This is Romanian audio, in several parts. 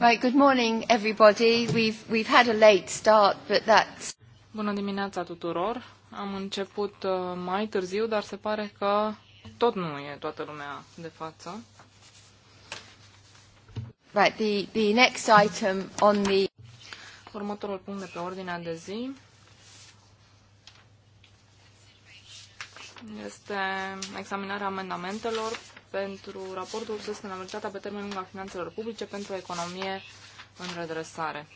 Right, good morning everybody. We've, we've had a late start, but that's... Bună dimineața tuturor. Am început uh, mai târziu, dar se pare că tot nu e toată lumea de față. Right, the, the next item on the... Următorul punct de pe ordinea de zi este examinarea amendamentelor pentru raportul sustenabilitatea pe termen lung a finanțelor publice pentru o economie în redresare.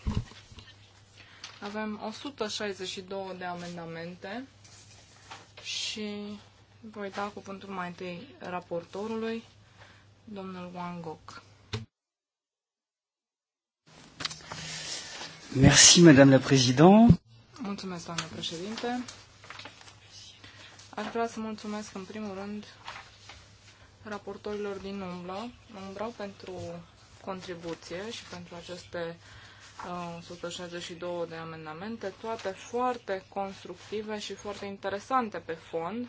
Avem 162 de amendamente și voi da cuvântul mai întâi raportorului, domnul Wang Gok. Merci, Madame la Présidente. Mulțumesc, doamnă președinte. Aș vrea să mulțumesc în primul rând raportorilor din umbră, umbră pentru contribuție și pentru aceste 162 uh, de amendamente, toate foarte constructive și foarte interesante pe fond,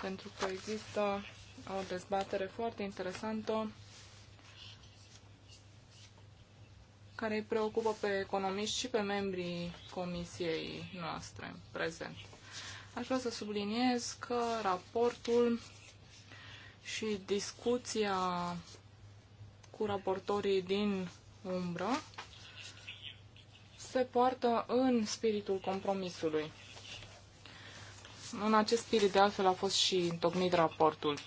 pentru că există o dezbatere foarte interesantă care îi preocupă pe economiști și pe membrii comisiei noastre prezent. Aș vrea să subliniez că raportul și discuția cu raportorii din umbră se poartă în spiritul compromisului. În acest spirit, de altfel, a fost și întocmit raportul.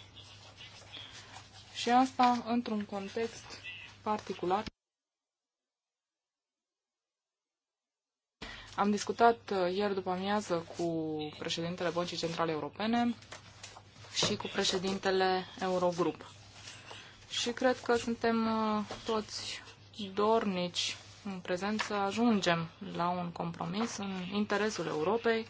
Și asta într-un context particular. Am discutat uh, ieri după amiază cu președintele Băncii Centrale Europene și cu președintele Eurogrup. Și cred că suntem uh, toți dornici în prezent să ajungem la un compromis în interesul Europei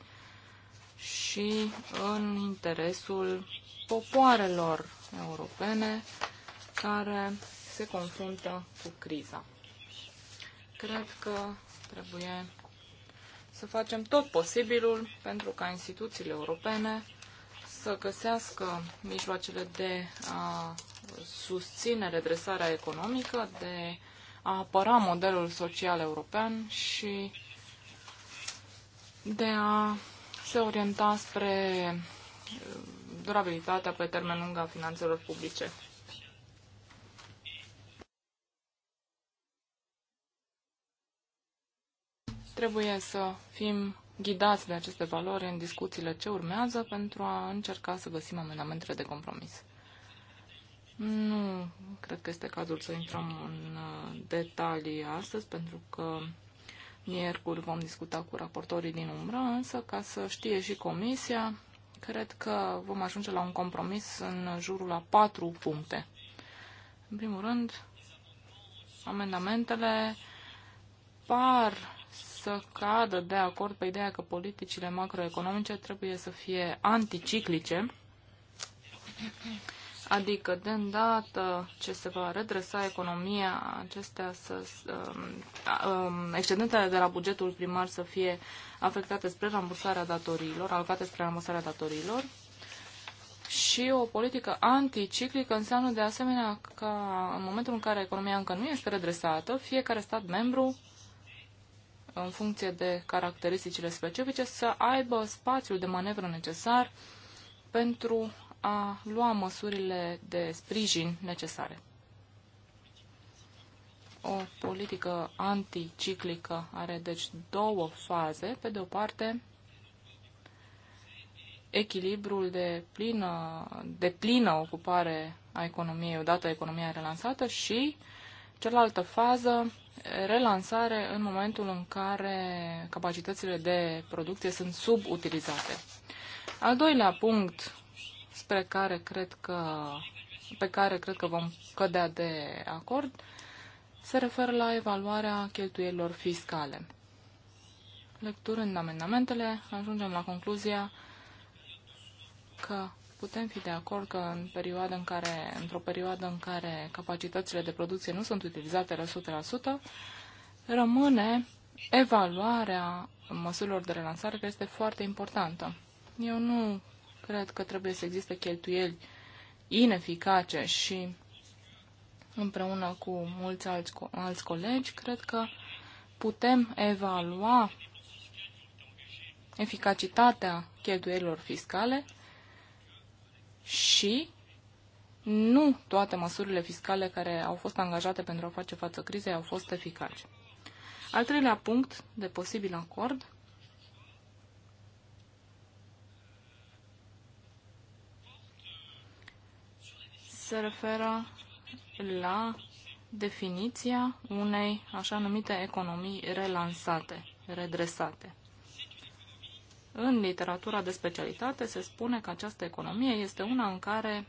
și în interesul popoarelor europene care se confruntă cu criza. Cred că trebuie să facem tot posibilul pentru ca instituțiile europene să găsească mijloacele de a susține redresarea economică, de a apăra modelul social european și de a se orienta spre uh, durabilitatea pe termen lung a finanțelor publice. Trebuie să fim ghidați de aceste valori în discuțiile ce urmează pentru a încerca să găsim amendamentele de compromis. Nu cred că este cazul să intrăm în uh, detalii astăzi, pentru că miercuri vom discuta cu raportorii din umbră, însă ca să știe și comisia, cred că vom ajunge la un compromis în jurul a patru puncte. În primul rând, amendamentele par să cadă de acord pe ideea că politicile macroeconomice trebuie să fie anticiclice, adică de îndată ce se va redresa economia, acestea să, um, um excedentele de la bugetul primar să fie afectate spre rambursarea datoriilor, alocate spre rambursarea datoriilor, și o politică anticiclică înseamnă de asemenea că în momentul în care economia încă nu este redresată, fiecare stat membru în funcție de caracteristicile specifice, să aibă spațiul de manevră necesar pentru a lua măsurile de sprijin necesare. O politică anticiclică are deci două faze. Pe de o parte, echilibrul de plină, de plină ocupare a economiei, odată economia relansată și uh, Cealaltă fază, relansare în momentul în care capacitățile de producție sunt subutilizate. Al doilea punct spre care cred că, pe care cred că vom cădea de acord se referă la evaluarea cheltuielilor fiscale. Lecturând amendamentele, ajungem la concluzia că putem fi de acord că în perioada în care, într-o perioadă în care capacitățile de producție nu sunt utilizate la 100%, rămâne evaluarea măsurilor de relansare, care este foarte importantă. Eu nu cred că trebuie să existe cheltuieli ineficace și împreună cu mulți alți, co alți colegi, cred că putem evalua eficacitatea cheltuielilor fiscale și nu toate măsurile fiscale care au fost angajate pentru a face față crizei au fost eficace. Al treilea punct de posibil acord se referă la definiția unei așa numite economii relansate, redresate. În literatura de specialitate se spune că această economie este una în care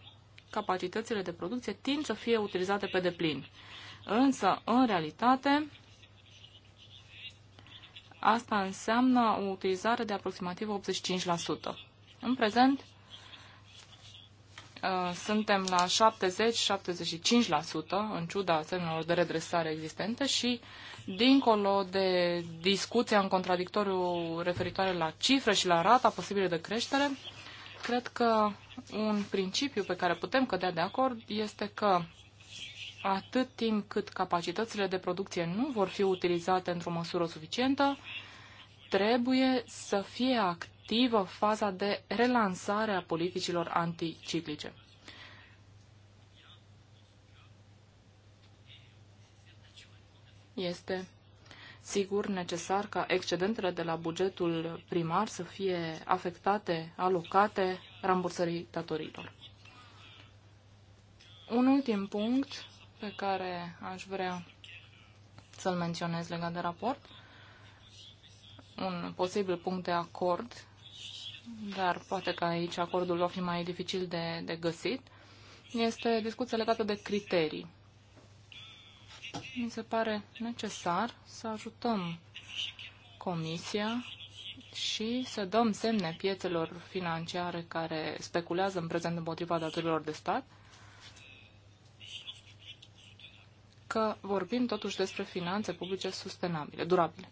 capacitățile de producție tind să fie utilizate pe deplin. Însă, în realitate, asta înseamnă o utilizare de aproximativ 85%. În prezent, uh, suntem la 70-75% în ciuda semnelor de redresare existente și Dincolo de discuția în contradictoriu referitoare la cifre și la rata posibilă de creștere, cred că un principiu pe care putem cădea de acord este că atât timp cât capacitățile de producție nu vor fi utilizate într-o măsură suficientă, trebuie să fie activă faza de relansare a politicilor anticiclice. Este sigur necesar ca excedentele de la bugetul primar să fie afectate, alocate rambursării datorilor. Un ultim punct pe care aș vrea să-l menționez legat de raport, un posibil punct de acord, dar poate că aici acordul va fi mai dificil de, de găsit, este discuția legată de criterii mi se pare necesar să ajutăm Comisia și să dăm semne piețelor financiare care speculează în prezent împotriva datorilor de stat că vorbim totuși despre finanțe publice sustenabile, durabile.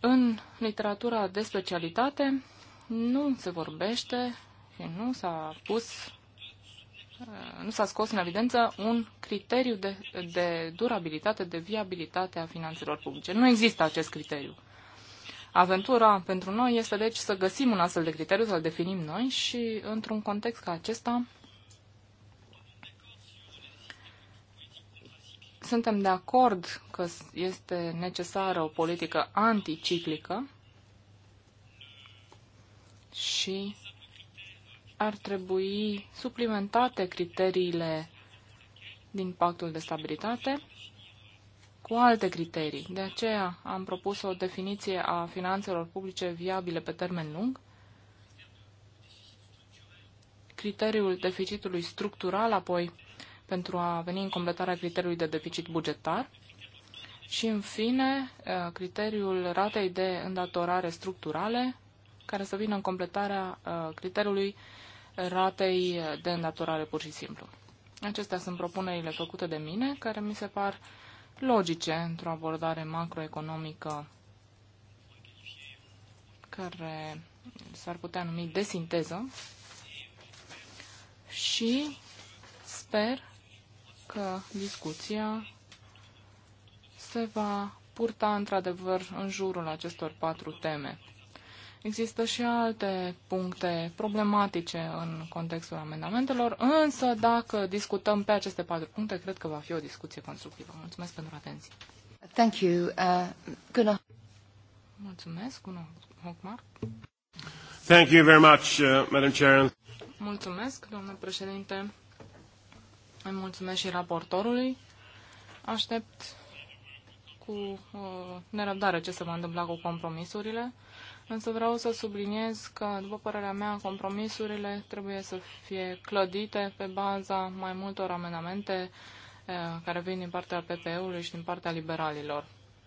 În literatura de specialitate nu se vorbește și nu s-a pus nu s-a scos în evidență un criteriu de, de durabilitate, de viabilitate a finanțelor publice. Nu există acest criteriu. Aventura pentru noi este deci să găsim un astfel de criteriu, să-l definim noi și într-un context ca acesta suntem de acord că este necesară o politică anticiclică și ar trebui suplimentate criteriile din pactul de stabilitate cu alte criterii. De aceea am propus o definiție a finanțelor publice viabile pe termen lung, criteriul deficitului structural, apoi pentru a veni în completarea criteriului de deficit bugetar și, în fine, ă, criteriul ratei de îndatorare structurale, care să vină în completarea ă, criteriului ratei de îndatorare pur și simplu. Acestea sunt propunerile făcute de mine, care mi se par logice într-o abordare macroeconomică care s-ar putea numi de sinteză și sper că discuția se va purta într-adevăr în jurul acestor patru teme. Există și alte puncte problematice în contextul amendamentelor, însă dacă discutăm pe aceste patru puncte, cred că va fi o discuție constructivă. Mulțumesc pentru atenție. Thank you. Uh, Mulțumesc, Guna Hockmark. Thank you very much, uh, Madam Chair. Mulțumesc, domnule președinte. Îmi mulțumesc și raportorului. Aștept cu uh, nerăbdare ce se va întâmpla cu compromisurile. Însă vreau să subliniez că, după părerea mea, compromisurile trebuie să fie clădite pe baza mai multor amendamente eh, care vin din partea PPE-ului și din partea liberalilor.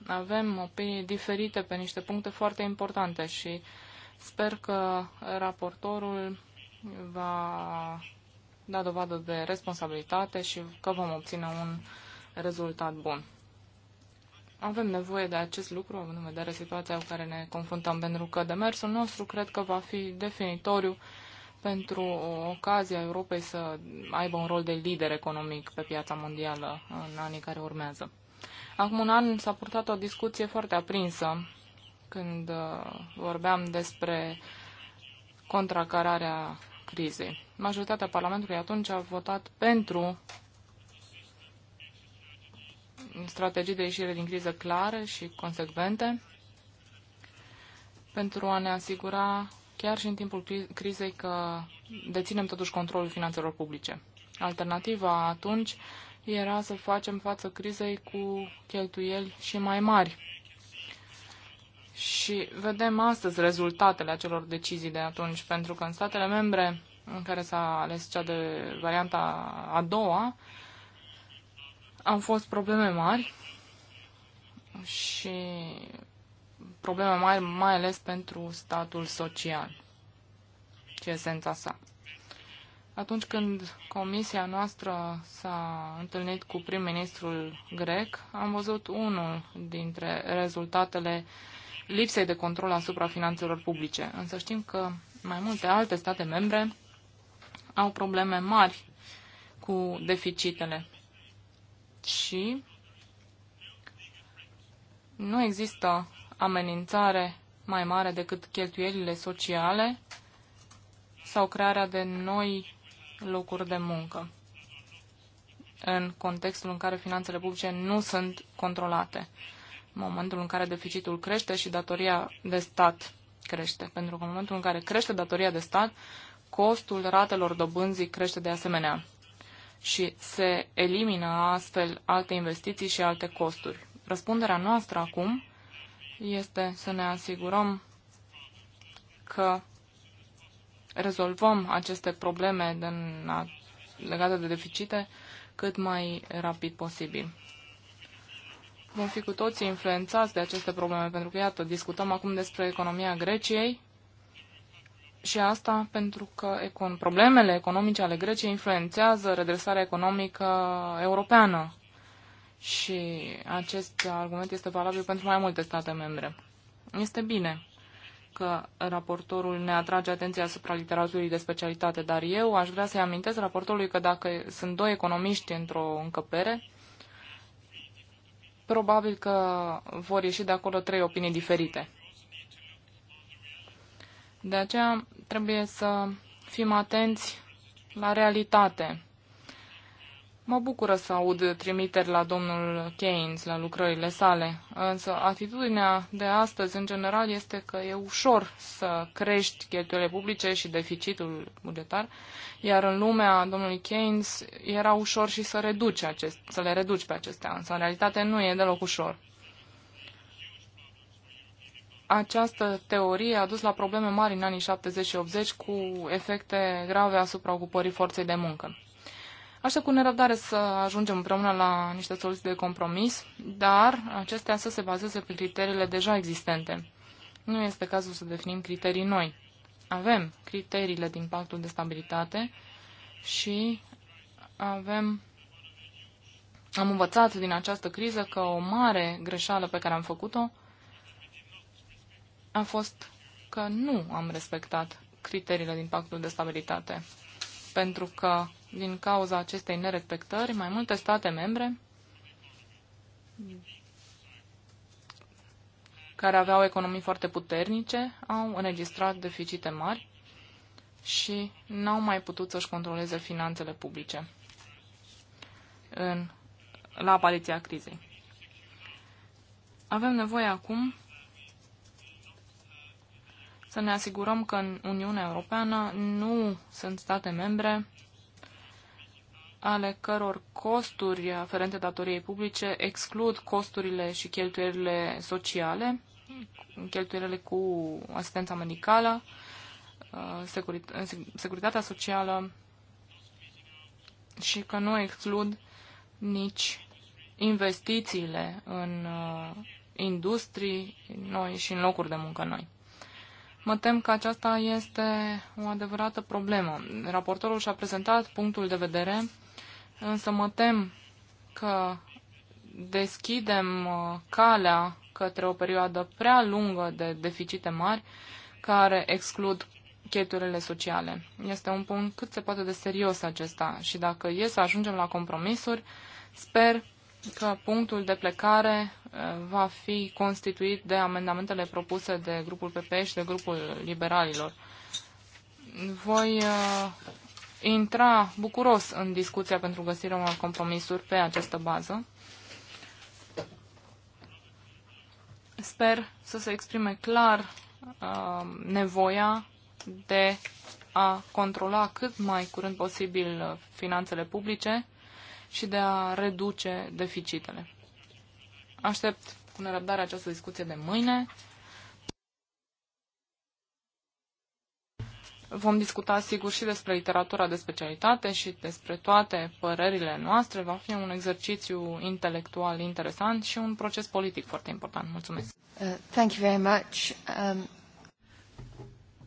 Avem opinii diferite pe niște puncte foarte importante și sper că raportorul va da dovadă de responsabilitate și că vom obține un rezultat bun avem nevoie de acest lucru, având în vedere situația cu care ne confruntăm, pentru că demersul nostru cred că va fi definitoriu pentru ocazia Europei să aibă un rol de lider economic pe piața mondială în anii care urmează. Acum un an s-a purtat o discuție foarte aprinsă când uh, vorbeam despre contracararea crizei. Majoritatea Parlamentului atunci a votat pentru strategii de ieșire din criză clare și consecvente pentru a ne asigura chiar și în timpul crizei că deținem totuși controlul finanțelor publice. Alternativa atunci era să facem față crizei cu cheltuieli și mai mari. Și vedem astăzi rezultatele acelor decizii de atunci, pentru că în statele membre în care s-a ales cea de varianta a doua, au fost probleme mari și probleme mari mai ales pentru statul social și esența sa. Atunci când comisia noastră s-a întâlnit cu prim-ministrul grec, am văzut unul dintre rezultatele lipsei de control asupra finanțelor publice. Însă știm că mai multe alte state membre au probleme mari cu deficitele și nu există amenințare mai mare decât cheltuielile sociale sau crearea de noi locuri de muncă în contextul în care finanțele publice nu sunt controlate, în momentul în care deficitul crește și datoria de stat crește. Pentru că în momentul în care crește datoria de stat, costul ratelor dobânzii crește de asemenea și se elimină astfel alte investiții și alte costuri. Răspunderea noastră acum este să ne asigurăm că rezolvăm aceste probleme legate de deficite cât mai rapid posibil. Vom fi cu toții influențați de aceste probleme, pentru că, iată, discutăm acum despre economia Greciei și asta pentru că econ, problemele economice ale Greciei influențează redresarea economică europeană. Și acest argument este valabil pentru mai multe state membre. Este bine că raportorul ne atrage atenția asupra literaturii de specialitate, dar eu aș vrea să-i amintesc raportorului că dacă sunt doi economiști într-o încăpere, probabil că vor ieși de acolo trei opinii diferite. De aceea trebuie să fim atenți la realitate. Mă bucură să aud trimiteri la domnul Keynes, la lucrările sale, însă atitudinea de astăzi, în general, este că e ușor să crești cheltuielile publice și deficitul bugetar, iar în lumea domnului Keynes era ușor și să, reduci acest, să le reduci pe acestea, însă în realitate nu e deloc ușor această teorie a dus la probleme mari în anii 70 și 80 cu efecte grave asupra ocupării forței de muncă. Aștept cu nerăbdare să ajungem împreună la niște soluții de compromis, dar acestea să se bazeze pe criteriile deja existente. Nu este cazul să definim criterii noi. Avem criteriile din pactul de stabilitate și avem am învățat din această criză că o mare greșeală pe care am făcut-o a fost că nu am respectat criteriile din pactul de stabilitate, pentru că din cauza acestei nerespectări, mai multe state membre care aveau economii foarte puternice au înregistrat deficite mari și n-au mai putut să-și controleze finanțele publice în, la apariția crizei. Avem nevoie acum să ne asigurăm că în Uniunea Europeană nu sunt state membre ale căror costuri aferente datoriei publice exclud costurile și cheltuielile sociale, cheltuielile cu asistența medicală, uh, uh, securitatea socială și că nu exclud nici investițiile în uh, industrii noi și în locuri de muncă noi. Mă tem că aceasta este o adevărată problemă. Raportorul și-a prezentat punctul de vedere, însă mă tem că deschidem uh, calea către o perioadă prea lungă de deficite mari care exclud cheturile sociale. Este un punct cât se poate de serios acesta și dacă e să ajungem la compromisuri, sper că punctul de plecare eh, va fi constituit de amendamentele propuse de grupul PP și de grupul liberalilor. Voi eh, intra bucuros în discuția pentru găsirea unor compromisuri pe această bază. Sper să se exprime clar uh, nevoia de a controla cât mai curând posibil finanțele publice și de a reduce deficitele. Aștept cu nerăbdare această discuție de mâine. Vom discuta, sigur, și despre literatura de specialitate și despre toate părerile noastre. Va fi un exercițiu intelectual interesant și un proces politic foarte important. Mulțumesc! Uh, thank you very much. Um...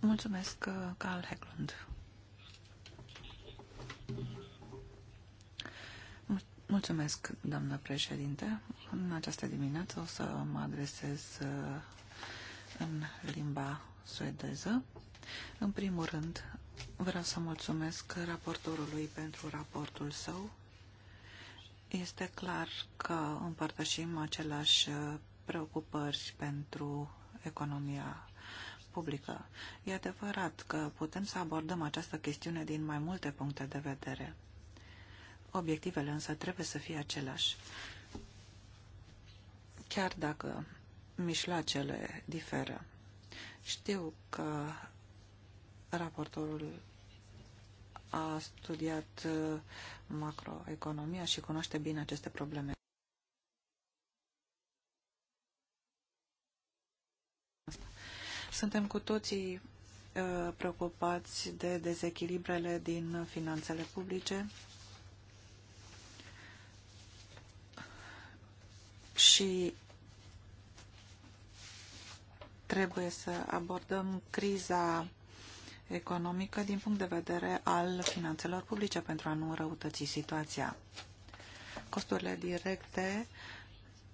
Mulțumesc, uh, Carl Hecklund. Mulțumesc, doamnă președinte. În această dimineață o să mă adresez uh, în limba suedeză. În primul rând, vreau să mulțumesc raportorului pentru raportul său. Este clar că împărtășim aceleași uh, preocupări pentru economia publică. E adevărat că putem să abordăm această chestiune din mai multe puncte de vedere. Obiectivele însă trebuie să fie aceleași. Chiar dacă mișlacele diferă. Știu că raportorul a studiat uh, macroeconomia și cunoaște bine aceste probleme. Suntem cu toții uh, preocupați de dezechilibrele din finanțele publice și trebuie să abordăm criza economică din punct de vedere al finanțelor publice pentru a nu răutăți situația. Costurile directe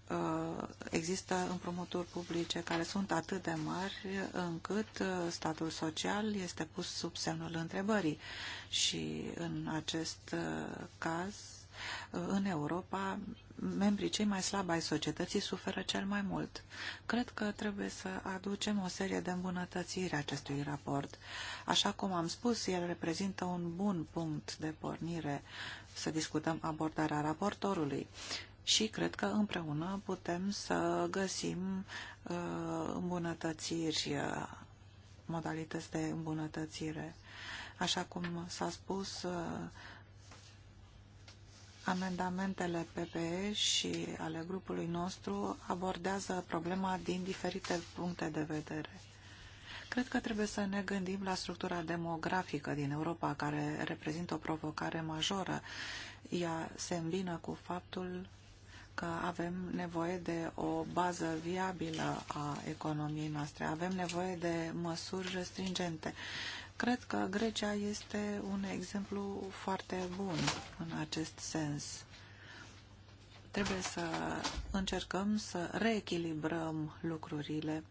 uh, există împrumuturi publice care sunt atât de mari încât uh, statul social este pus sub semnul întrebării și în acest uh, caz în Europa, membrii cei mai slabi ai societății suferă cel mai mult. Cred că trebuie să aducem o serie de îmbunătățiri acestui raport. Așa cum am spus, el reprezintă un bun punct de pornire să discutăm abordarea raportorului și cred că împreună putem să găsim uh, îmbunătățiri, uh, modalități de îmbunătățire. Așa cum s-a spus, uh, Amendamentele PPE și ale grupului nostru abordează problema din diferite puncte de vedere. Cred că trebuie să ne gândim la structura demografică din Europa, care reprezintă o provocare majoră. Ea se îmbină cu faptul că avem nevoie de o bază viabilă a economiei noastre, avem nevoie de măsuri restringente. Cred că Grecia este un exemplu foarte bun în acest sens. Trebuie să încercăm să reechilibrăm lucrurile.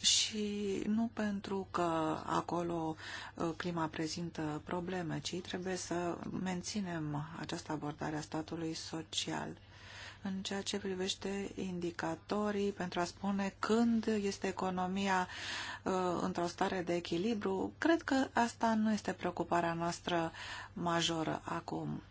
și nu pentru că acolo uh, clima prezintă probleme, ci trebuie să menținem această abordare a statului social în ceea ce privește indicatorii pentru a spune când este economia uh, într-o stare de echilibru. Cred că asta nu este preocuparea noastră majoră acum.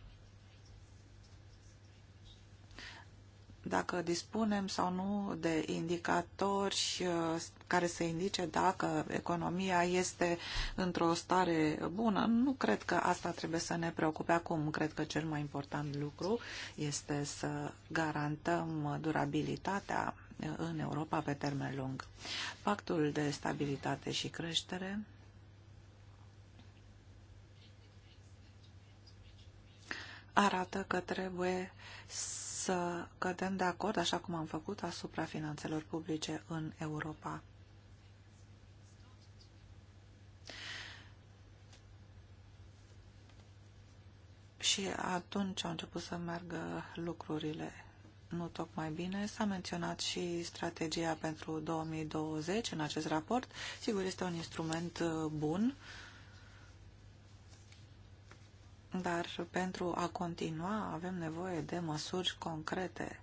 dacă dispunem sau nu de indicatori uh, care să indice dacă economia este într-o stare bună, nu cred că asta trebuie să ne preocupe acum. Cred că cel mai important lucru este să garantăm durabilitatea uh, în Europa pe termen lung. Pactul de stabilitate și creștere arată că trebuie să să cădem de acord, așa cum am făcut, asupra finanțelor publice în Europa. Și atunci au început să meargă lucrurile nu tocmai bine. S-a menționat și strategia pentru 2020 în acest raport. Sigur, este un instrument uh, bun dar pentru a continua avem nevoie de măsuri concrete.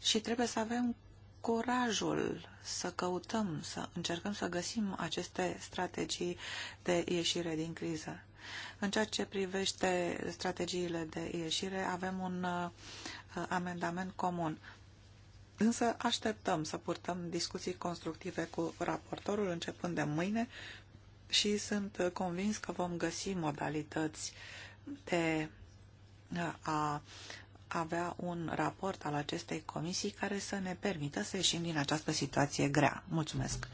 Și trebuie să avem curajul să căutăm, să încercăm să găsim aceste strategii de ieșire din criză. În ceea ce privește strategiile de ieșire, avem un uh, amendament comun. Însă așteptăm să purtăm discuții constructive cu raportorul începând de mâine și sunt uh, convins că vom găsi modalități de uh, a avea un raport al acestei comisii care să ne permită să ieșim din această situație grea. Mulțumesc!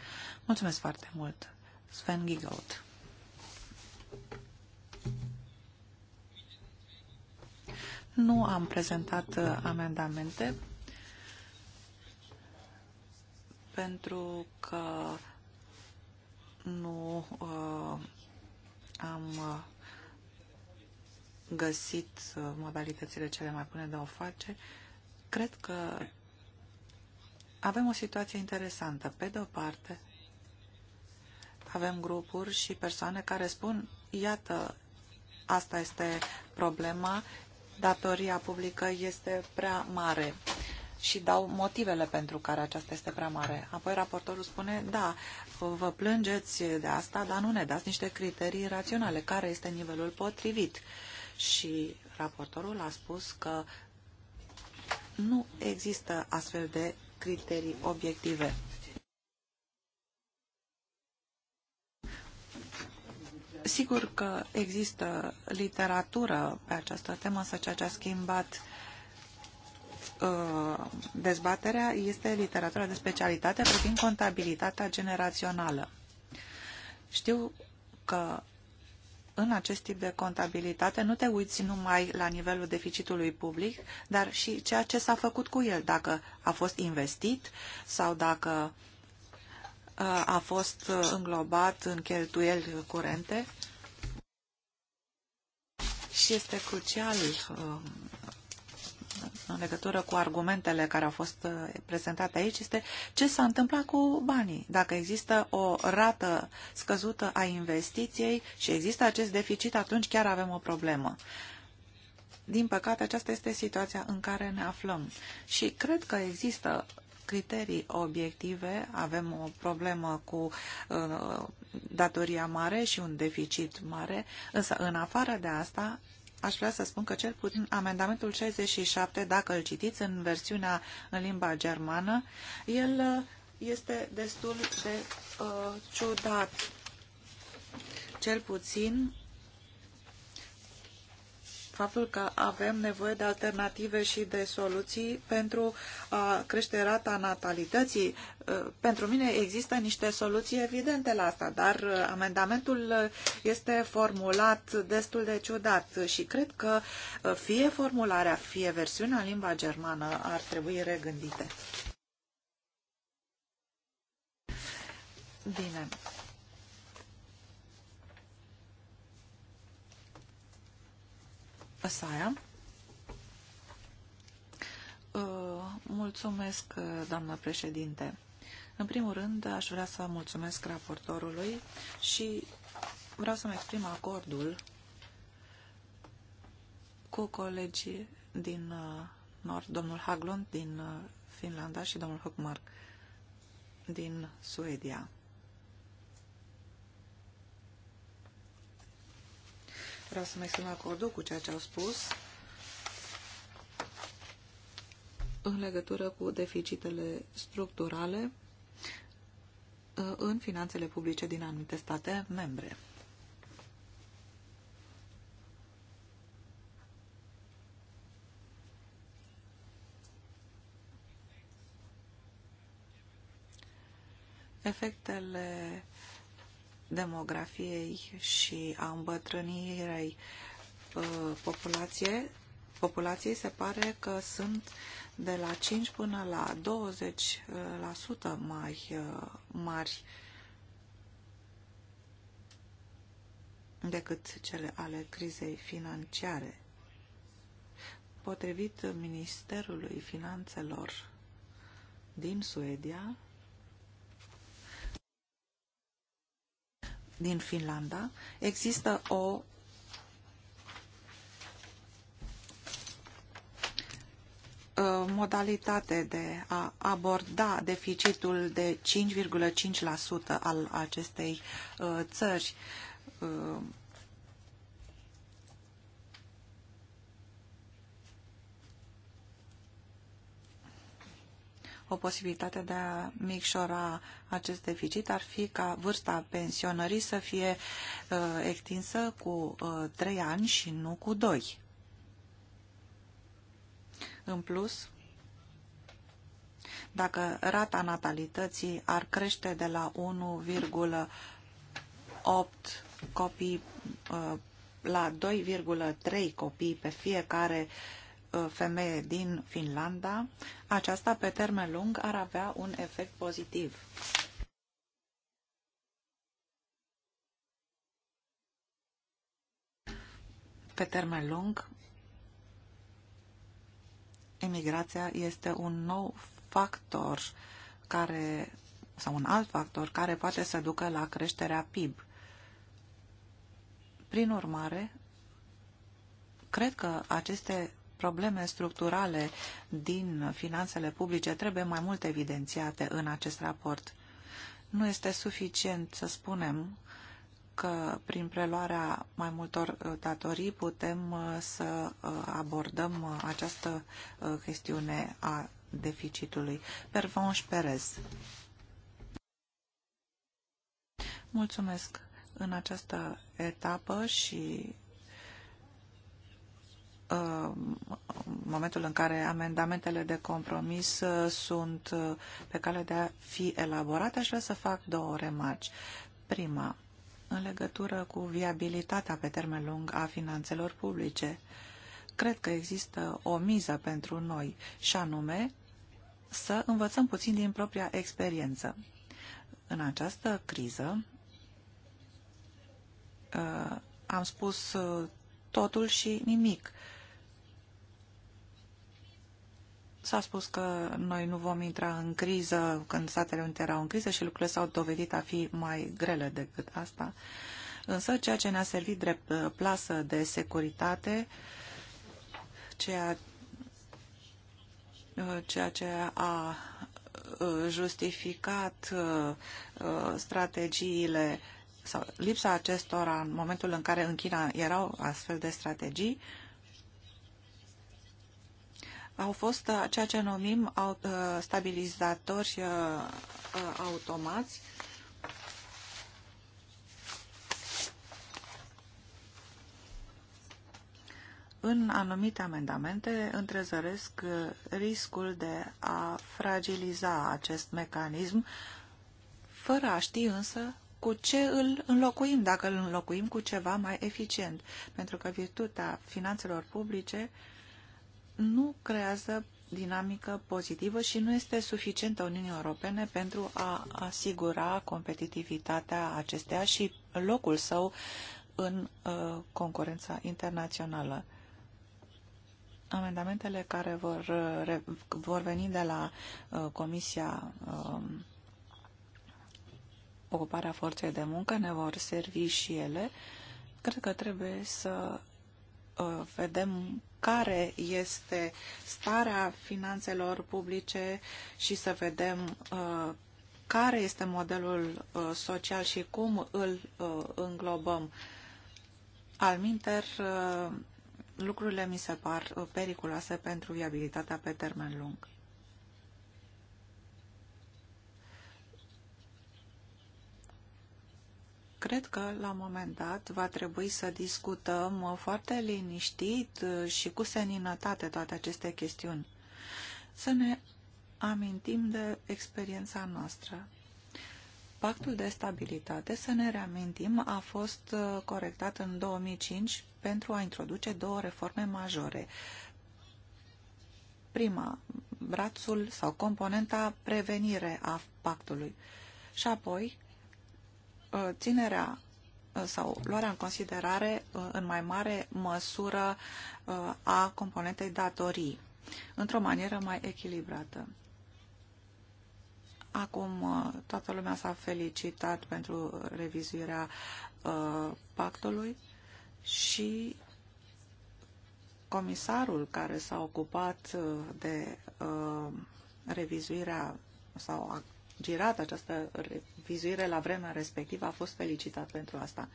Mulțumesc foarte mult, Sven Gigaut! Nu am prezentat uh, amendamente pentru că nu uh, am uh, găsit uh, modalitățile cele mai bune de a o face, cred că avem o situație interesantă. Pe de o parte, avem grupuri și persoane care spun, iată, asta este problema, datoria publică este prea mare și dau motivele pentru care aceasta este prea mare. Apoi raportorul spune, da, vă plângeți de asta, dar nu ne dați niște criterii raționale. Care este nivelul potrivit? Și raportorul a spus că nu există astfel de criterii obiective. Sigur că există literatură pe această temă, să ceea ce a schimbat uh, Uh, dezbaterea este literatura de specialitate privind contabilitatea generațională. Știu că în acest tip de contabilitate nu te uiți numai la nivelul deficitului public, dar și ceea ce s-a făcut cu el, dacă a fost investit sau dacă uh, a fost uh, înglobat în cheltuieli curente. Și este crucial în legătură cu argumentele care au fost uh, prezentate aici este ce s-a întâmplat cu banii. Dacă există o rată scăzută a investiției și există acest deficit, atunci chiar avem o problemă. Din păcate, aceasta este situația în care ne aflăm. Și cred că există criterii obiective, avem o problemă cu uh, datoria mare și un deficit mare, însă în afară de asta aș vrea să spun că cel puțin amendamentul 67, dacă îl citiți în versiunea în limba germană, el uh, este destul de uh, ciudat. Cel puțin faptul că avem nevoie de alternative și de soluții pentru a crește rata natalității Uh, pentru mine există niște soluții evidente la asta, dar uh, amendamentul uh, este formulat destul de ciudat și cred că fie formularea, fie versiunea în limba germană ar trebui regândite. Bine. Asaia. Mulțumesc, doamnă președinte. În primul rând, aș vrea să mulțumesc raportorului și vreau să-mi exprim acordul cu colegii din uh, Nord, domnul Haglund din uh, Finlanda și domnul Hockmark din Suedia. Vreau să-mi exprim acordul cu ceea ce au spus în legătură cu deficitele structurale Uh, în finanțele publice din anumite state membre. Efectele demografiei și a îmbătrânirei uh, populației populației se pare că sunt de la 5 până la 20% uh, mai uh, mari decât cele ale crizei financiare. Potrivit Ministerului Finanțelor din Suedia, din Finlanda, există o Uh, modalitate de a aborda deficitul de 5,5% al acestei uh, țări. Uh, o posibilitate de a micșora acest deficit ar fi ca vârsta pensionării să fie uh, extinsă cu uh, 3 ani și nu cu 2. În plus, dacă rata natalității ar crește de la 1,8 copii uh, la 2,3 copii pe fiecare uh, femeie din Finlanda, aceasta pe termen lung ar avea un efect pozitiv. Pe termen lung, emigrația este un nou factor care, sau un alt factor care poate să ducă la creșterea PIB. Prin urmare, cred că aceste probleme structurale din finanțele publice trebuie mai mult evidențiate în acest raport. Nu este suficient să spunem că prin preluarea mai multor uh, datorii putem uh, să uh, abordăm această chestiune a deficitului. Pervanș Perez. Mulțumesc în această etapă și în momentul în care amendamentele de compromis sunt pe cale de a fi elaborate, aș vrea să fac două remarci. Prima, în legătură cu viabilitatea pe termen lung a finanțelor publice. Cred că există o miză pentru noi și anume să învățăm puțin din propria experiență. În această criză uh, am spus uh, totul și nimic S-a spus că noi nu vom intra în criză când Statele Unite erau în criză și lucrurile s-au dovedit a fi mai grele decât asta. Însă ceea ce ne-a servit drept uh, plasă de securitate, ceea, uh, ceea ce a uh, justificat strategiile sau lipsa acestora în momentul în care în China erau astfel de strategii, au fost uh, ceea ce numim uh, stabilizatori uh, automați. În anumite amendamente întrezăresc riscul de a fragiliza acest mecanism, fără a ști însă cu ce îl înlocuim, dacă îl înlocuim cu ceva mai eficient. Pentru că virtutea finanțelor publice uh, nu creează dinamică pozitivă și nu este suficientă Uniunii Europene pentru a asigura competitivitatea acesteia și locul său în uh, concurența internațională. Amendamentele care vor, uh, re, vor veni de la uh, Comisia uh, Ocuparea Forței de Muncă ne vor servi și ele. Cred că trebuie să uh, vedem care este starea finanțelor publice și să vedem uh, care este modelul uh, social și cum îl uh, înglobăm. Alminter, lucrurile mi se par periculoase pentru viabilitatea pe termen lung. cred că la un moment dat va trebui să discutăm uh, foarte liniștit uh, și cu seninătate toate aceste chestiuni. Să ne amintim de experiența noastră. Pactul de stabilitate, să ne reamintim, a fost uh, corectat în 2005 pentru a introduce două reforme majore. Prima, brațul sau componenta prevenire a pactului și apoi Uh, ținerea uh, sau luarea în considerare uh, în mai mare măsură a componentei datorii într-o manieră mai echilibrată. Acum toată lumea s-a felicitat pentru revizuirea pactului și comisarul care s-a ocupat de revizuirea sau girat această revizuire la vremea respectivă, a fost felicitat pentru asta.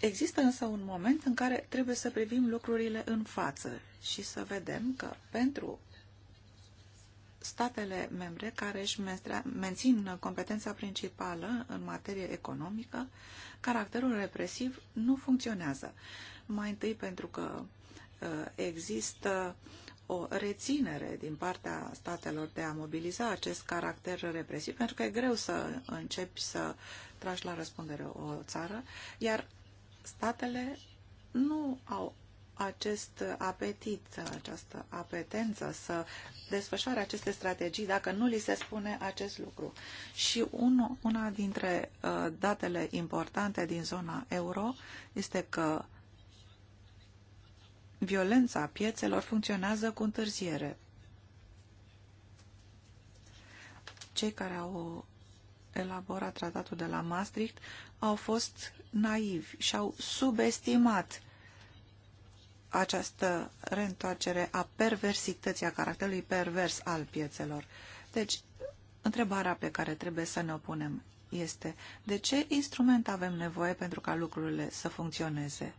Există însă un moment în care trebuie să privim lucrurile în față și să vedem că pentru statele membre care își mențin competența principală în materie economică, caracterul represiv nu funcționează. Mai întâi pentru că uh, există o reținere din partea statelor de a mobiliza acest caracter represiv, pentru că e greu să începi să tragi la răspundere o țară, iar statele nu au acest apetit, această apetență să desfășoare aceste strategii dacă nu li se spune acest lucru. Și un, una dintre uh, datele importante din zona euro este că uh, violența piețelor funcționează cu întârziere. Cei care au elaborat tratatul de la Maastricht au fost naivi și au subestimat această reîntoarcere a perversității, a caracterului pervers al piețelor. Deci, întrebarea pe care trebuie să ne opunem este de ce instrument avem nevoie pentru ca lucrurile să funcționeze?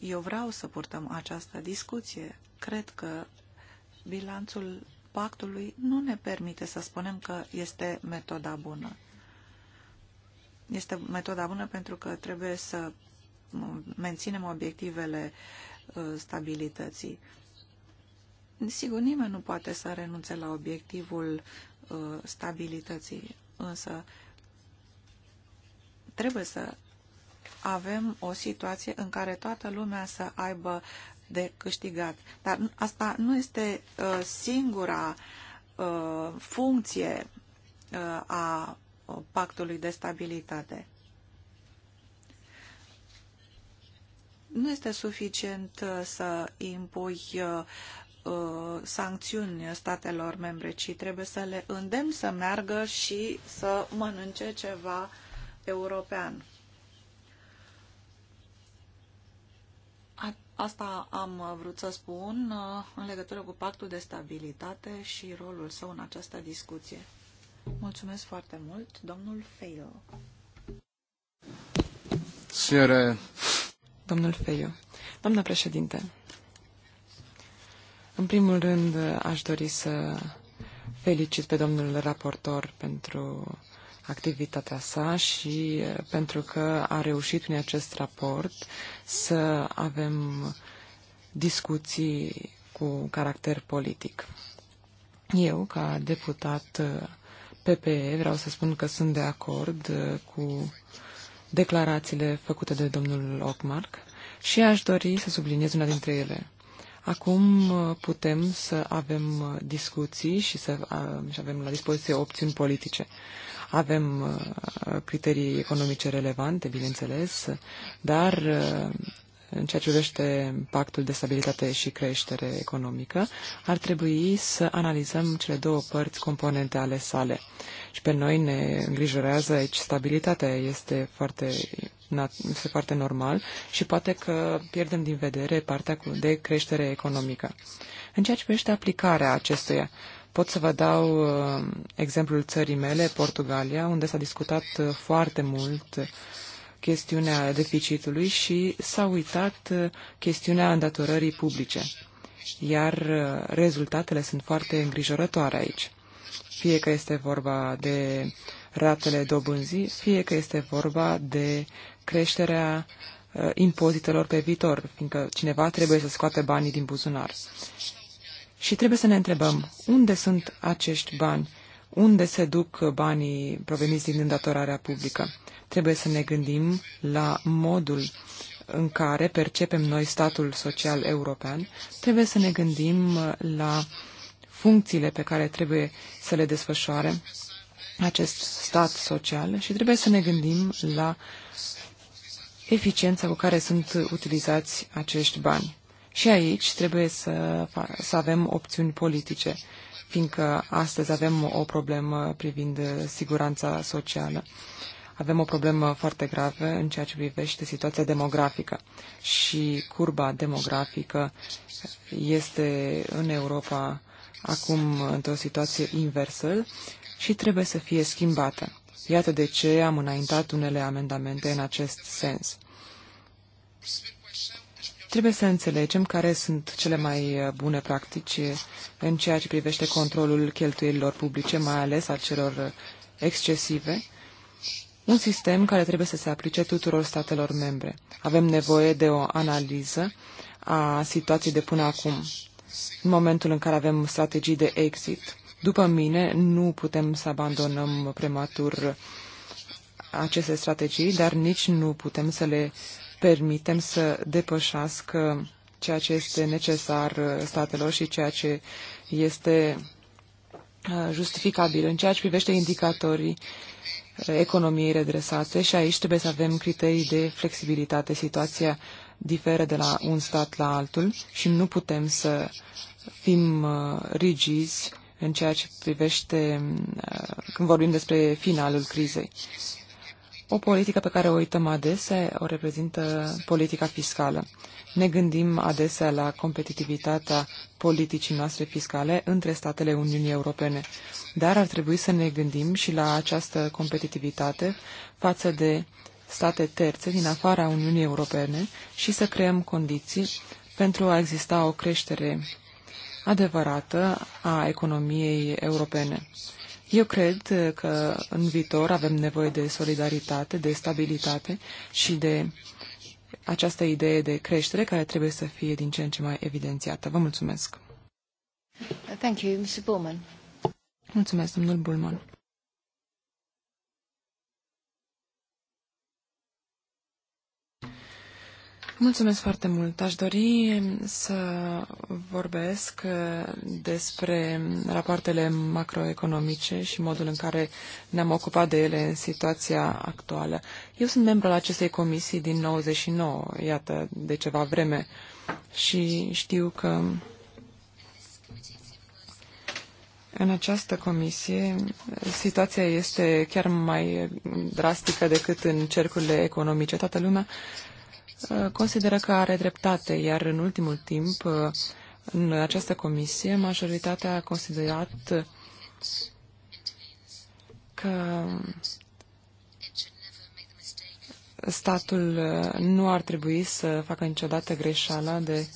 Eu vreau să purtăm această discuție. Cred că bilanțul pactului nu ne permite să spunem că este metoda bună. Este metoda bună pentru că trebuie să menținem obiectivele uh, stabilității. Sigur, nimeni nu poate să renunțe la obiectivul uh, stabilității, însă trebuie să avem o situație în care toată lumea să aibă de câștigat. Dar asta nu este uh, singura uh, funcție uh, a pactului de stabilitate. Nu este suficient să impui sancțiuni statelor membre, ci trebuie să le îndemn să meargă și să mănânce ceva european. Asta am uh, vrut să spun uh, în legătură cu pactul de stabilitate și rolul său în această discuție. Mulțumesc foarte mult, domnul Feio. Sire, Domnul Feio. Doamna președinte, în primul rând uh, aș dori să felicit pe domnul raportor pentru activitatea sa și pentru că a reușit prin acest raport să avem discuții cu caracter politic. Eu, ca deputat PPE, vreau să spun că sunt de acord cu declarațiile făcute de domnul Ockmark și aș dori să subliniez una dintre ele. Acum putem să avem discuții și să avem la dispoziție opțiuni politice. Avem uh, criterii economice relevante, bineînțeles, dar uh, în ceea ce privește pactul de stabilitate și creștere economică, ar trebui să analizăm cele două părți componente ale sale. Și pe noi ne îngrijorează aici deci, stabilitatea, este foarte, este foarte normal și poate că pierdem din vedere partea de creștere economică. În ceea ce privește aplicarea acestuia, Pot să vă dau uh, exemplul țării mele, Portugalia, unde s-a discutat uh, foarte mult chestiunea deficitului și s-a uitat uh, chestiunea îndatorării publice. Iar rezultatele sunt foarte îngrijorătoare aici. Fie că este vorba de ratele dobânzii, fie că este vorba de creșterea impozitelor pe viitor, fiindcă cineva trebuie să scoate banii din buzunar. Și trebuie să ne întrebăm unde sunt acești bani, unde se duc banii proveniți din îndatorarea publică. Trebuie să ne gândim la modul în care percepem noi statul social european, trebuie să ne gândim la funcțiile pe care trebuie să le desfășoare acest stat social și trebuie să ne gândim la eficiența cu care sunt utilizați acești bani. Și aici trebuie să, să avem opțiuni politice, fiindcă astăzi avem o problemă privind siguranța socială. Avem o problemă foarte gravă în ceea ce privește situația demografică și curba demografică este în Europa acum într-o situație inversă și trebuie să fie schimbată. Iată de ce am înaintat unele amendamente în acest sens. Trebuie să înțelegem care sunt cele mai uh, bune practici uh, în ceea ce privește controlul cheltuielilor publice, mai ales a celor uh, excesive, un sistem care trebuie să se aplice tuturor statelor membre. Avem nevoie de o analiză a situației de până acum. În momentul în care avem strategii de exit, după mine, nu putem să abandonăm prematur aceste strategii, dar nici nu putem să le permitem să depășească ceea ce este necesar uh, statelor și ceea ce este uh, justificabil. În ceea ce privește indicatorii uh, economiei redresate și aici trebuie să avem criterii de flexibilitate. Situația diferă de la un stat la altul și nu putem să fim rigizi în ceea ce privește când vorbim despre finalul crizei. O politică pe care o uităm adesea o reprezintă politica fiscală. Ne gândim adesea la competitivitatea politicii noastre fiscale între statele Uniunii Europene, dar ar trebui să ne gândim și la această competitivitate față de state terțe din afara Uniunii Europene și să creăm condiții pentru a exista o creștere adevărată a economiei europene. Eu cred că în viitor avem nevoie de solidaritate, de stabilitate și de această idee de creștere care trebuie să fie din ce în ce mai evidențiată. Vă mulțumesc! Thank you, Mr. Bullman. Mulțumesc, domnul Bullman. Mulțumesc foarte mult. Aș dori să vorbesc uh, despre rapoartele macroeconomice și modul în care ne-am ocupat de ele în situația actuală. Eu sunt membru al acestei comisii din 99, iată, de ceva vreme, și știu că în această comisie situația este chiar mai drastică decât în cercurile economice. Toată lumea Uh, consideră că are dreptate, iar în ultimul timp, uh, în această comisie, majoritatea a considerat că statul uh, nu ar trebui să facă niciodată greșeala de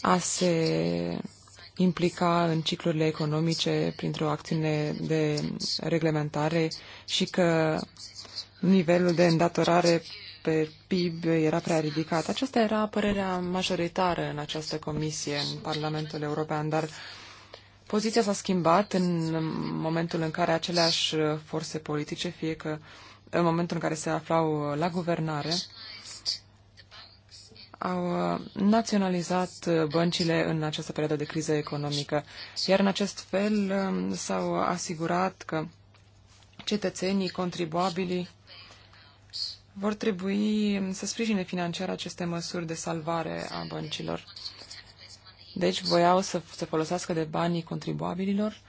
a se implica în ciclurile economice printr-o acțiune de reglementare și că nivelul de îndatorare pe PIB era prea ridicat. Aceasta era părerea majoritară în această comisie, în Parlamentul European, dar poziția s-a schimbat în momentul în care aceleași forțe politice, fie că în momentul în care se aflau la guvernare, au naționalizat băncile în această perioadă de criză economică, iar în acest fel um, s-au asigurat că cetățenii, contribuabilii, vor trebui să sprijine financiar aceste măsuri de salvare a băncilor. Deci voiau să se folosească de banii contribuabililor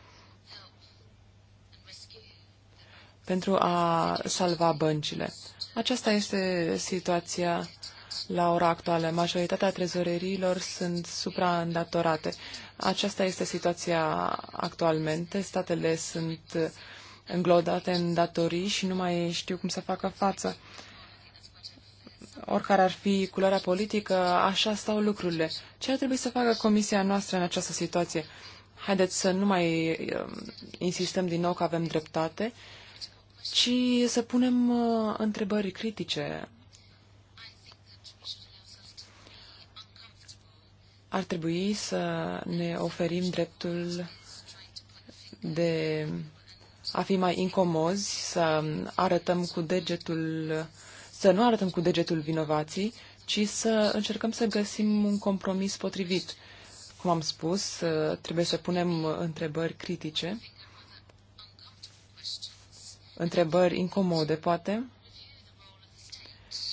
pentru a salva băncile. Aceasta este situația la ora actuală. Majoritatea trezoreriilor sunt supraîndatorate. Aceasta este situația actualmente. Statele sunt înglodate în datorii și nu mai știu cum să facă față oricare ar fi culoarea politică, așa stau lucrurile. Ce ar trebui să facă comisia noastră în această situație? Haideți să nu mai um, insistăm din nou că avem dreptate, ci să punem uh, întrebări critice. Ar trebui să ne oferim dreptul de a fi mai incomozi, să arătăm cu degetul uh, să nu arătăm cu degetul vinovații, ci să încercăm să găsim un compromis potrivit. Cum am spus, uh, trebuie să punem întrebări critice, întrebări incomode, poate,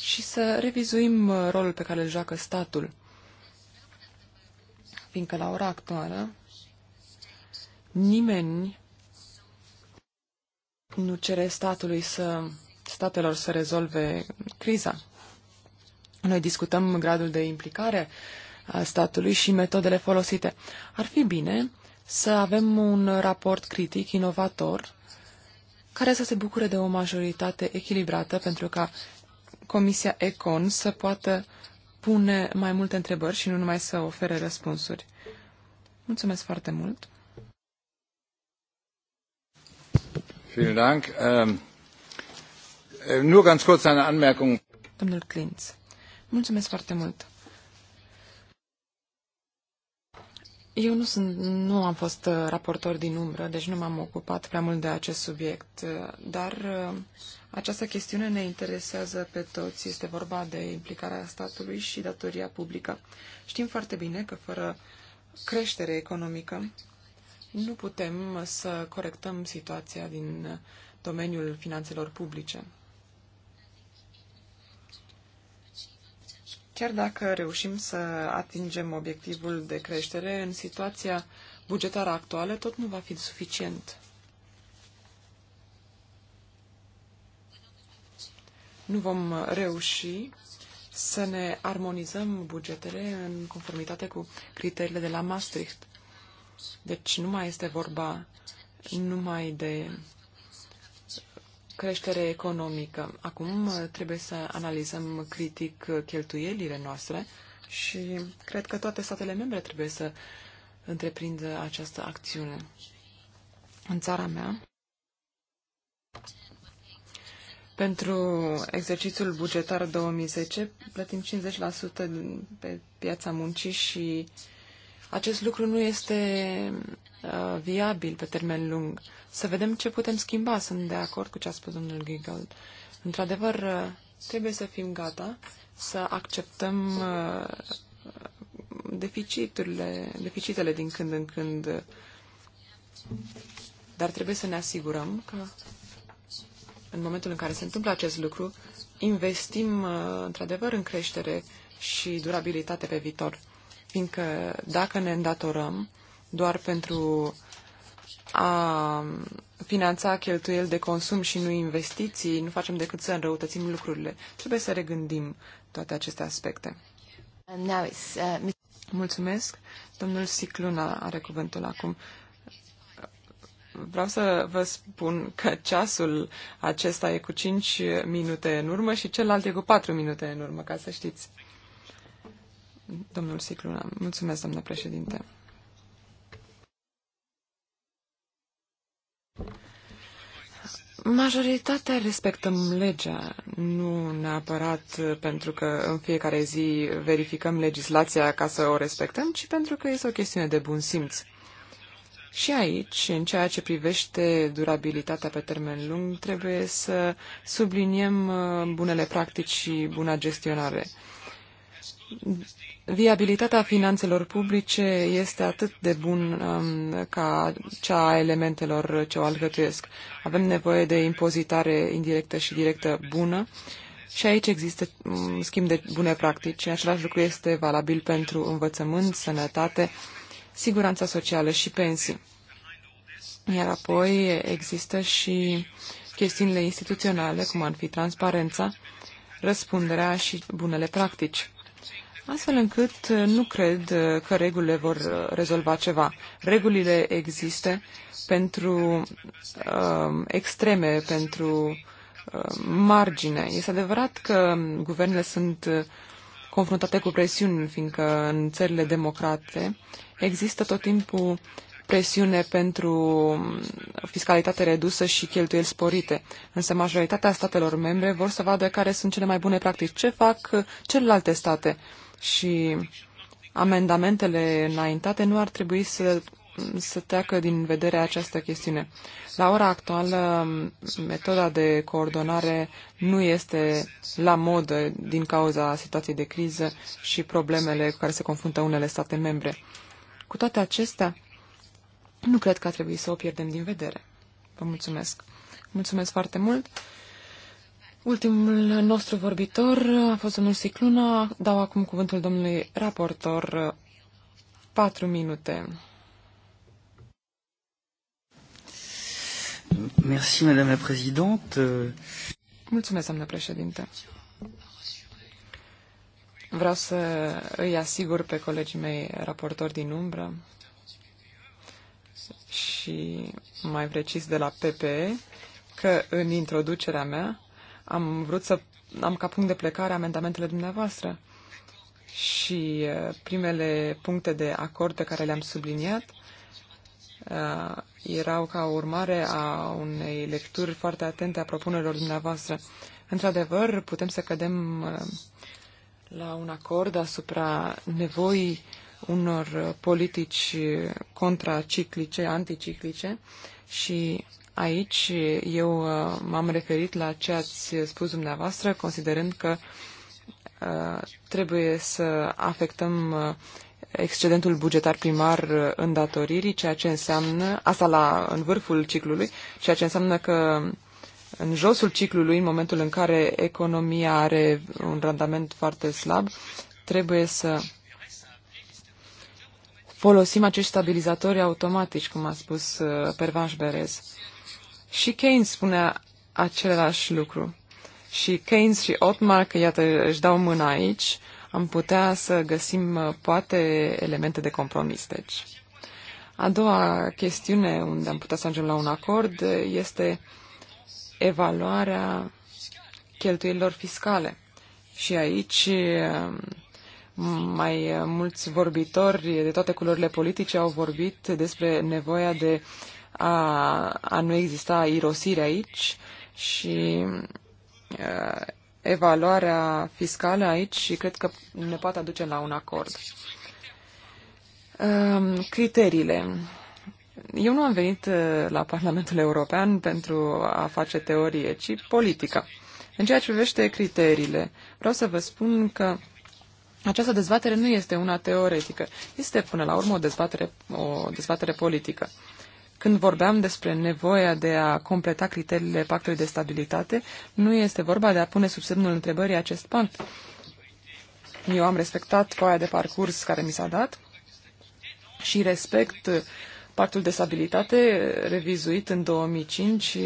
și să revizuim uh, rolul pe care îl joacă statul. Fiindcă la ora actuală nimeni nu cere statului să statelor să rezolve criza. Noi discutăm gradul de implicare a statului și metodele folosite. Ar fi bine să avem un raport critic, inovator, care să se bucure de o majoritate echilibrată pentru ca Comisia Econ să poată pune mai multe întrebări și nu numai să ofere răspunsuri. Mulțumesc foarte mult! Vielen Dank. Ähm, Äh, nur ganz kurz eine Anmerkung. Domnul Klintz, mulțumesc foarte mult. Eu nu, sunt, nu am fost uh, raportor din umbră, deci nu m-am ocupat prea mult de acest subiect, uh, dar uh, această chestiune ne interesează pe toți. Este vorba de implicarea statului și datoria publică. Știm foarte bine că fără creștere economică nu putem să corectăm situația din domeniul finanțelor publice. Chiar dacă reușim să atingem obiectivul de creștere, în situația bugetară actuală tot nu va fi suficient. Nu vom reuși să ne armonizăm bugetele în conformitate cu criteriile de la Maastricht. Deci nu mai este vorba numai de creștere economică. Acum uh, trebuie să analizăm critic uh, cheltuielile noastre și cred că toate statele membre trebuie să întreprindă această acțiune. În țara mea, pentru exercițiul bugetar 2010, plătim 50% pe piața muncii și uh, acest lucru nu este uh, viabil pe termen lung. Să vedem ce putem schimba. Sunt de acord cu ce a spus domnul Giggle. Într-adevăr, uh, trebuie să fim gata să acceptăm uh, deficiturile, deficitele din când în când. Dar trebuie să ne asigurăm că în momentul în care se întâmplă acest lucru, investim uh, într-adevăr în creștere și durabilitate pe viitor fiindcă dacă ne îndatorăm doar pentru a finanța cheltuieli de consum și nu investiții, nu facem decât să înrăutățim lucrurile. Trebuie să regândim toate aceste aspecte. Uh, Mulțumesc. Domnul Sicluna are cuvântul acum. Vreau să vă spun că ceasul acesta e cu 5 minute în urmă și celălalt e cu 4 minute în urmă, ca să știți domnul Sicluna. Mulțumesc, doamnă președinte. Majoritatea respectăm legea, nu neapărat pentru că în fiecare zi verificăm legislația ca să o respectăm, ci pentru că este o chestiune de bun simț. Și aici, în ceea ce privește durabilitatea pe termen lung, trebuie să subliniem uh, bunele practici și buna gestionare. Viabilitatea finanțelor publice este atât de bună um, ca cea a elementelor ce o alcătuiesc. Avem nevoie de impozitare indirectă și directă bună și aici există um, schimb de bune practici. Același lucru este valabil pentru învățământ, sănătate, siguranța socială și pensii. Iar apoi există și chestiunile instituționale, cum ar fi transparența, răspunderea și bunele practici astfel încât uh, nu cred uh, că regulile vor uh, rezolva ceva. Regulile există pentru uh, extreme, pentru uh, margine. Este adevărat că guvernele sunt confruntate cu presiuni, fiindcă în țările democrate există tot timpul presiune pentru um, fiscalitate redusă și cheltuieli sporite. Însă majoritatea statelor membre vor să vadă care sunt cele mai bune practici, ce fac celelalte state și amendamentele înaintate nu ar trebui să, să teacă din vedere această chestiune. La ora actuală, metoda de coordonare nu este la modă din cauza situației de criză și problemele cu care se confruntă unele state membre. Cu toate acestea, nu cred că ar trebui să o pierdem din vedere. Vă mulțumesc. Mulțumesc foarte mult. Ultimul nostru vorbitor a fost domnul Sicluna. Dau acum cuvântul domnului raportor. Patru minute. Merci, madame la présidente. Mulțumesc, doamnă președinte. Vreau să îi asigur pe colegii mei raportori din umbră și mai precis de la PPE că în introducerea mea am vrut să am ca punct de plecare amendamentele dumneavoastră și uh, primele puncte de acord pe care le-am subliniat uh, erau ca urmare a unei lecturi foarte atente a propunerilor dumneavoastră. Într-adevăr, putem să cădem uh, la un acord asupra nevoii unor politici contraciclice, anticiclice și Aici eu uh, m-am referit la ce ați spus dumneavoastră, considerând că uh, trebuie să afectăm uh, excedentul bugetar primar în îndatoririi, ceea ce înseamnă, asta la, în vârful ciclului, ceea ce înseamnă că în josul ciclului, în momentul în care economia are un randament foarte slab, trebuie să folosim acești stabilizatori automatici, cum a spus Pervanș Berez. Și Keynes spunea același lucru. Și Keynes și Otmar, că iată își dau mâna aici, am putea să găsim uh, poate elemente de compromis. Deci. A doua chestiune unde am putea să ajungem la un acord uh, este evaluarea cheltuielilor fiscale. Și aici uh, mai mulți vorbitori de toate culorile politice au vorbit despre nevoia de a, a nu exista irosire aici și uh, evaluarea fiscală aici și cred că ne poate aduce la un acord. criteriile. Eu nu am venit la Parlamentul European pentru a face teorie, ci politică. În ceea ce privește criteriile, vreau să vă spun că această dezbatere nu este una teoretică, este până la urmă o dezbatere, o dezbatere politică. Când vorbeam despre nevoia de a completa criteriile pactului de stabilitate, nu este vorba de a pune sub semnul întrebării acest pact. Eu am respectat foaia de parcurs care mi s-a dat și respect pactul de stabilitate revizuit în 2005.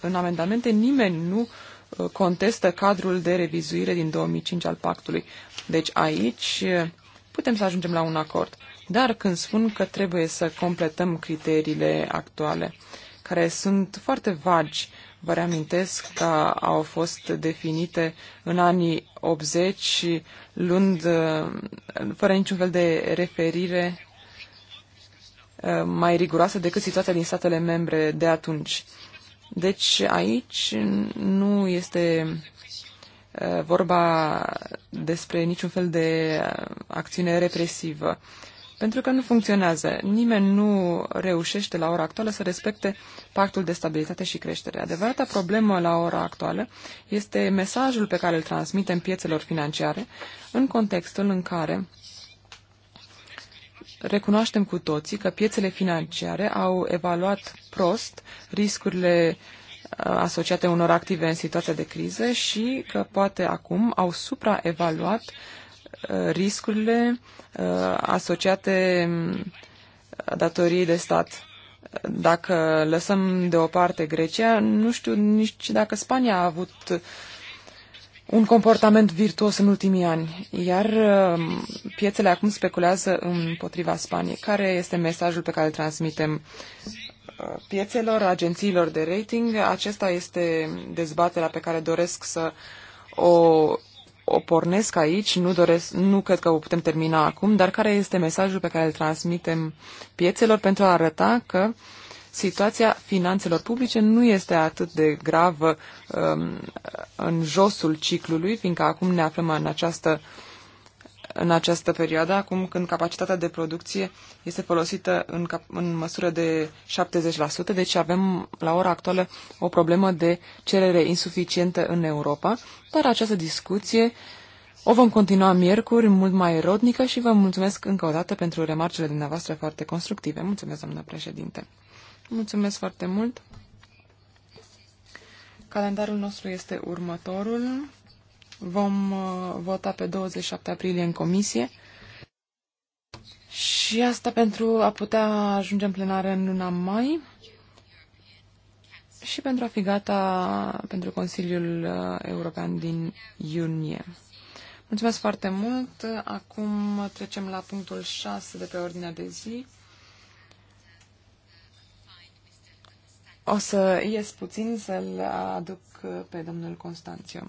În, amendamente nimeni nu uh, contestă cadrul de revizuire din 2005 al pactului. Deci aici uh, putem să ajungem la un acord dar când spun că trebuie să completăm criteriile actuale, care sunt foarte vagi, vă reamintesc că au fost definite în anii 80, luând uh, fără niciun fel de referire uh, mai riguroasă decât situația din statele membre de atunci. Deci aici nu este uh, vorba despre niciun fel de acțiune represivă pentru că nu funcționează. Nimeni nu reușește la ora actuală să respecte pactul de stabilitate și creștere. Adevărata problemă la ora actuală este mesajul pe care îl transmitem piețelor financiare în contextul în care recunoaștem cu toții că piețele financiare au evaluat prost riscurile uh, asociate unor active în situația de criză și că poate acum au supraevaluat uh, riscurile uh, asociate uh, datoriei de stat. Dacă lăsăm deoparte Grecia, nu știu nici dacă Spania a avut un comportament virtuos în ultimii ani, iar uh, piețele acum speculează împotriva Spaniei. Care este mesajul pe care îl transmitem piețelor, agențiilor de rating? Acesta este dezbaterea pe care doresc să o o pornesc aici, nu, doresc, nu cred că o putem termina acum, dar care este mesajul pe care îl transmitem piețelor pentru a arăta că situația finanțelor publice nu este atât de gravă um, în josul ciclului, fiindcă acum ne aflăm în această uh, în această perioadă, acum când capacitatea de producție este folosită în, cap- în măsură de 70%, deci avem la ora actuală o problemă de cerere insuficientă în Europa, dar această discuție o vom continua miercuri, mult mai erotnică și vă mulțumesc încă o dată pentru remarcele dumneavoastră foarte constructive. Mulțumesc, doamnă președinte. Mulțumesc foarte mult. Calendarul nostru este următorul. Vom uh, vota pe 27 aprilie în comisie. Și asta pentru a putea ajunge în plenară în luna mai și pentru a fi gata pentru Consiliul uh, European din iunie. Mulțumesc foarte mult. Acum trecem la punctul 6 de pe ordinea de zi. O să ies puțin să-l aduc pe domnul Constanțiu.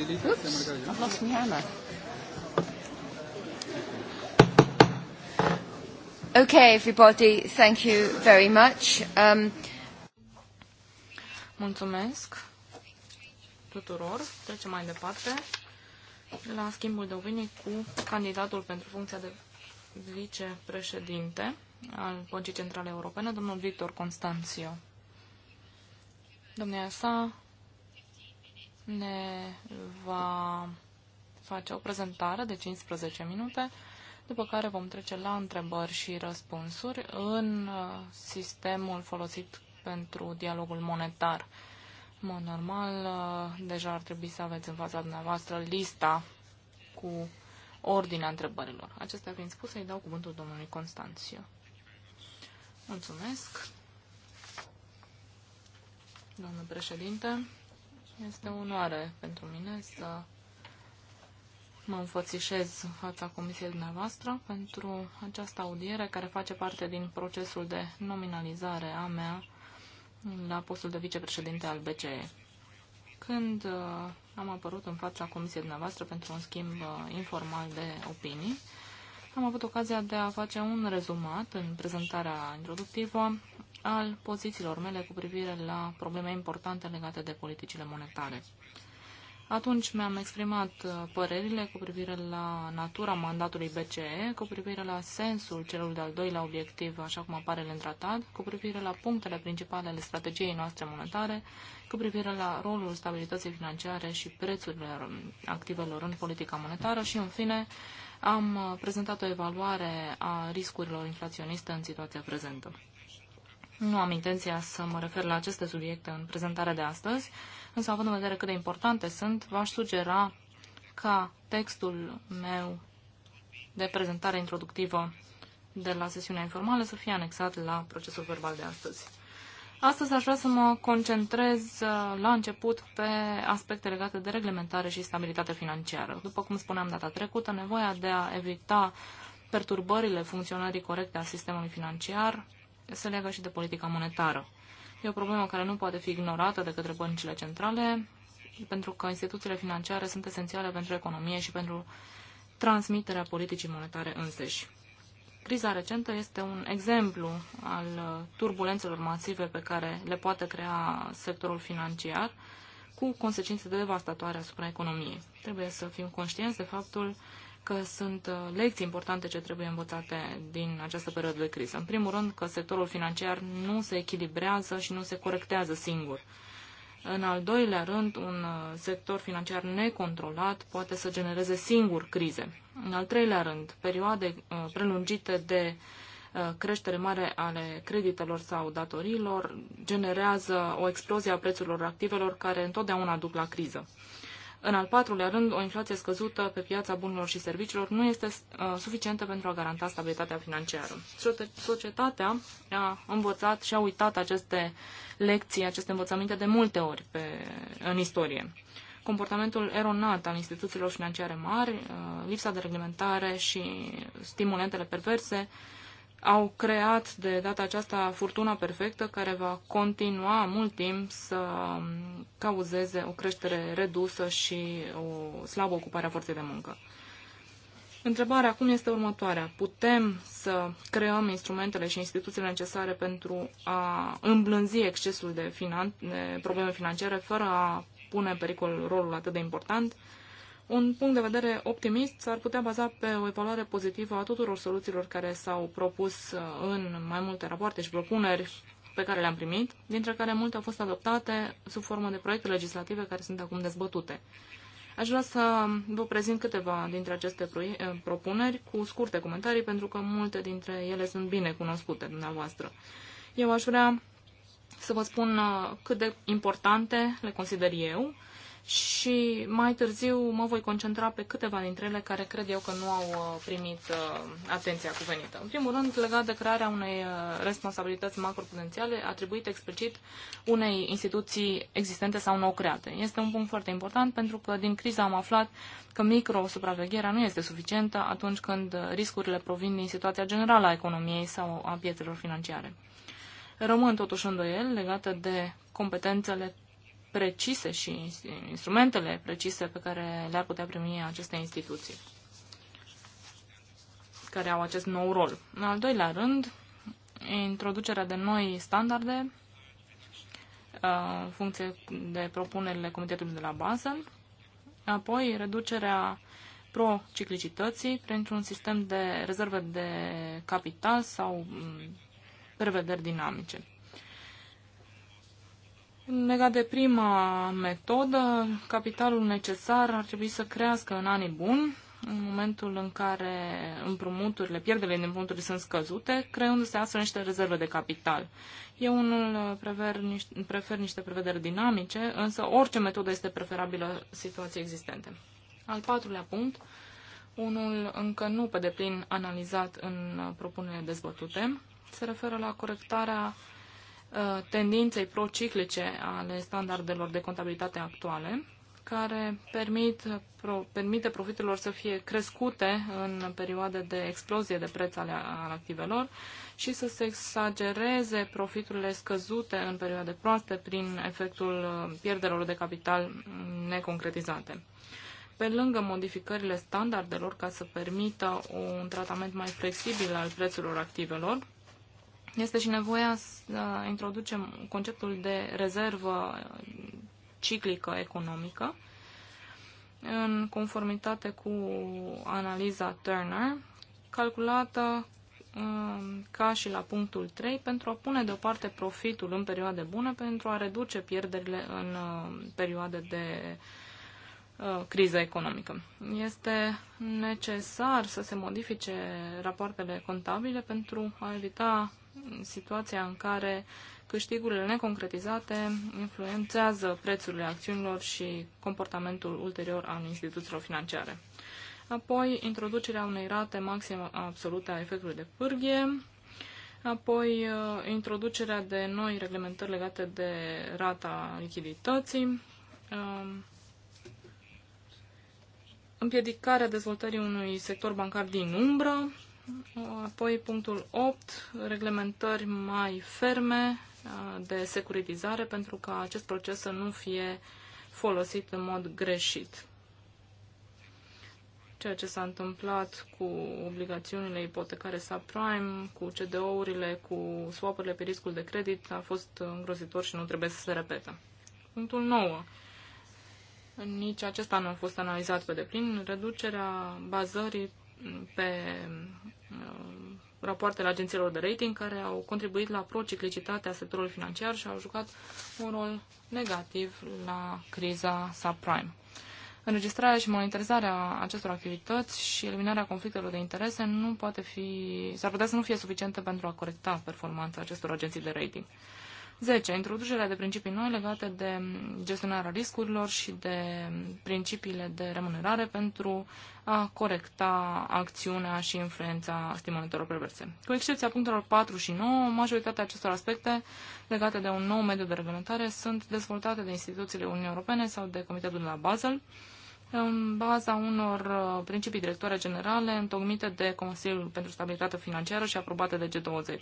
I've lost my hammer. Okay, everybody, thank you very much. Um, Mulțumesc tuturor. Trecem mai departe la schimbul de opinii cu candidatul pentru funcția de vicepreședinte al Băncii Centrale Europene, domnul Victor Constanțiu. Domnia sa ne va face o prezentare de 15 minute, după care vom trece la întrebări și răspunsuri în uh, sistemul folosit pentru dialogul monetar. În mod normal, uh, deja ar trebui să aveți în fața dumneavoastră lista cu ordinea întrebărilor. Acestea fiind spuse, îi dau cuvântul domnului Constanțiu. Mulțumesc, domnul președinte. Este o onoare pentru mine să mă înfățișez în fața comisiei dumneavoastră pentru această audiere care face parte din procesul de nominalizare a mea la postul de vicepreședinte al BCE. Când uh, am apărut în fața comisiei dumneavoastră pentru un schimb uh, informal de opinii, am avut ocazia de a face un rezumat în prezentarea introductivă al pozițiilor mele cu privire la probleme importante legate de politicile monetare. Atunci mi-am exprimat părerile cu privire la natura mandatului BCE, cu privire la sensul celor de-al doilea obiectiv, așa cum apare în tratat, cu privire la punctele principale ale strategiei noastre monetare, cu privire la rolul stabilității financiare și prețurile activelor în politica monetară și, în fine, am uh, prezentat o evaluare a riscurilor inflaționiste în situația prezentă. Nu am intenția să mă refer la aceste subiecte în prezentarea de astăzi, însă având în vedere cât de importante sunt, v-aș sugera ca textul meu de prezentare introductivă de la sesiunea informală să fie anexat la procesul verbal de astăzi. Astăzi aș vrea să mă concentrez uh, la început pe aspecte legate de reglementare și stabilitate financiară. După cum spuneam data trecută, nevoia de a evita perturbările funcționării corecte a sistemului financiar se leagă și de politica monetară. E o problemă care nu poate fi ignorată de către băncile centrale, pentru că instituțiile financiare sunt esențiale pentru economie și pentru transmiterea politicii monetare înseși. Criza recentă este un exemplu al uh, turbulențelor masive pe care le poate crea sectorul financiar, cu consecințe devastatoare asupra economiei. Trebuie să fim conștienți de faptul că sunt uh, lecții importante ce trebuie învățate din această perioadă de criză. În primul rând că sectorul financiar nu se echilibrează și nu se corectează singur. În al doilea rând, un uh, sector financiar necontrolat poate să genereze singur crize. În al treilea rând, perioade uh, prelungite de uh, creștere mare ale creditelor sau datoriilor generează o explozie a prețurilor activelor care întotdeauna duc la criză. În al patrulea rând, o inflație scăzută pe piața bunurilor și serviciilor nu este uh, suficientă pentru a garanta stabilitatea financiară. Societatea a învățat și a uitat aceste lecții, aceste învățăminte de multe ori pe, în istorie. Comportamentul eronat al instituțiilor financiare mari, uh, lipsa de reglementare și stimulentele perverse uh, au creat de data aceasta furtuna perfectă care va continua mult timp să cauzeze o creștere redusă și o slabă ocupare a forței de muncă. Întrebarea acum este următoarea. Putem să creăm instrumentele și instituțiile necesare pentru a îmblânzi excesul de, finan- de probleme financiare fără a pune în pericol rolul atât de important un punct de vedere optimist s-ar putea baza pe o evaluare pozitivă a tuturor soluțiilor care s-au propus uh, în mai multe rapoarte și propuneri pe care le-am primit, dintre care multe au fost adoptate sub formă de proiecte legislative care sunt acum dezbătute. Aș vrea să vă prezint câteva dintre aceste uh, propuneri cu scurte comentarii, pentru că multe dintre ele sunt bine cunoscute dumneavoastră. Eu aș vrea să vă spun uh, cât de importante le consider eu, și mai târziu mă voi concentra pe câteva dintre ele care cred eu că nu au uh, primit uh, atenția cuvenită. În primul rând, legat de crearea unei uh, responsabilități macroprudențiale atribuite explicit unei instituții existente sau nou create. Este un punct foarte important pentru că din criză am aflat că microsupravegherea nu este suficientă atunci când riscurile provin din situația generală a economiei sau a piețelor financiare. Rămân totuși îndoiel legate de competențele precise și instrumentele precise pe care le-ar putea primi aceste instituții care au acest nou rol. În al doilea rând, introducerea de noi standarde în uh, funcție de propunerile Comitetului de la Basel, apoi reducerea prociclicității printr-un sistem de rezerve de capital sau mm, prevederi dinamice. Legat de prima metodă, capitalul necesar ar trebui să crească în anii buni, în momentul în care împrumuturile, pierderile din împrumuturi sunt scăzute, creându-se astfel niște rezerve de capital. Eu unul prefer niște, prefer niște prevederi dinamice, însă orice metodă este preferabilă situației existente. Al patrulea punct, unul încă nu pe deplin analizat în propunerile dezbătute, se referă la corectarea uh, Uh, tendinței prociclice ale standardelor de contabilitate actuale, care permit, pro, permite profiturilor să fie crescute în perioade de explozie de preț ale al activelor și să se exagereze profiturile scăzute în perioade proaste prin efectul uh, pierderilor de capital neconcretizate. Pe lângă modificările standardelor ca să permită un tratament mai flexibil al prețurilor activelor, este și nevoia să introducem conceptul de rezervă ciclică economică în conformitate cu analiza Turner, calculată um, ca și la punctul 3 pentru a pune deoparte profitul în perioade bune pentru a reduce pierderile în um, perioade de uh, criză economică. Este necesar să se modifice rapoartele contabile pentru a evita situația în care câștigurile neconcretizate influențează prețurile acțiunilor și comportamentul ulterior al instituțiilor financiare. Apoi, introducerea unei rate maximă absolute a efectului de pârghie, apoi uh, introducerea de noi reglementări legate de rata lichidității, um, împiedicarea dezvoltării unui sector bancar din umbră, Apoi punctul 8, reglementări mai ferme uh, de securitizare pentru ca acest proces să nu fie folosit în mod greșit. Ceea ce s-a întâmplat cu obligațiunile ipotecare subprime, cu CDO-urile, cu swap-urile pe riscul de credit a fost îngrozitor și nu trebuie să se repete. Punctul 9. Nici acesta nu a fost analizat pe deplin. Reducerea bazării pe rapoartele agențiilor de rating care au contribuit la prociclicitatea sectorului financiar și au jucat un rol negativ la criza subprime. Înregistrarea și monitorizarea acestor activități și eliminarea conflictelor de interese nu poate fi, s-ar putea să nu fie suficientă pentru a corecta performanța acestor agenții de rating. 10. Introducerea de principii noi legate de gestionarea riscurilor și de principiile de remunerare pentru a corecta acțiunea și influența stimulatorilor perverse. Cu excepția punctelor 4 și 9, majoritatea acestor aspecte legate de un nou mediu de reglementare sunt dezvoltate de instituțiile Uniunii Europene sau de Comitetul de la Basel, în baza unor uh, principii directoare generale întocmite de Consiliul pentru Stabilitate Financiară și aprobate de G20.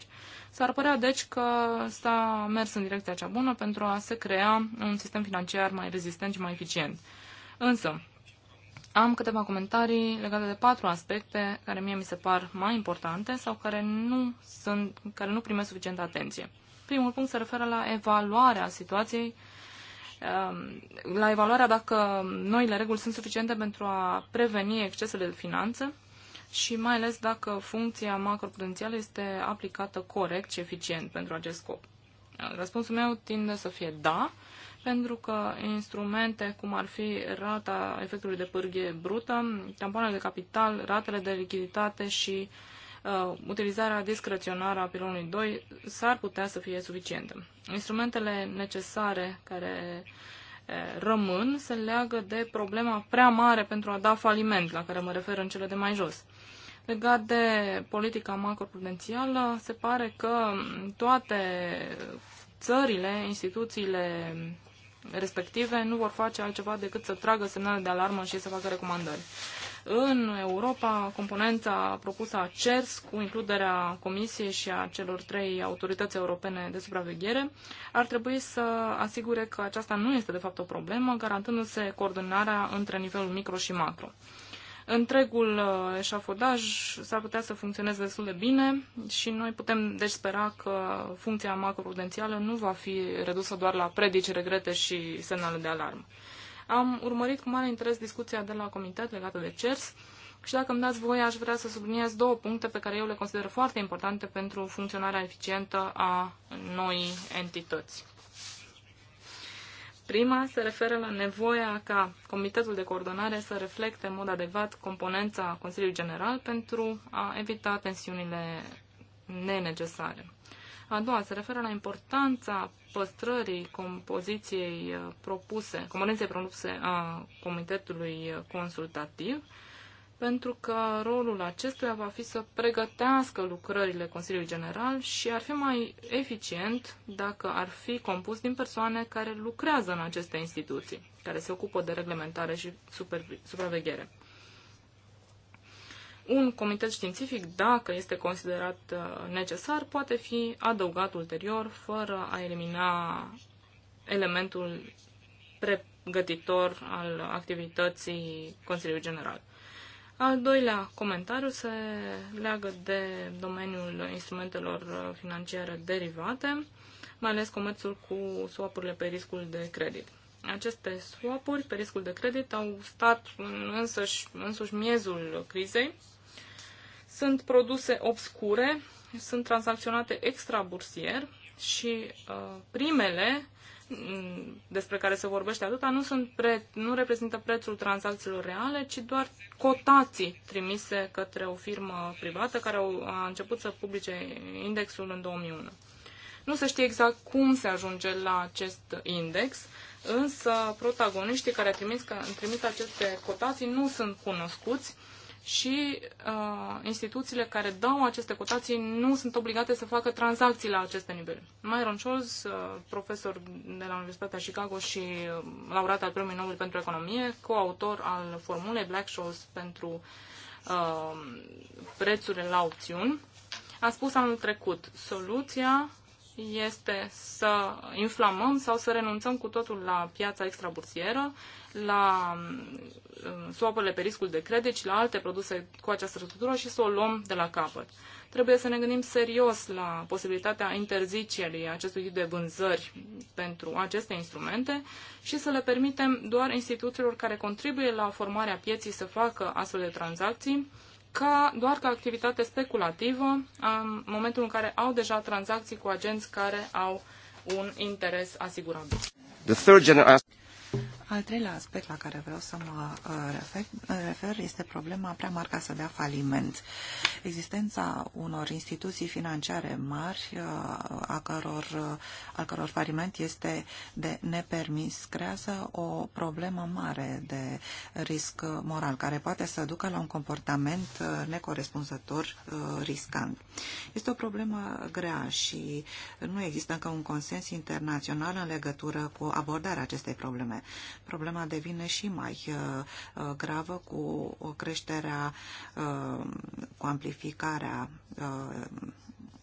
S-ar părea, deci, că s-a mers în direcția cea bună pentru a se crea un sistem financiar mai rezistent și mai eficient. Însă, am câteva comentarii legate de patru aspecte care mie mi se par mai importante sau care nu, sunt, care nu primesc suficientă atenție. Primul punct se referă la evaluarea situației Ehm, la evaluarea dacă noile reguli sunt suficiente pentru a preveni excesele de finanță și mai ales dacă funcția macroprudențială este aplicată corect și eficient pentru acest scop. Răspunsul meu tinde să fie da, pentru că instrumente cum ar fi rata efectului de pârghie brută, tampoanele de capital, ratele de lichiditate și uh, uh, utilizarea discreționară a pilonului 2 s-ar putea să fie suficientă. Instrumentele necesare care uh, rămân se leagă de problema prea mare pentru a da faliment, la care mă refer în cele de mai jos. Legat de politica macroprudențială, se pare că toate țările, instituțiile respective nu vor face altceva decât să tragă semnale de alarmă și să facă recomandări. În Europa, componenta propusă a CERS, cu includerea Comisiei și a celor trei autorități europene de supraveghere, ar trebui să asigure că aceasta nu este de fapt o problemă, garantându-se coordonarea între nivelul micro și macro. Întregul uh, eșafodaj s-ar putea să funcționeze destul de bine și noi putem deci spera că funcția macroprudențială nu va fi redusă doar la predici, regrete și semnale de alarmă. Am urmărit cu mare interes discuția de la comitet legată de CERS și dacă îmi dați voie, aș vrea să subliniez două puncte pe care eu le consider foarte importante pentru funcționarea eficientă a noii entități. Prima se referă la nevoia ca Comitetul de Coordonare să reflecte în mod adecvat componența Consiliului General pentru a evita tensiunile nenecesare. A doua se referă la importanța păstrării compoziției uh, propuse, componenței propuse a comitetului consultativ, pentru că rolul acestuia va fi să pregătească lucrările Consiliului General și ar fi mai eficient dacă ar fi compus din persoane care lucrează în aceste instituții, care se ocupă de reglementare și supraveghere un comitet științific, dacă este considerat uh, necesar, poate fi adăugat ulterior fără a elimina elementul pregătitor al activității Consiliului General. Al doilea comentariu se leagă de domeniul instrumentelor uh, financiare derivate, mai ales comerțul cu swapurile pe riscul de credit. Aceste swapuri pe riscul de credit au stat în însăși, însuși miezul crizei sunt produse obscure, sunt tranzacționate extrabursier și uh, primele mm, despre care se vorbește atâta nu, sunt pre, nu reprezintă prețul tranzacțiilor reale, ci doar cotații trimise către o firmă privată care a început să publice indexul în 2001. Nu se știe exact cum se ajunge la acest index, însă protagoniștii care trimis, trimit aceste cotații nu sunt cunoscuți și uh, instituțiile care dau aceste cotații nu sunt obligate să facă tranzacții la aceste nivel. Myron Scholz, uh, profesor de la Universitatea Chicago și uh, laureat al Premiului Nobel pentru Economie, coautor al formulei Black-Scholes pentru uh, prețurile la opțiuni, a spus anul trecut, soluția este să inflamăm sau să renunțăm cu totul la piața extrabursieră, uh, la um, swapurile pe riscul de credit și la alte produse cu această structură și să o luăm de la capăt. Trebuie să ne gândim serios la posibilitatea interzicerii acestui tip de vânzări pentru aceste instrumente și să le permitem doar instituțiilor care contribuie la formarea pieții să facă astfel de tranzacții, ca, doar ca activitate speculativă în momentul în care au deja tranzacții cu agenți care au un interes asigurabil. The third al treilea aspect la care vreau să mă uh, refer, uh, refer este problema prea mari ca să dea faliment. Existența unor instituții financiare mari, uh, a căror, al căror faliment este de nepermis, creează o problemă mare de risc moral, care poate să ducă la un comportament necorespunzător riscant. Este o problemă grea și nu există încă un consens internațional în legătură cu abordarea acestei probleme problema devine și mai uh, uh, gravă cu o creșterea, uh, cu amplificarea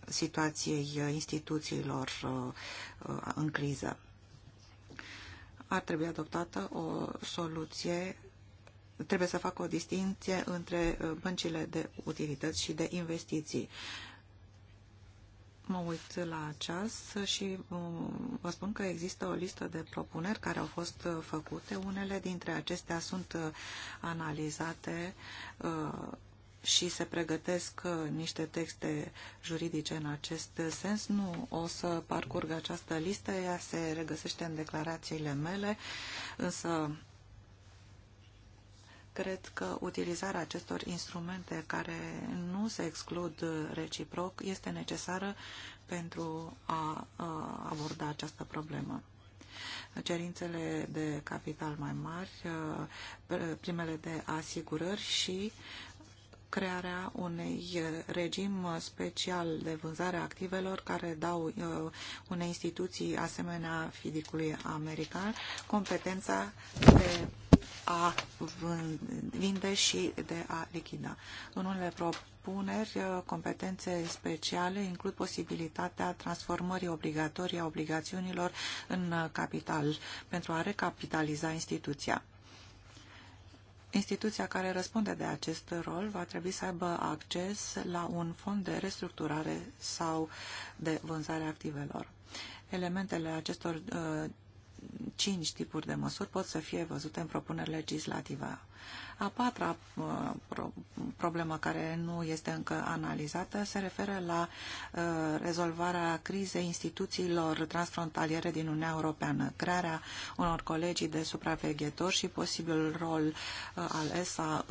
situației instituțiilor în criză. Ar trebui adoptată o soluție trebuie să facă o distinție între băncile de utilități și de investiții mă uit la ceas și uh, vă spun că există o listă de propuneri care au fost uh, făcute. Unele dintre acestea sunt uh, analizate și se pregătesc niște texte juridice în acest sens. Nu o să parcurg această listă, ea se regăsește în declarațiile mele, însă Cred că utilizarea acestor instrumente care nu se exclud reciproc este necesară pentru a aborda această problemă cerințele de capital mai mari, primele de asigurări și crearea unei regim special de vânzare a activelor care dau unei instituții asemenea fidicului american competența de a vinde și de a lichida. În unele propuneri, competențe speciale includ posibilitatea transformării obligatorii a obligațiunilor în capital pentru a recapitaliza instituția. Instituția care răspunde de acest rol va trebui să aibă acces la un fond de restructurare sau de vânzare activelor. Elementele acestor uh, cinci tipuri de măsuri pot să fie văzute în propuneri legislative. A patra uh, problemă care nu este încă analizată se referă la uh, rezolvarea crizei instituțiilor transfrontaliere din Uniunea Europeană, crearea unor colegii de supraveghetori și posibilul rol uh, al ESA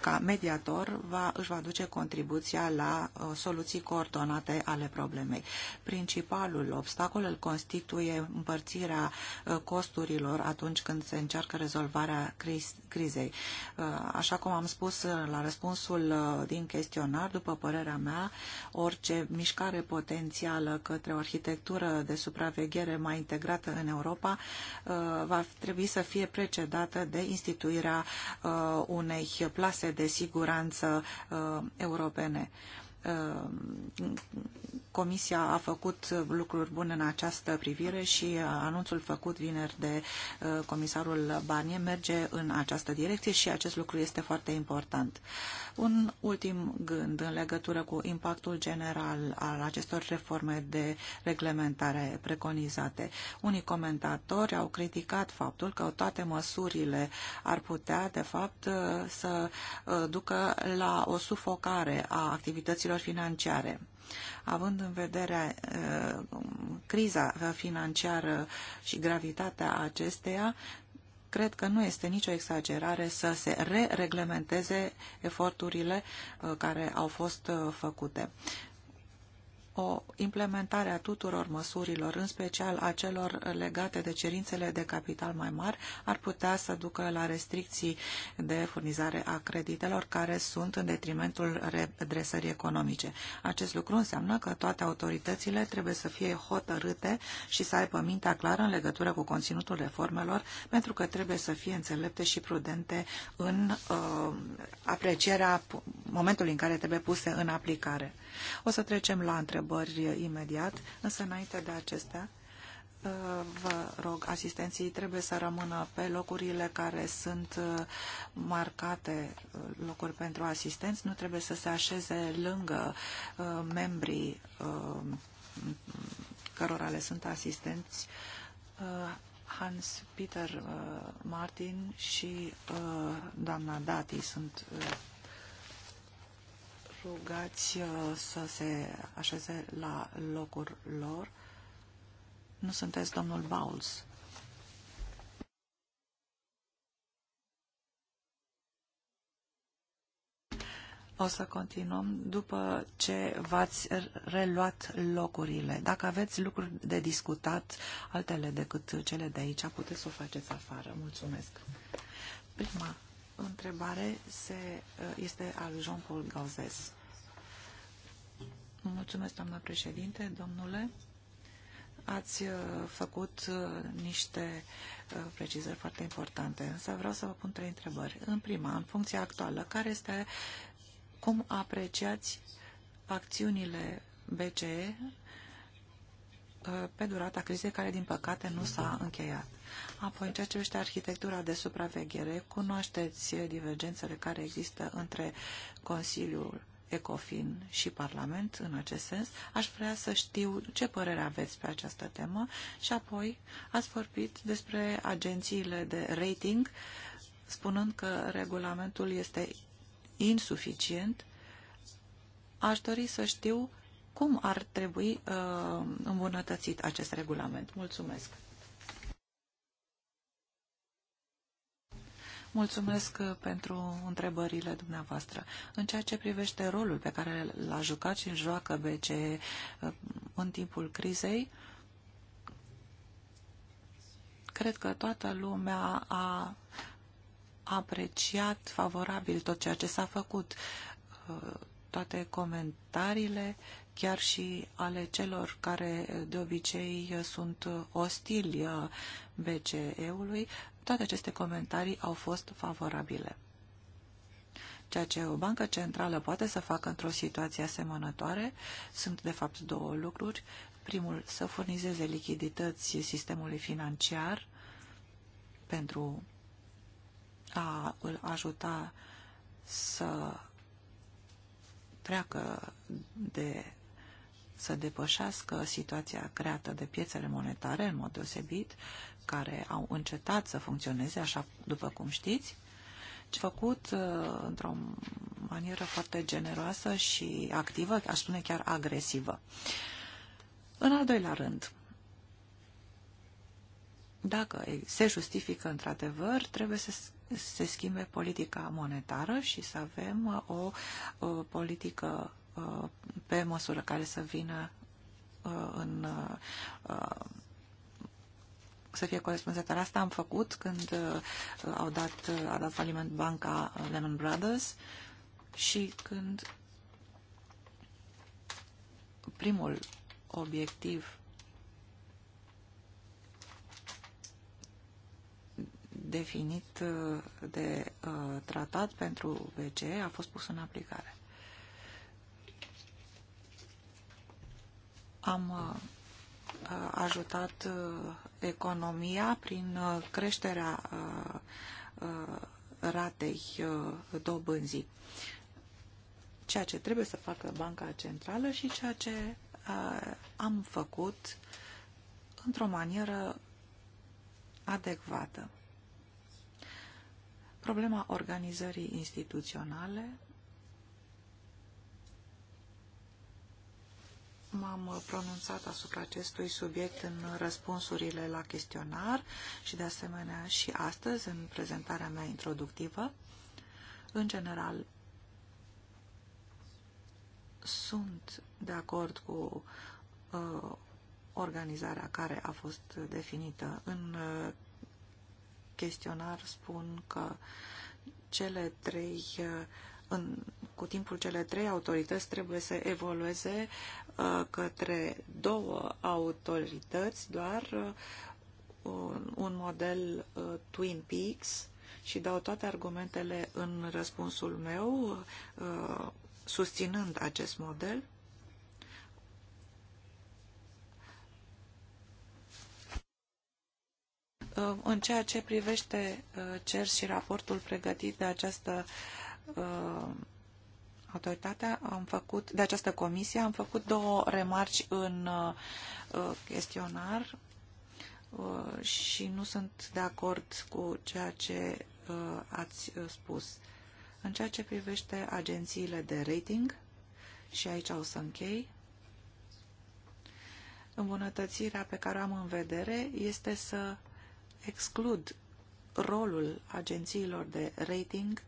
ca mediator va, își va duce contribuția la soluții coordonate ale problemei. Principalul obstacol îl constituie împărțirea costurilor atunci când se încearcă rezolvarea crizei. Uh, așa cum am spus uh, la răspunsul uh, din chestionar, după părerea mea, orice mișcare potențială către o arhitectură de supraveghere mai integrată în Europa va trebui să fie precedată de instituirea unei plase de siguranță europene. Um, Comisia a făcut lucruri bune în această privire și uh, anunțul făcut vineri de uh, comisarul Barnier merge în această direcție și acest lucru este foarte important. Un ultim gând în legătură cu impactul general al acestor reforme de reglementare preconizate. Unii comentatori au criticat faptul că toate măsurile ar putea, de fapt, uh, să ducă la o sufocare a activităților instituțiilor financiare. Având în vedere uh, criza financiară și gravitatea acesteia, cred că nu este nicio exagerare să se re-reglementeze eforturile uh, care au fost uh, făcute o implementare a tuturor măsurilor, în special a celor legate de cerințele de capital mai mari, ar putea să ducă la restricții de furnizare a creditelor care sunt în detrimentul redresării economice. Acest lucru înseamnă că toate autoritățile trebuie să fie hotărâte și să aibă mintea clară în legătură cu conținutul reformelor, pentru că trebuie să fie înțelepte și prudente în uh, aprecierea momentului în care trebuie puse în aplicare. O să trecem la întrebări imediat, însă înainte de acestea, uh, vă rog, asistenții trebuie să rămână pe locurile care sunt uh, marcate uh, locuri pentru asistenți, nu trebuie să se așeze lângă membrii cărora le sunt asistenți Hans Peter Martin și doamna Dati sunt rugați uh, să se așeze la locul lor. Nu sunteți domnul Bowles. O să continuăm după ce v-ați reluat locurile. Dacă aveți lucruri de discutat, altele decât cele de aici, puteți să o faceți afară. Mulțumesc. Prima întrebare se, uh, este al Jean-Paul Gauzes. Mulțumesc, doamnă președinte, domnule. Ați uh, făcut uh, niște precizări foarte importante, însă vreau să vă pun trei întrebări. În prima, în funcția actuală, care este, cum apreciați acțiunile BCE Uh, pe durata crizei care, din păcate, nu s-a încheiat. Apoi, în ceea ce privește arhitectura de supraveghere, cunoașteți divergențele care există între Consiliul ECOFIN și Parlament în acest sens. Aș vrea să știu ce părere aveți pe această temă și apoi ați vorbit despre agențiile de rating, spunând că regulamentul este insuficient. Aș dori să știu cum ar trebui uh, îmbunătățit acest regulament. Mulțumesc! Mulțumesc uh, pentru întrebările dumneavoastră. În ceea ce privește rolul pe care l-a jucat și îl joacă BCE uh, în timpul crizei, cred că toată lumea a apreciat favorabil tot ceea ce s-a făcut, uh, toate comentariile chiar și ale celor care de obicei sunt ostili BCE-ului, toate aceste comentarii au fost favorabile. Ceea ce o bancă centrală poate să facă într-o situație asemănătoare sunt de fapt două lucruri. Primul, să furnizeze lichidități sistemului financiar pentru a îl ajuta să treacă de să depășească situația creată de piețele monetare, în mod deosebit, care au încetat să funcționeze, așa după cum știți, făcut uh, într-o manieră foarte generoasă și activă, aș spune chiar agresivă. În al doilea rând, dacă se justifică într-adevăr, trebuie să se schimbe politica monetară și să avem uh, o, o politică Uh, pe măsură care să vină uh, în uh, să fie corespunzător. Asta am făcut când au dat, a dat faliment banca Lehman Brothers și când primul obiectiv definit de uh, tratat pentru BCE a fost pus în aplicare. Am uh, uh, ajutat uh, economia prin creșterea ratei dobânzii. Ceea ce trebuie să facă Banca Centrală și ceea ce am făcut într-o manieră adecvată. Problema organizării instituționale m-am pronunțat asupra acestui subiect în răspunsurile la chestionar și de asemenea și astăzi în prezentarea mea introductivă. În general, sunt de acord cu uh, organizarea care a fost definită. În uh, chestionar spun că cele trei uh, în, cu timpul cele trei autorități trebuie să evolueze uh, către două autorități, doar uh, un, un model uh, Twin Peaks și dau toate argumentele în răspunsul meu uh, susținând acest model. Uh, în ceea ce privește uh, CER și raportul pregătit de această uh, Uh, autoritatea am făcut, de această comisie, am făcut două remarci în uh, uh, chestionar și nu sunt de acord cu ceea ce ați spus. În ceea ce privește agențiile de rating, și aici o să închei, îmbunătățirea pe care o am în vedere este să exclud rolul agențiilor de rating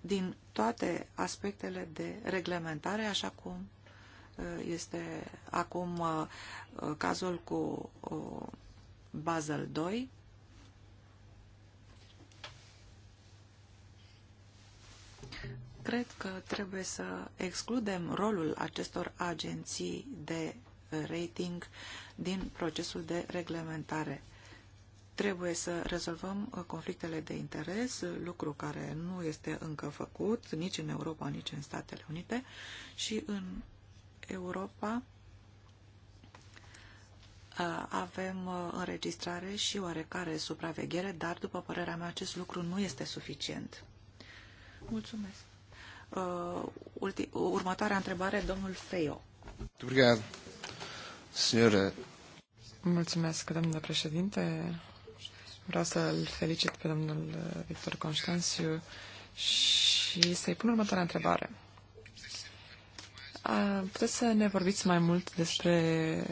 din toate aspectele de reglementare, așa cum uh, este acum uh, uh, cazul cu Basel II, cred că trebuie să excludem rolul acestor agenții de rating din procesul de reglementare. Trebuie să rezolvăm uh, conflictele de interes, uh, lucru care nu este încă făcut nici în Europa, nici în Statele Unite și în Europa uh, avem înregistrare și oarecare supraveghere, dar, după părerea mea, acest lucru nu este suficient. Mulțumesc. următoarea întrebare, domnul Feio. Mulțumesc, domnule președinte, Vreau să-l felicit pe domnul uh, Victor Constanțiu și să-i pun următoarea întrebare. Puteți să ne vorbiți mai mult despre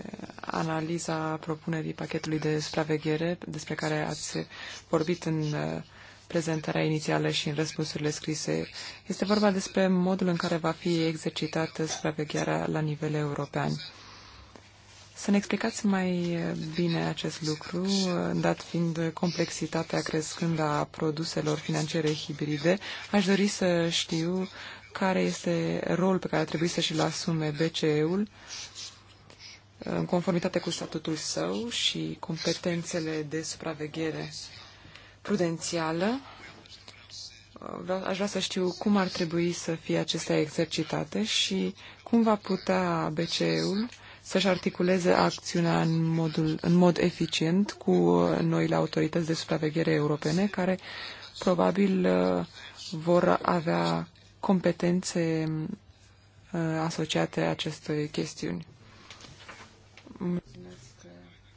analiza propunerii pachetului de supraveghere despre care ați vorbit în uh, prezentarea inițială și în răspunsurile scrise. Este vorba despre modul în care va fi exercitată supravegherea la nivel european. Să ne explicați mai bine acest lucru, dat fiind complexitatea crescând a produselor financiare hibride. Aș dori să știu care este rolul pe care ar trebui să și-l asume BCE-ul în conformitate cu statutul său și competențele de supraveghere prudențială. Aș vrea să știu cum ar trebui să fie acestea exercitate și cum va putea BCE-ul să-și articuleze acțiunea în, modul, în mod eficient cu noile autorități de supraveghere europene, care probabil uh, vor avea competențe uh, asociate acestei chestiuni. Mulțumesc,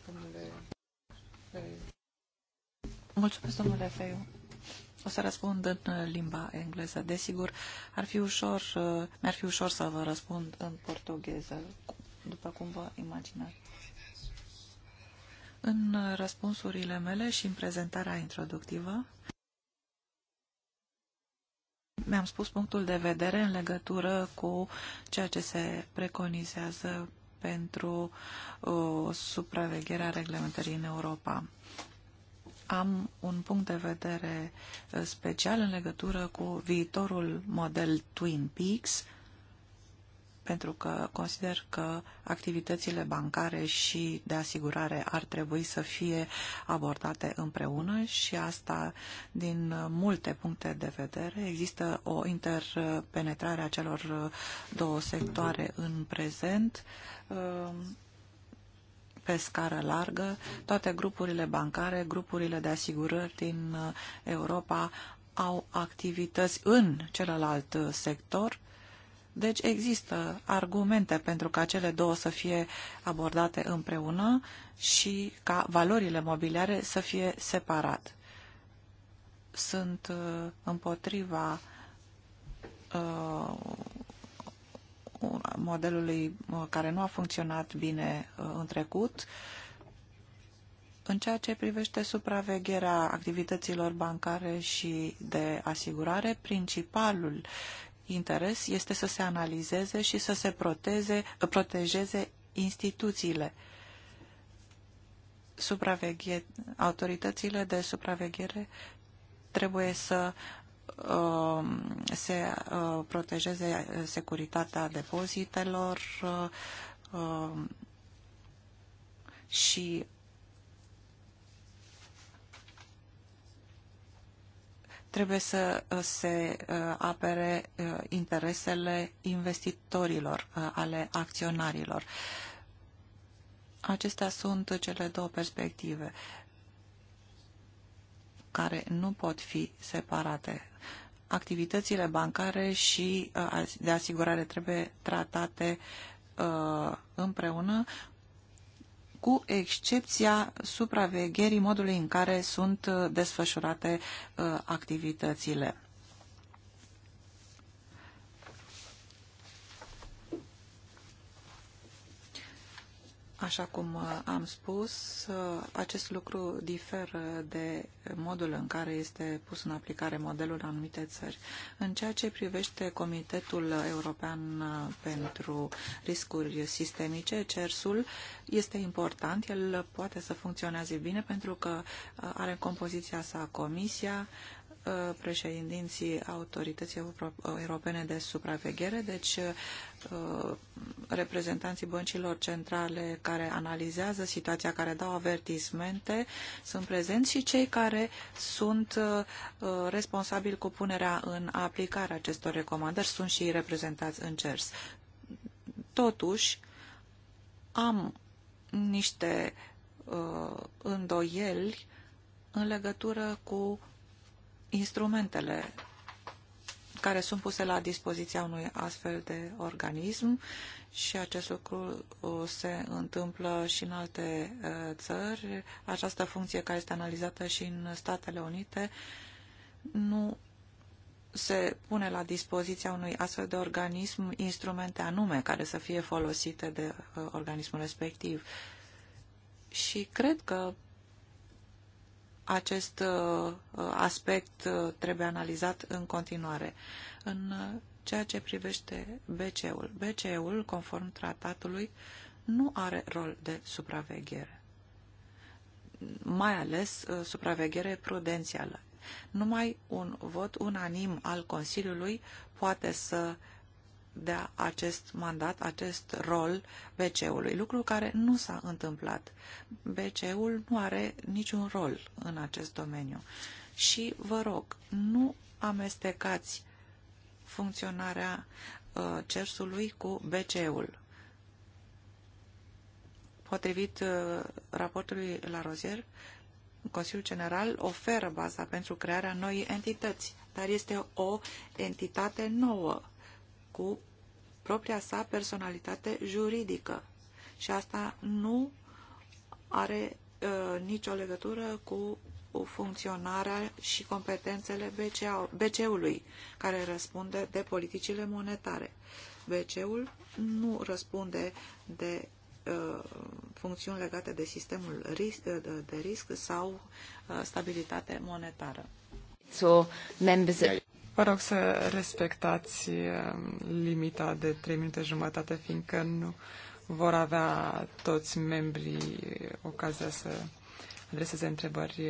domnule Mulțumesc, O să răspund în uh, limba engleză. Desigur, ar fi ușor, mi-ar fi ușor să vă răspund în portugheză după cum vă imaginați. În răspunsurile mele și în prezentarea introductivă, mi-am spus punctul de vedere în legătură cu ceea ce se preconizează pentru uh, supravegherea reglementării în Europa. Am un punct de vedere uh, special în legătură cu viitorul model Twin Peaks, uh, pentru că consider că activitățile bancare și de asigurare ar trebui să fie abordate împreună și asta din multe puncte de vedere. Există o interpenetrare a celor două sectoare în prezent um, pe scară largă. Toate grupurile bancare, grupurile de asigurări din Europa au activități în celălalt sector deci există argumente pentru ca cele două să fie abordate împreună și ca valorile mobiliare să fie separat. Sunt uh, împotriva uh, modelului uh, care nu a funcționat bine uh, în trecut. În ceea ce privește supravegherea activităților bancare și de asigurare, principalul interes este să se analizeze și să se proteze, protejeze instituțiile. Supraveghe, autoritățile de supraveghere trebuie să um, se uh, protejeze securitatea depozitelor uh, um, și trebuie să uh, se uh, apere uh, interesele investitorilor, ale acționarilor. Acestea sunt cele două perspective care nu pot fi separate. Activitățile bancare și de asigurare trebuie tratate împreună cu excepția supravegherii modului în care sunt uh, desfășurate uh, activitățile. Așa cum uh, am spus, uh, acest lucru diferă de modul în care este pus în aplicare modelul în anumite țări. În ceea ce privește Comitetul European uh, pentru Riscuri Sistemice, CERSUL este important, el poate să funcționeze bine pentru că are în compoziția sa comisia, Uh, președinții Autorității Europene de Supraveghere, deci uh, reprezentanții băncilor centrale care analizează situația, care dau avertismente, sunt prezenți și cei care sunt uh, responsabili cu punerea în aplicare acestor recomandări, sunt și reprezentați în CERS. Totuși, am niște îndoieli în legătură cu instrumentele care sunt puse la dispoziția unui astfel de organism și acest lucru uh, se întâmplă și în alte uh, țări. Această funcție care este analizată și în Statele Unite nu se pune la dispoziția unui astfel de organism instrumente anume care să fie folosite de uh, organismul respectiv. Și cred că acest uh, uh, aspect uh, trebuie analizat în continuare. În ceea ce privește BCE-ul, BCE-ul, conform tratatului, nu are rol de supraveghere, mai ales supraveghere prudențială. Numai un vot unanim al Consiliului poate să de acest mandat, acest rol BCE-ului, lucru care nu s-a întâmplat. BCE-ul nu are niciun rol în acest domeniu. Și vă rog, nu amestecați funcționarea uh, CERSului cu BCE-ul. Potrivit uh, raportului la Rozier, Consiliul General oferă baza pentru crearea noii entități, dar este o entitate nouă cu propria sa personalitate juridică. Și asta nu are uh, nicio legătură cu funcționarea și competențele BCE-ului, care răspunde de politicile monetare. BCE-ul nu răspunde de uh, funcțiuni legate de sistemul risc, uh, de, de risc sau uh, stabilitate monetară. So, members... Vă rog să respectați um, limita de 3 minute jumătate, fiindcă nu vor avea toți membrii ocazia să adreseze întrebări.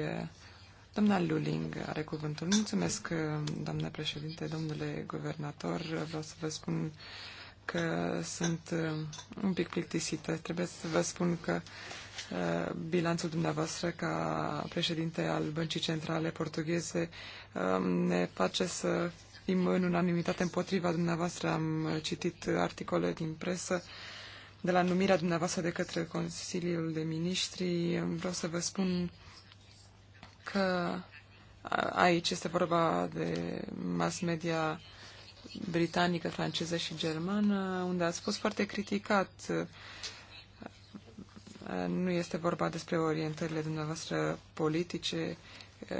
Doamna Luling are cuvântul. Mulțumesc, um, doamna președinte, domnule guvernator. Vreau să vă spun că sunt um, un pic plictisită. Trebuie să vă spun că Uh, bilanțul dumneavoastră ca președinte al Băncii Centrale Portugheze um, ne face să fim în unanimitate împotriva dumneavoastră. Am citit articole din presă de la numirea dumneavoastră de către Consiliul de Ministri. Vreau să vă spun că aici este vorba de mass media britanică, franceză și germană, unde ați fost foarte criticat uh, nu este vorba despre orientările dumneavoastră politice,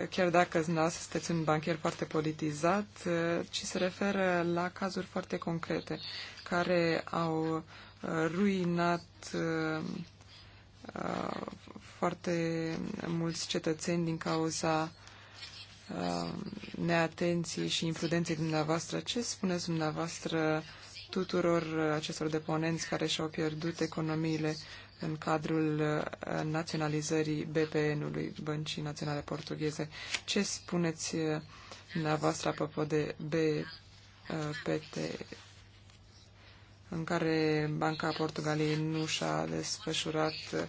chiar dacă dumneavoastră sunteți un bancher foarte politizat, ci se referă la cazuri foarte concrete care au uh, ruinat uh, foarte mulți cetățeni din cauza uh, neatenției și imprudenței dumneavoastră. Ce spuneți dumneavoastră tuturor acestor deponenți care și-au pierdut economiile în cadrul uh, naționalizării BPN-ului, Băncii Naționale Portugheze. Ce spuneți uh, dumneavoastră apropo de BPT, în care Banca Portugaliei nu și-a desfășurat uh,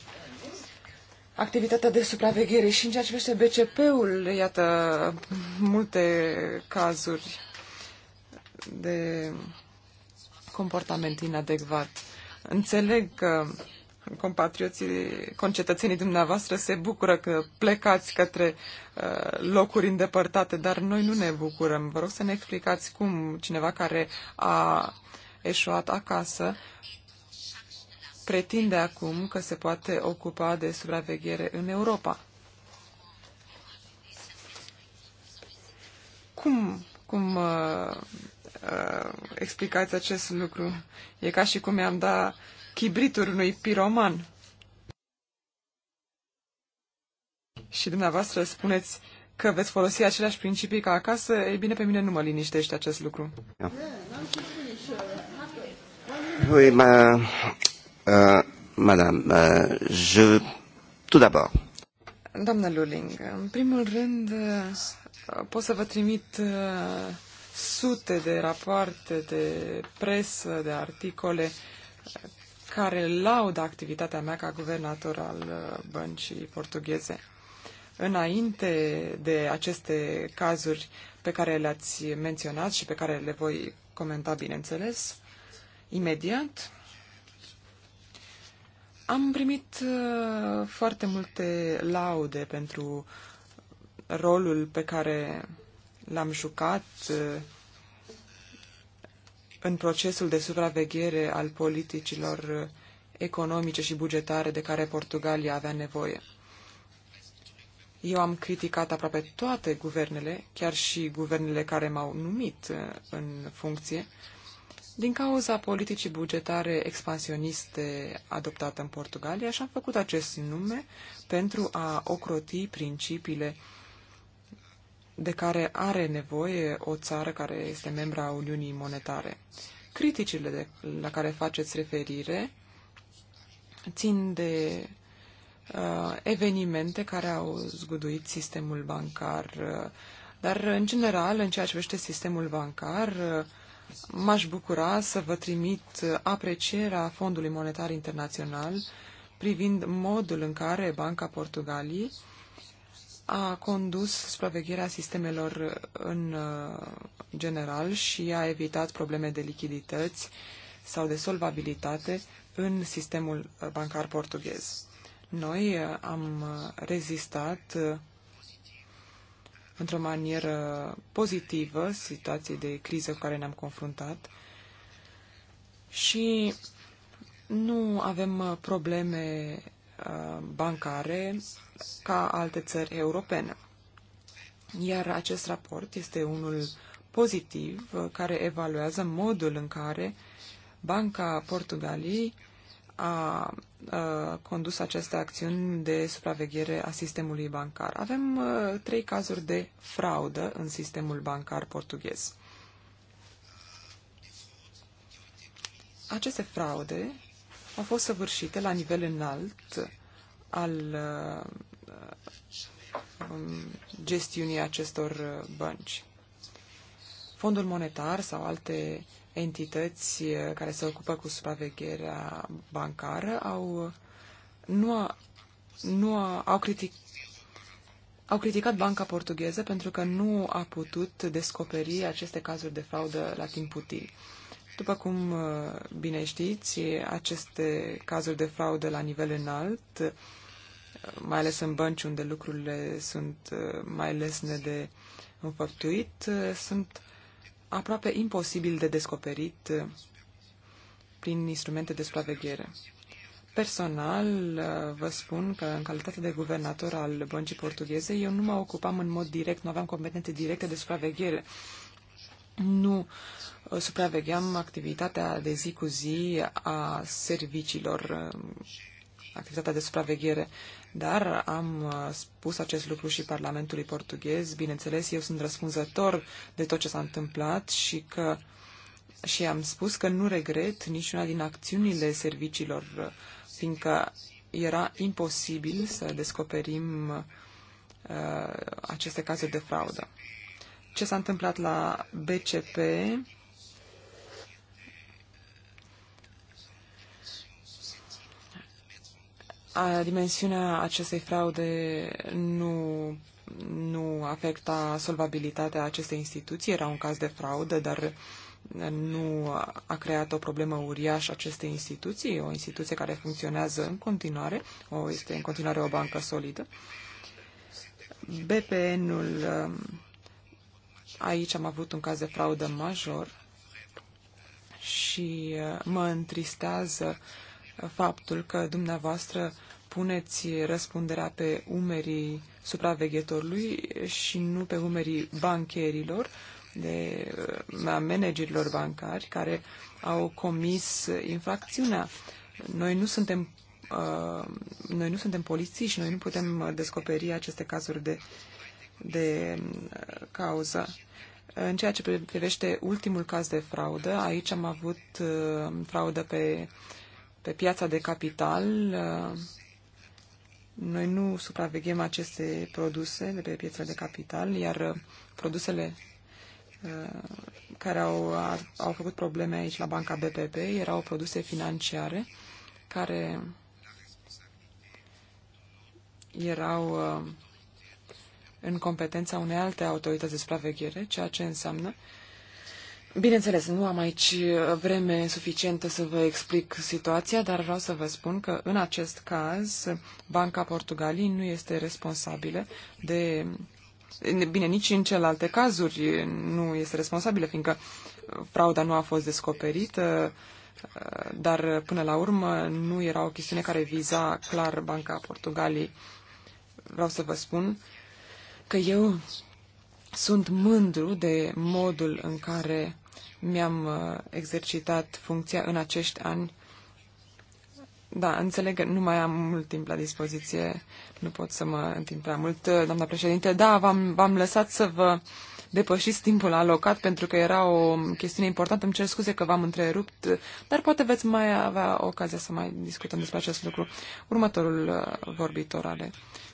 activitatea de supraveghere și în ceea ce privește BCP-ul, iată, multe cazuri de comportament inadecvat. Înțeleg că compatrioții, concetățenii dumneavoastră se bucură că plecați către uh, locuri îndepărtate, dar noi nu ne bucurăm. Vă rog să ne explicați cum cineva care a eșuat acasă pretinde acum că se poate ocupa de supraveghere în Europa. Cum, cum uh, uh, explicați acest lucru? E ca și cum i-am dat chibritul unui piroman. Și dumneavoastră spuneți că veți folosi aceleași principii ca acasă, ei bine, pe mine nu mă liniștește acest lucru. Da. Oui, ma, uh, madame, uh, je... Tout d'abord. Doamna Luling, în primul rând uh, pot să vă trimit uh, sute de rapoarte de presă, de articole care laudă activitatea mea ca guvernator al uh, băncii portugheze. Înainte de aceste cazuri pe care le-ați menționat și pe care le voi comenta, bineînțeles, imediat, am primit uh, foarte multe laude pentru rolul pe care l-am jucat uh, în procesul de supraveghere al politicilor economice și bugetare de care Portugalia avea nevoie. Eu am criticat aproape toate guvernele, chiar și guvernele care m-au numit uh, în funcție, din cauza politicii bugetare expansioniste adoptate în Portugalia și am făcut acest nume pentru a ocroti principiile uh, de care are nevoie o țară care este membra a Uniunii Monetare. Criticile de, la care faceți referire țin de uh, evenimente care au zguduit sistemul bancar, uh, dar în general, în ceea ce vește sistemul bancar, uh, m-aș bucura să vă trimit aprecierea Fondului Monetar Internațional privind modul în care Banca uh, a condus supravegherea sistemelor în uh, general și a evitat probleme de lichidități sau de solvabilitate în sistemul uh, bancar portughez. Noi uh, am rezistat într-o manieră pozitivă situației de criză cu care ne-am confruntat și nu avem probleme Uh, bancare ca alte țări europene. Iar acest raport este unul pozitiv uh, care evaluează modul în care Banca Portugalii a, a uh, condus aceste acțiuni de supraveghere a sistemului bancar. Avem a, trei cazuri de fraudă în sistemul bancar portughez. Aceste fraude au fost săvârșite la nivel înalt al uh, um, gestiunii acestor uh, bănci. Fondul monetar sau alte entități uh, care se ocupă cu supravegherea bancară au, nu, a, nu a, au, critic, au criticat banca portugheză pentru că nu a putut descoperi aceste cazuri de fraudă la timp util. După cum uh, bine știți, aceste cazuri de fraudă la nivel înalt, uh, mai ales în bănci unde lucrurile sunt uh, mai lesne de înfăptuit, sunt aproape imposibil de descoperit prin instrumente de supraveghere. Personal, vă spun că în calitate de guvernator al băncii portugheze, eu nu mă ocupam în mod direct, nu aveam competențe directe de supraveghere. Nu supravegheam activitatea de zi cu zi a serviciilor, uh, activitatea de supraveghere, dar am uh, spus acest lucru și Parlamentului portughez. Bineînțeles, eu sunt răspunzător de tot ce s-a întâmplat și că și am spus că nu regret niciuna din acțiunile serviciilor, uh, fiindcă era imposibil să descoperim uh, aceste cazuri de fraudă. Ce s-a întâmplat la BCP a, dimensiunea acestei fraude nu, nu afecta solvabilitatea acestei instituții, era un caz de fraudă, dar nu a creat o problemă uriașă acestei instituții, o instituție care funcționează în continuare, o, este în continuare o bancă solidă. BPN-ul, um, aici am avut un caz de fraudă major și uh, mă întristează uh, faptul că dumneavoastră puneți răspunderea pe umerii supraveghetorului și nu pe umerii bancherilor, de managerilor bancari care au comis infracțiunea. Noi nu suntem uh, noi nu suntem poliții și noi nu putem descoperi aceste cazuri de, de uh, cauză. În ceea ce privește ultimul caz de fraudă, aici am avut uh, fraudă pe pe piața de capital. Uh, noi nu supraveghem aceste produse de pe piața de capital, iar uh, produsele uh, care au, au făcut probleme aici la banca BPP erau produse financiare care erau în competența unei alte autorități de supraveghere, ceea ce înseamnă uh, Bineînțeles, nu am aici vreme suficientă să vă explic situația, dar vreau să vă spun că în acest caz Banca Portugalii nu este responsabilă de... Bine, nici în celelalte cazuri nu este responsabilă, fiindcă frauda nu a fost descoperită, dar până la urmă nu era o chestiune care viza clar Banca Portugalii. Vreau să vă spun că eu sunt mândru de modul în care mi-am uh, exercitat funcția în acești ani. Da, înțeleg că nu mai am mult timp la dispoziție, nu pot să mă întind prea mult, uh, doamna președinte. Da, v-am, v-am lăsat să vă depășiți timpul alocat pentru că era o chestiune importantă. Îmi cer scuze că v-am întrerupt, uh, dar poate veți mai avea ocazia să mai discutăm despre acest lucru. Următorul vorbitor are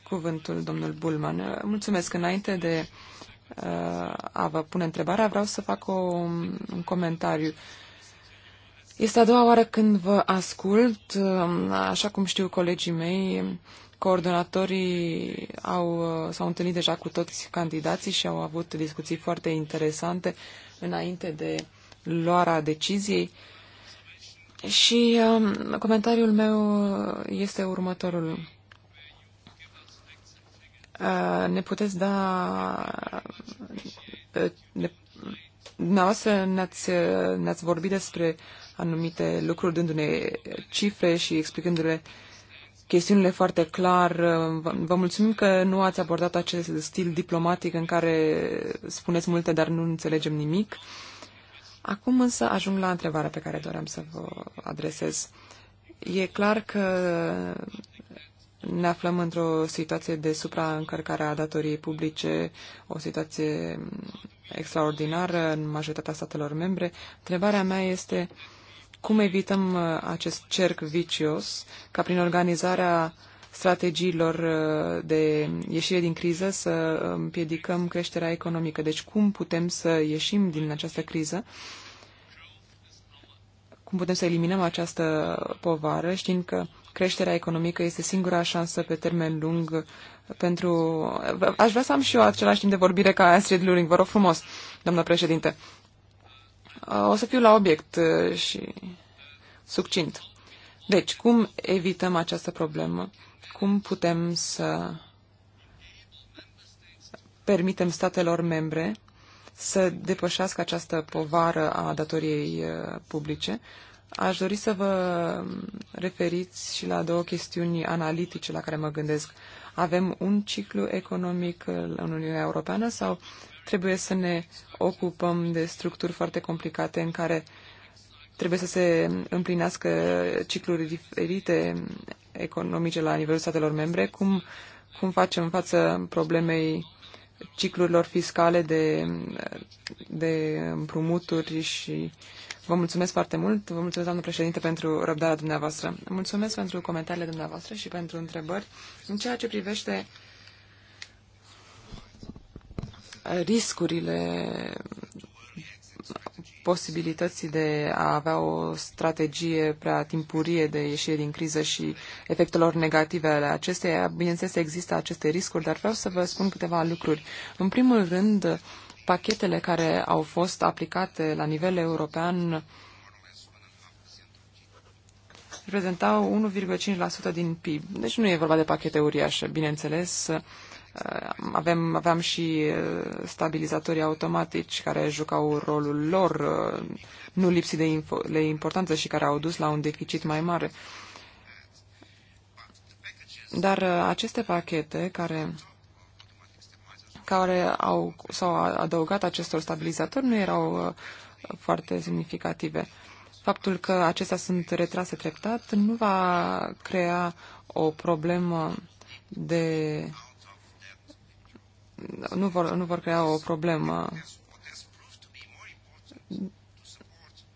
cuvântul, domnul Bulman. Mulțumesc înainte de a vă pune întrebarea, vreau să fac o, un comentariu. Este a doua oară când vă ascult, așa cum știu colegii mei, coordonatorii au, s-au întâlnit deja cu toți candidații și au avut discuții foarte interesante înainte de luarea deciziei. Și um, comentariul meu este următorul. Uh, ne puteți da... Uh, ne, dumneavoastră ne-ați, uh, ne-ați vorbit despre anumite lucruri, dându-ne cifre și explicându-le chestiunile foarte clar. Vă mulțumim că nu ați abordat acest stil diplomatic în care spuneți multe, dar nu înțelegem nimic. Acum însă ajung la întrebarea pe care doream să vă adresez. E clar că ne aflăm într-o situație de supraîncărcare a datoriei publice, o situație extraordinară în majoritatea statelor membre. Întrebarea mea este cum evităm uh, acest cerc vicios ca prin organizarea strategiilor uh, de ieșire din criză să împiedicăm creșterea economică. Deci cum putem să ieșim din această criză? Uh, cum putem să eliminăm această povară, știind că creșterea economică este singura șansă pe termen lung pentru... Aș vrea să am și eu același timp de vorbire ca Astrid Luring, vă rog frumos, doamnă președinte. O să fiu la obiect uh, și succint. Deci, cum evităm această problemă? Cum putem să permitem statelor membre să depășească această povară a datoriei uh, publice. Aș dori să vă referiți și la două chestiuni analitice la care mă gândesc. Avem un ciclu economic uh, în Uniunea Europeană sau trebuie să ne ocupăm de structuri foarte complicate în care trebuie să se împlinească cicluri diferite economice la nivelul statelor membre? Cum, cum facem față problemei ciclurilor fiscale de, de împrumuturi și vă mulțumesc foarte mult. Vă mulțumesc, doamnă președinte, pentru răbdarea dumneavoastră. Mulțumesc pentru comentariile dumneavoastră și pentru întrebări. În ceea ce privește riscurile posibilității de a avea o strategie prea timpurie de ieșire din criză și efectelor negative ale acesteia. Bineînțeles, există aceste riscuri, dar vreau să vă spun câteva lucruri. În primul rând, pachetele care au fost aplicate la nivel european reprezentau 1,5% din PIB. Deci nu e vorba de pachete uriașe. Bineînțeles, Uh, avem, aveam și uh, stabilizatorii automatici care jucau rolul lor, uh, nu lipsi de, info, de importanță și care au dus la un deficit mai mare. Dar aceste pachete care care au, s-au adăugat acestor stabilizatori nu erau foarte semnificative. Faptul că acestea sunt retrase treptat nu va crea o problemă de nu vor, nu vor crea o problemă.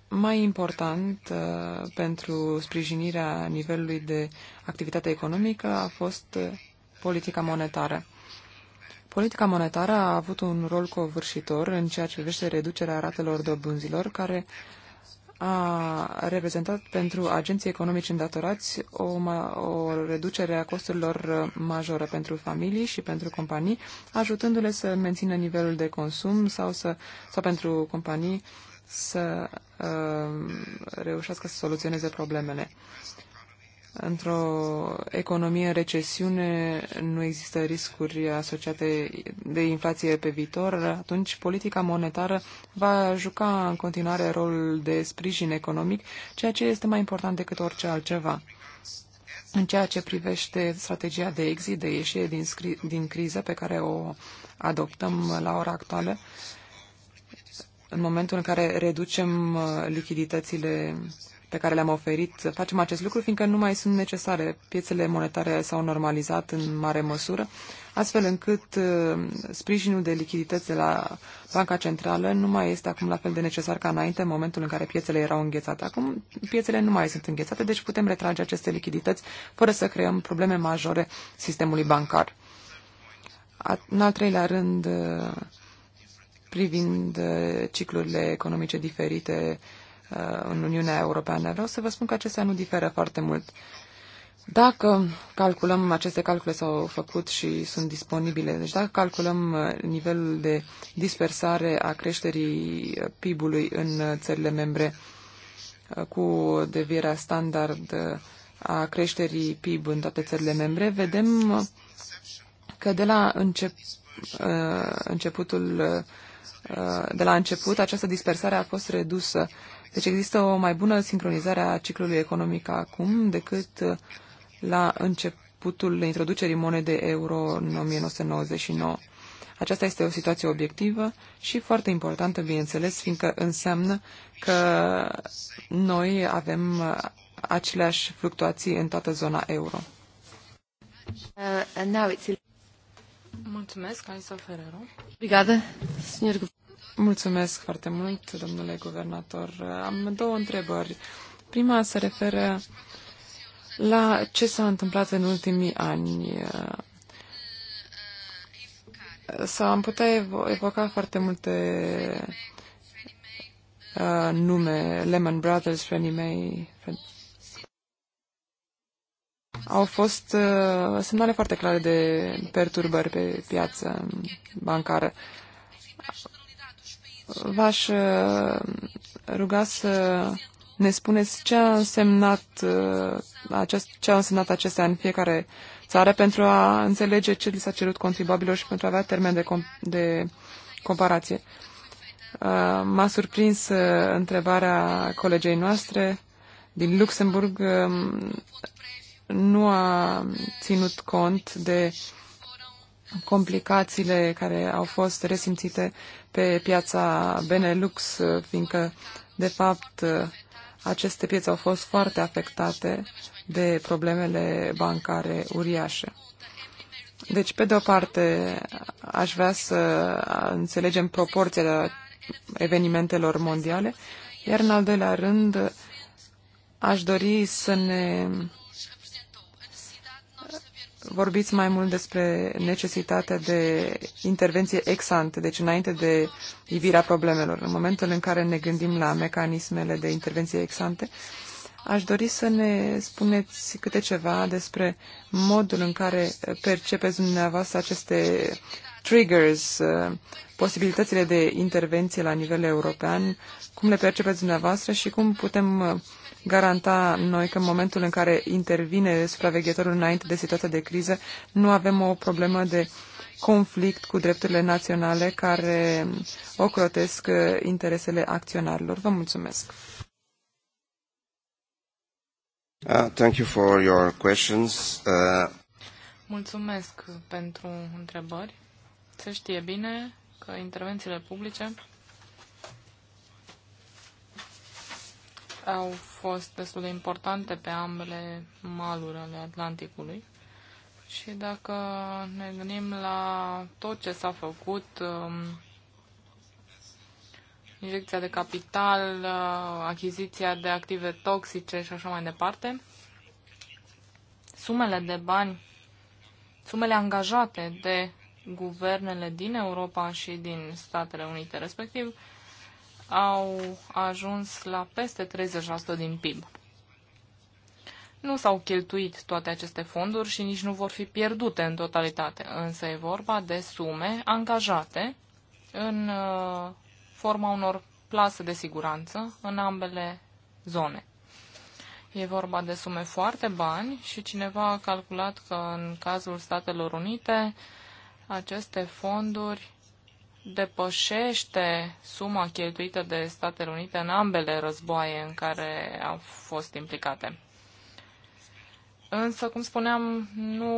Mai important uh, pentru sprijinirea nivelului de activitate economică a fost uh, politica monetară. Politica monetară a avut un rol covârșitor în ceea ce privește reducerea ratelor dobânzilor, care uh, a reprezentat pentru agenții economici îndatorați o, o reducere a costurilor majoră pentru familii și pentru companii, ajutându-le să mențină nivelul de consum sau, să, sau pentru companii să uh, reușească să soluționeze problemele. Într-o economie în recesiune nu există riscuri asociate de inflație pe viitor, atunci politica monetară va juca în continuare rolul de sprijin economic, ceea ce este mai important decât orice altceva. În ceea ce privește strategia de exit, de ieșire din, din criză pe care o adoptăm la ora actuală, în momentul în care reducem uh, lichiditățile pe care le-am oferit, facem acest lucru, fiindcă nu mai sunt necesare. Piețele monetare s-au normalizat în mare măsură, astfel încât uh, sprijinul de lichidități de la Banca Centrală nu mai este acum la fel de necesar ca înainte, în momentul în care piețele erau înghețate. Acum piețele nu mai sunt înghețate, deci putem retrage aceste lichidități fără să creăm probleme majore sistemului bancar. În al treilea rând, uh, privind uh, ciclurile economice diferite Uh, în Uniunea Europeană. Vreau să vă spun că acestea nu diferă foarte mult. Dacă calculăm, aceste calcule s-au făcut și sunt disponibile, deci dacă calculăm uh, nivelul de dispersare a creșterii uh, PIB-ului în țările membre cu devierea standard a creșterii PIB în toate țările membre, vedem că de la încep, începutul de la început această dispersare a fost redusă deci există o mai bună sincronizare a ciclului economic acum decât uh, la începutul introducerii monedei euro în 1999. Aceasta este o situație obiectivă și foarte importantă, bineînțeles, fiindcă înseamnă că noi avem uh, aceleași fluctuații în toată zona euro. Uh, Mulțumesc, Alisa Ferrero. Obrigada, senhor Mulțumesc foarte mult, domnule guvernator. Am două întrebări. Prima se referă la ce s-a întâmplat în ultimii ani. S-a am putea evoca foarte multe uh, nume, Lehman Brothers, Fannie Mae, au fost uh, semnale foarte clare de perturbări pe piața bancară v-aș uh, ruga să ne spuneți ce a însemnat, uh, acest, ce a însemnat acestea în fiecare țară pentru a înțelege ce li s-a cerut contribuabilor și pentru a avea termen de, com- de comparație. Uh, m-a surprins întrebarea colegei noastre din Luxemburg. Um, nu a ținut cont de uh, complicațiile care au fost resimțite pe piața Benelux, fiindcă, de fapt, aceste piețe au fost foarte afectate de problemele bancare uriașe. Deci, pe de o parte, aș vrea să înțelegem proporția evenimentelor mondiale, iar în al doilea rând, aș dori să ne vorbiți mai mult despre necesitatea de intervenție ex ante, deci înainte de ivirea problemelor. În momentul în care ne gândim la mecanismele de intervenție ex ante, aș dori să ne spuneți câte ceva despre modul în care percepeți dumneavoastră aceste triggers, uh, posibilitățile de intervenție la nivel european, cum le percepeți dumneavoastră și cum putem uh, garanta noi că în momentul în care intervine supraveghetorul înainte de situația de criză, nu avem o problemă de conflict cu drepturile naționale care ocrotesc uh, interesele acționarilor. Vă mulțumesc! Uh, thank you for your questions. Uh... Mulțumesc pentru întrebări. Se știe bine că intervențiile publice au fost destul de importante pe ambele maluri ale Atlanticului. Și dacă ne gândim la tot ce s-a făcut, um, injecția de capital, uh, achiziția de active toxice și așa mai departe, sumele de bani, sumele angajate de guvernele din Europa și din Statele Unite respectiv, au ajuns la peste 30% din PIB. Nu s-au cheltuit toate aceste fonduri și nici nu vor fi pierdute în totalitate, însă e vorba de sume angajate în uh, forma unor plase de siguranță în ambele zone. E vorba de sume foarte bani și cineva a calculat că în cazul Statelor Unite aceste fonduri depășește suma cheltuită de Statele Unite în ambele războaie în care au fost implicate. Însă, cum spuneam, nu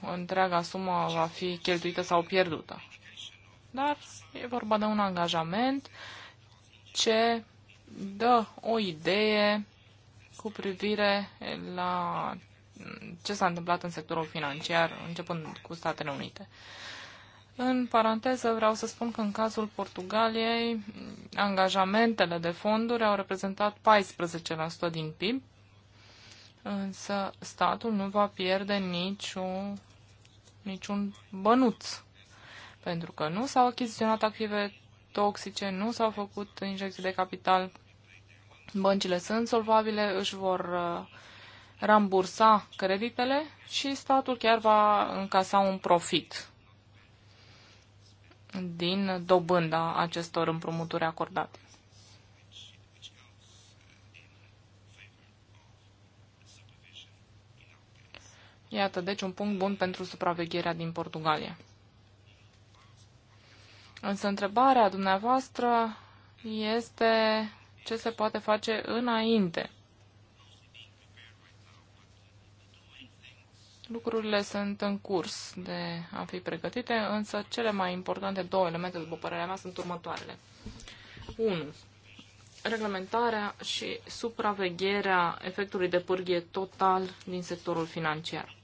întreaga sumă va fi cheltuită sau pierdută. Dar e vorba de un angajament ce dă o idee cu privire la ce s-a întâmplat în sectorul financiar, începând cu Statele Unite. În paranteză vreau să spun că în cazul Portugaliei, angajamentele de fonduri au reprezentat 14% din PIB, însă statul nu va pierde niciun, niciun bănuț, pentru că nu s-au achiziționat active toxice, nu s-au făcut injecții de capital, băncile sunt solvabile, își vor uh, rambursa creditele și statul chiar va încasa un profit din dobânda acestor împrumuturi acordate. Iată, deci un punct bun pentru supravegherea din Portugalia. Însă întrebarea dumneavoastră este ce se poate face înainte. Lucrurile sunt în curs de a fi pregătite, însă cele mai importante două elemente, după părerea mea, sunt următoarele. 1. Reglementarea și supravegherea efectului de pârghie total din sectorul financiar.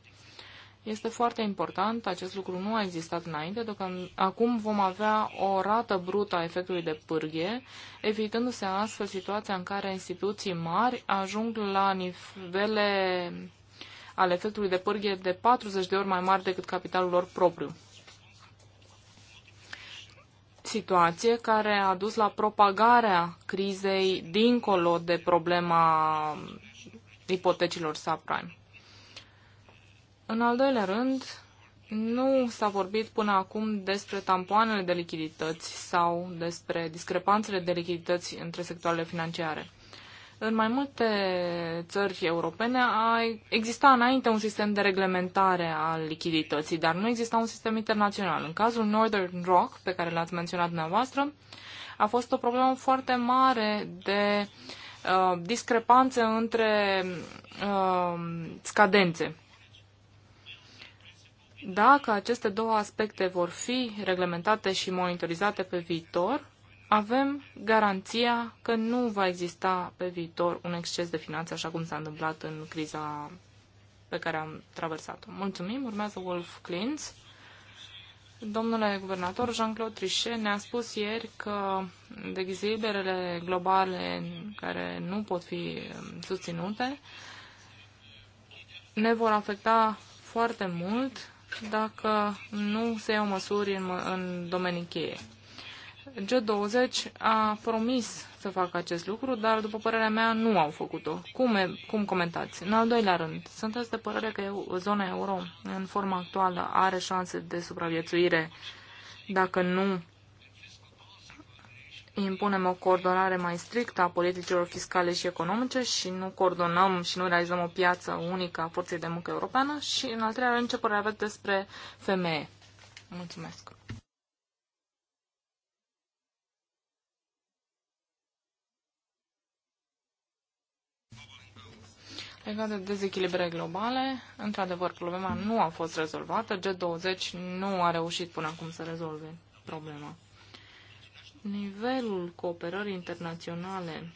Este foarte important, acest lucru nu a existat înainte, că acum vom avea o rată brută a efectului de pârghie, evitându-se astfel situația în care instituții mari ajung la nivele al efectului de pârghie de 40 de ori mai mari decât capitalul lor propriu. Situație care a dus la propagarea crizei dincolo de problema ipotecilor subprime. În al doilea rând, nu s-a vorbit până acum despre tampoanele de lichidități sau despre discrepanțele de lichidități între sectoarele financiare. În mai multe țări europene a exista înainte un sistem de reglementare al lichidității, dar nu exista un sistem internațional. În cazul Northern Rock, pe care l-ați menționat dumneavoastră, a fost o problemă foarte mare de uh, discrepanțe între uh, scadențe. Dacă aceste două aspecte vor fi reglementate și monitorizate pe viitor, avem garanția că nu va exista pe viitor un exces de finanțe, așa cum s-a întâmplat în criza pe care am traversat-o. Mulțumim. Urmează Wolf Klintz. Domnule guvernator, Jean-Claude Trichet ne-a spus ieri că dezechilibrele globale care nu pot fi um, susținute ne vor afecta foarte mult dacă nu se iau măsuri în, în domenii cheie. G20 a promis să facă acest lucru, dar, după părerea mea, nu au făcut-o. Cum, e, cum comentați? În al doilea rând, sunteți de părere că zona euro, în forma actuală, are șanse de supraviețuire dacă nu impunem o coordonare mai strictă a politicilor fiscale și economice și nu coordonăm și nu realizăm o piață unică a forței de muncă europeană? Și, în al treilea rând, ce părere aveți despre femeie? Mulțumesc! Legat de dezechilibre globale, într-adevăr, problema nu a fost rezolvată. G20 nu a reușit până acum să rezolve problema. Nivelul cooperării internaționale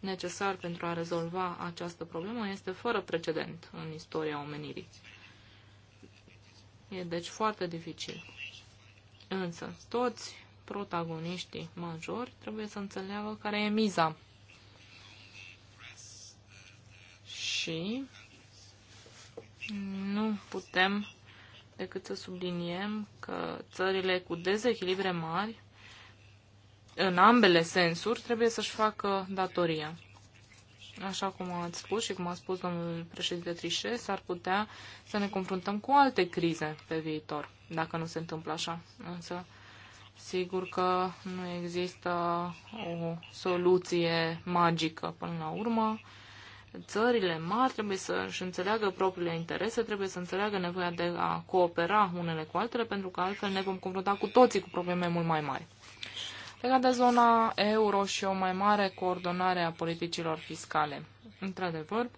necesar pentru a rezolva această problemă este fără precedent în istoria omenirii. E deci foarte dificil. Însă, toți protagoniștii majori trebuie să înțeleagă care e miza și nu putem decât să subliniem că țările cu dezechilibre mari, în ambele sensuri, trebuie să-și facă datoria. Așa cum ați spus și cum a spus domnul președinte Trișe, s-ar putea să ne confruntăm cu alte crize pe viitor, dacă nu se întâmplă așa. Însă, sigur că nu există o soluție magică până la urmă țările mari trebuie să își înțeleagă propriile interese, trebuie să înțeleagă nevoia de a coopera unele cu altele, pentru că altfel ne vom confrunta cu toții cu probleme mult mai mari. Legat de zona euro și o mai mare coordonare a politicilor fiscale. Într-adevăr,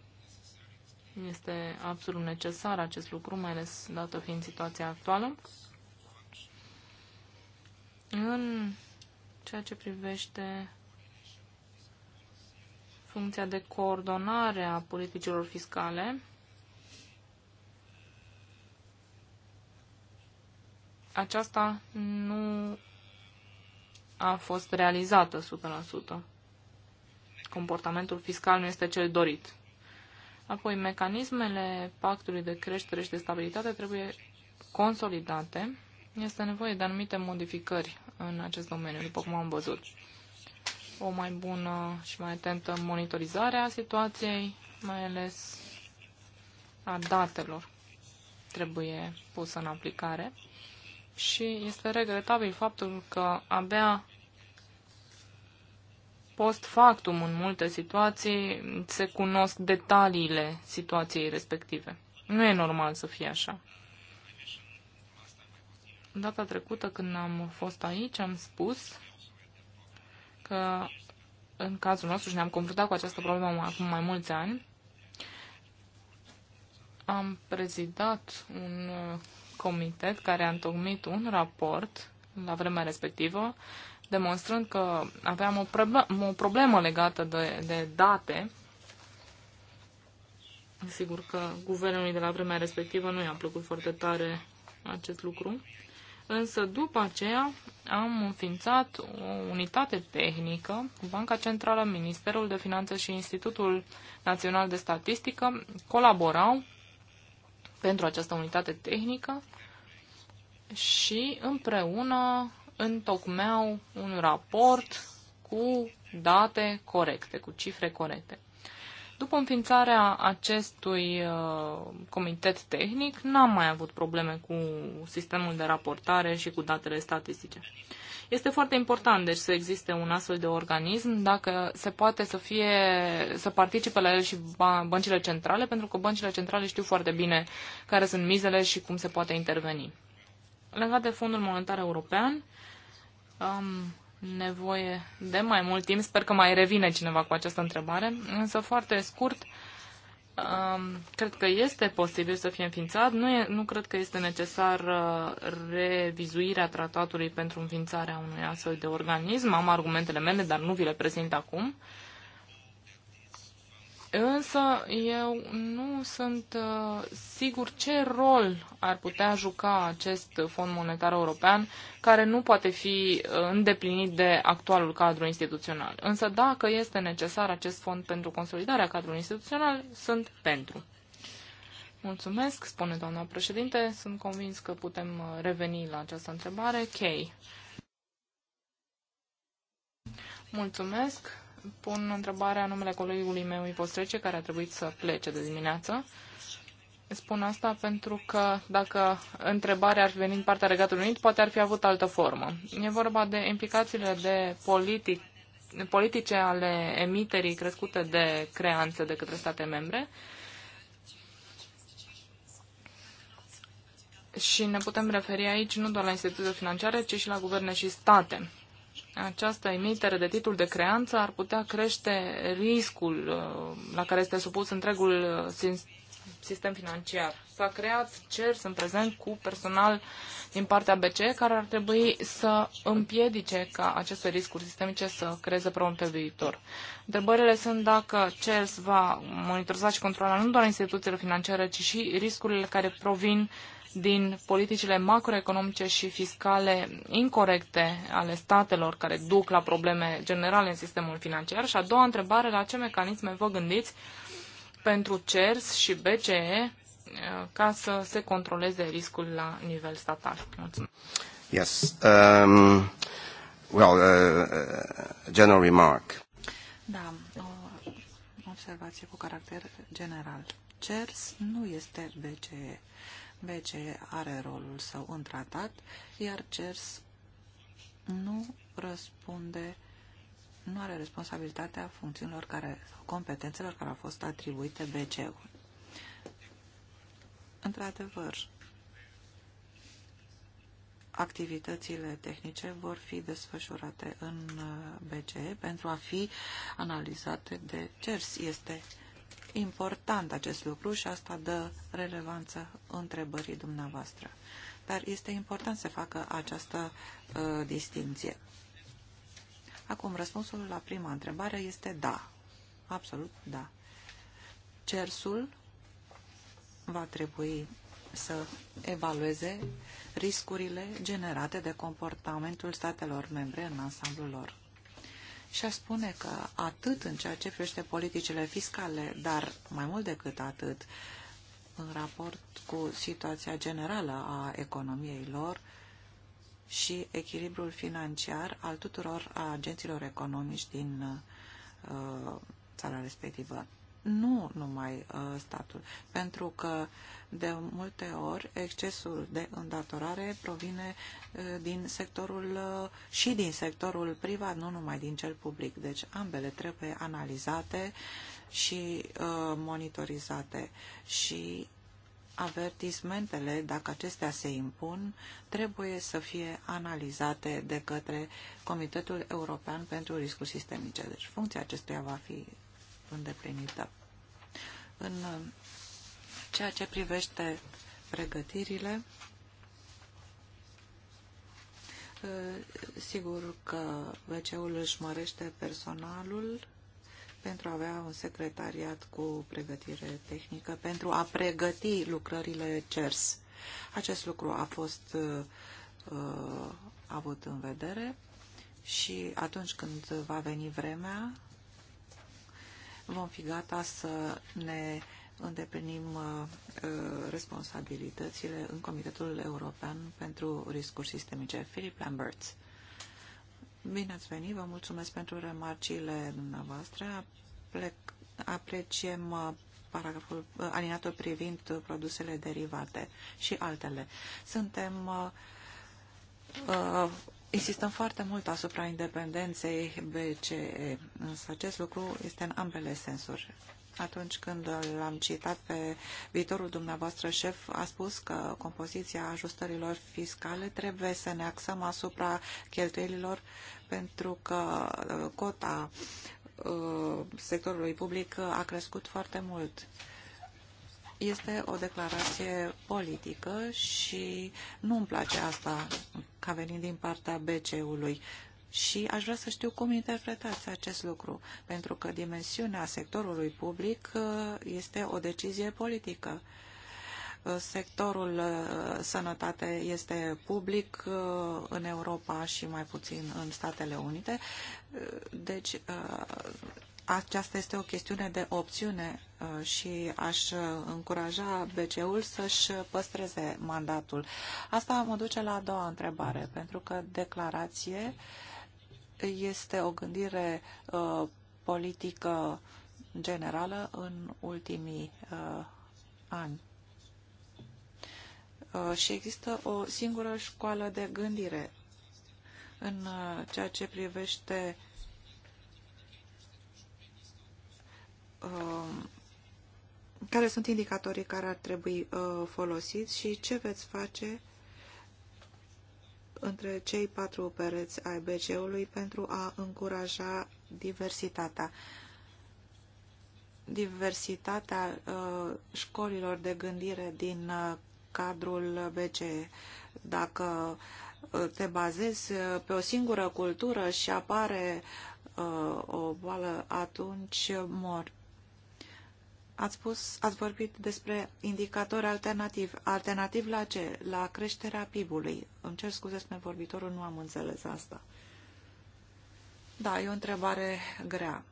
este absolut necesar acest lucru, mai ales dată fiind situația actuală. În ceea ce privește funcția de coordonare a politicilor fiscale. Aceasta nu a fost realizată 100%. Comportamentul fiscal nu este cel dorit. Apoi, mecanismele pactului de creștere și de stabilitate trebuie consolidate. Este nevoie de anumite modificări în acest domeniu, după cum am văzut o mai bună și mai atentă monitorizare a situației, mai ales a datelor trebuie pusă în aplicare și este regretabil faptul că abia post factum în multe situații se cunosc detaliile situației respective. Nu e normal să fie așa. Data trecută când am fost aici am spus că în cazul nostru și ne-am confruntat cu această problemă acum mai mulți ani, am prezidat un uh, comitet care a întocmit un raport la vremea respectivă, demonstrând că aveam o, problemă, o problemă legată de, de date. Sigur că guvernului de la vremea respectivă nu i-a plăcut foarte tare acest lucru însă după aceea am înființat o unitate tehnică cu Banca Centrală, Ministerul de Finanțe și Institutul Național de Statistică colaborau pentru această unitate tehnică și împreună întocmeau un raport cu date corecte, cu cifre corecte. După înființarea acestui uh, comitet tehnic, n-am mai avut probleme cu sistemul de raportare și cu datele statistice. Este foarte important, deci, să existe un astfel de organism, dacă se poate să fie, să participe la el și băncile centrale, pentru că băncile centrale știu foarte bine care sunt mizele și cum se poate interveni. Legat de Fondul Monetar European, nevoie de mai mult timp. Sper că mai revine cineva cu această întrebare. Însă, foarte scurt, cred că este posibil să fie înființat. Nu, e, nu cred că este necesar uh, revizuirea tratatului pentru înființarea unui astfel de organism. Am argumentele mele, dar nu vi le prezint acum. Uh, Însă eu nu sunt uh, sigur ce rol ar putea juca acest fond monetar european care nu poate fi uh, îndeplinit de actualul cadru instituțional. Însă dacă este necesar acest fond pentru consolidarea cadrului instituțional, sunt pentru. Mulțumesc, spune doamna președinte. Sunt convins că putem uh, reveni la această întrebare. Chei. Mulțumesc pun întrebarea numele colegului meu Strece, care a trebuit să plece de dimineață. Spun asta pentru că dacă întrebarea ar fi venit partea Regatului Unit, poate ar fi avut altă formă. E vorba de implicațiile de politic, politice ale emiterii crescute de creanțe de către state membre. Și ne putem referi aici nu doar la instituții financiare, ci și la guverne și state această emitere de titlul de creanță ar putea crește riscul uh, la care este supus întregul uh, sistem financiar. S-a creat cer, în prezent cu personal din partea BCE care ar trebui să împiedice ca aceste riscuri sistemice să creeze probleme pe viitor. Întrebările sunt dacă CERS va monitoriza și controla nu doar instituțiile financiare, ci și riscurile care provin uh, din politicile macroeconomice și fiscale incorrecte ale statelor care duc la probleme generale în sistemul financiar? Și a doua întrebare, la ce mecanisme vă gândiți pentru CERS și BCE eh, ca să se controleze riscul la nivel statal? Mulțumesc. Yes. Um, well, uh, uh general remark. Da, o observație cu caracter general. CERS nu este BCE. BCE are rolul său în tratat, iar CERS nu răspunde, nu are responsabilitatea funcțiunilor care, sau competențelor care au fost atribuite BCE-ului. Într-adevăr, activitățile tehnice vor fi desfășurate în BCE pentru a fi analizate de CERS. Este important acest lucru și asta dă relevanță întrebării dumneavoastră. Dar este important să facă această uh, distinție. Acum, răspunsul la prima întrebare este da. Absolut da. CERSul va trebui să evalueze riscurile generate de comportamentul statelor membre în ansamblul lor și a spune că atât în ceea ce privește politicile fiscale, dar mai mult decât atât, în raport cu situația generală a economiei lor și echilibrul financiar al tuturor agenților economici din uh, țara respectivă nu numai uh, statul, pentru că de multe ori excesul de îndatorare provine uh, din sectorul uh, și din sectorul privat, nu numai din cel public. Deci ambele trebuie analizate și monitorizate și avertismentele, dacă acestea se impun, trebuie să fie analizate de către Comitetul European pentru Riscuri Sistemice. Deci funcția acestuia va fi îndeplinită. În uh, ceea ce privește pregătirile, uh, sigur că WC-ul își mărește personalul pentru a avea un secretariat cu pregătire tehnică, pentru a pregăti lucrările CERS. Acest lucru a fost uh, uh avut în vedere și atunci când va veni vremea, vom fi gata să ne îndeplinim uh, responsabilitățile în Comitetul European pentru Riscuri Sistemice. Philip Lambert. Bine ați venit, vă mulțumesc pentru remarciile dumneavoastră. Plec, apreciem uh, paragraful, uh, alinatul privind produsele derivate și altele. Suntem uh, Insistăm foarte mult asupra independenței BCE, însă acest lucru este în ambele sensuri. Atunci când l-am citat pe viitorul dumneavoastră șef, a spus că compoziția ajustărilor fiscale trebuie să ne axăm asupra cheltuielilor pentru că uh, cota uh, sectorului public a crescut foarte mult este o declarație politică și nu îmi place asta ca venind din partea BCE-ului. Și aș vrea să știu cum interpretați acest lucru, pentru că dimensiunea sectorului public uh, este o decizie politică. Uh, sectorul uh, sănătate este public în Europa și mai puțin în Statele Unite. Deci, aceasta este o chestiune de opțiune Uh, și aș uh, încuraja BCE-ul să-și păstreze mandatul. Asta mă duce la a doua întrebare, pentru că declarație este o gândire uh, politică generală în ultimii ani. și există o singură școală de gândire în ceea ce privește care sunt indicatorii care ar trebui uh, folosiți și ce veți face între cei patru pereți ai BC-ului pentru a încuraja diversitatea. Diversitatea uh, școlilor de gândire din uh, cadrul BCE. Dacă uh, te bazezi uh, pe o singură cultură și apare uh, o boală, atunci mori Ați, spus, ați vorbit despre indicatori alternativ, Alternativ la ce? La creșterea PIB-ului. Îmi cer scuze, spune vorbitorul, nu am înțeles asta. Da, e o întrebare grea.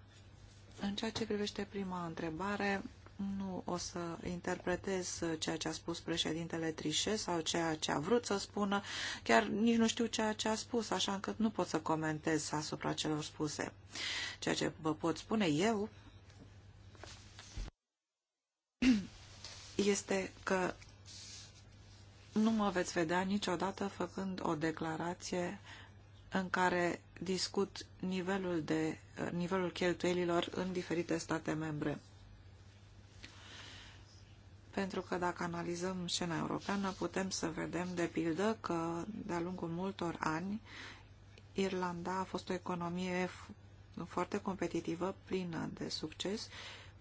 În ceea ce privește prima întrebare, nu o să interpretez ceea ce a spus președintele Trișe sau ceea ce a vrut să spună. Chiar nici nu știu ceea ce a spus, așa încât nu pot să comentez asupra celor spuse. Ceea ce vă pot spune eu este că nu mă veți vedea niciodată făcând o declarație în care discut nivelul, de, nivelul cheltuielilor în diferite state membre. Pentru că dacă analizăm scena europeană, putem să vedem, de pildă, că de-a lungul multor ani, Irlanda a fost o economie foarte competitivă, plină de succes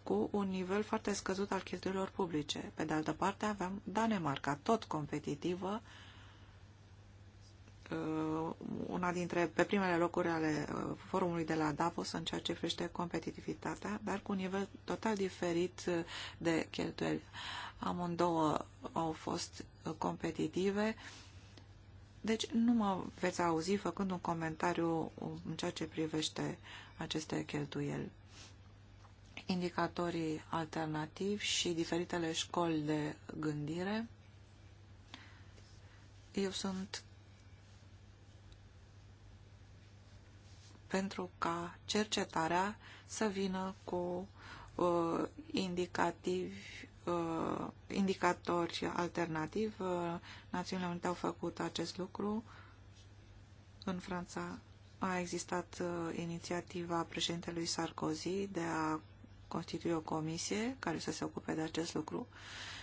cu un nivel foarte scăzut al cheltuielor publice. Pe de altă parte, aveam Danemarca, tot competitivă, uh, una dintre pe primele locuri ale uh, forumului de la Davos în ceea ce privește competitivitatea, dar cu un nivel total diferit uh, de cheltuieli. Amândouă au fost competitive, deci nu mă veți auzi făcând un comentariu în ceea ce privește aceste cheltuieli indicatorii alternativi și diferitele școli de gândire. Eu sunt pentru ca cercetarea să vină cu uh, indicativi, uh, indicatori alternativi. Uh, Națiunile Unite au făcut acest lucru. În Franța a existat uh, inițiativa președintelui Sarkozy de a constitui o comisie care să se ocupe de acest lucru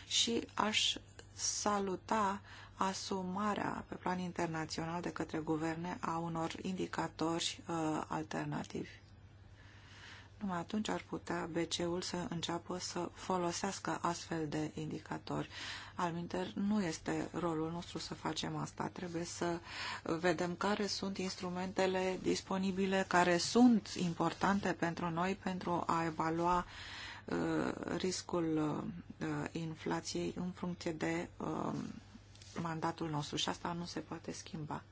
și aș saluta asumarea pe plan internațional de către guverne a unor indicatori uh, alternativi. Numai atunci ar putea BC-ul să înceapă să folosească astfel de indicatori. Alminter, nu este rolul nostru să facem asta. Trebuie să vedem care sunt instrumentele disponibile, care sunt importante pentru noi pentru a evalua uh, riscul uh, inflației în funcție de uh, mandatul nostru și asta nu se poate schimba.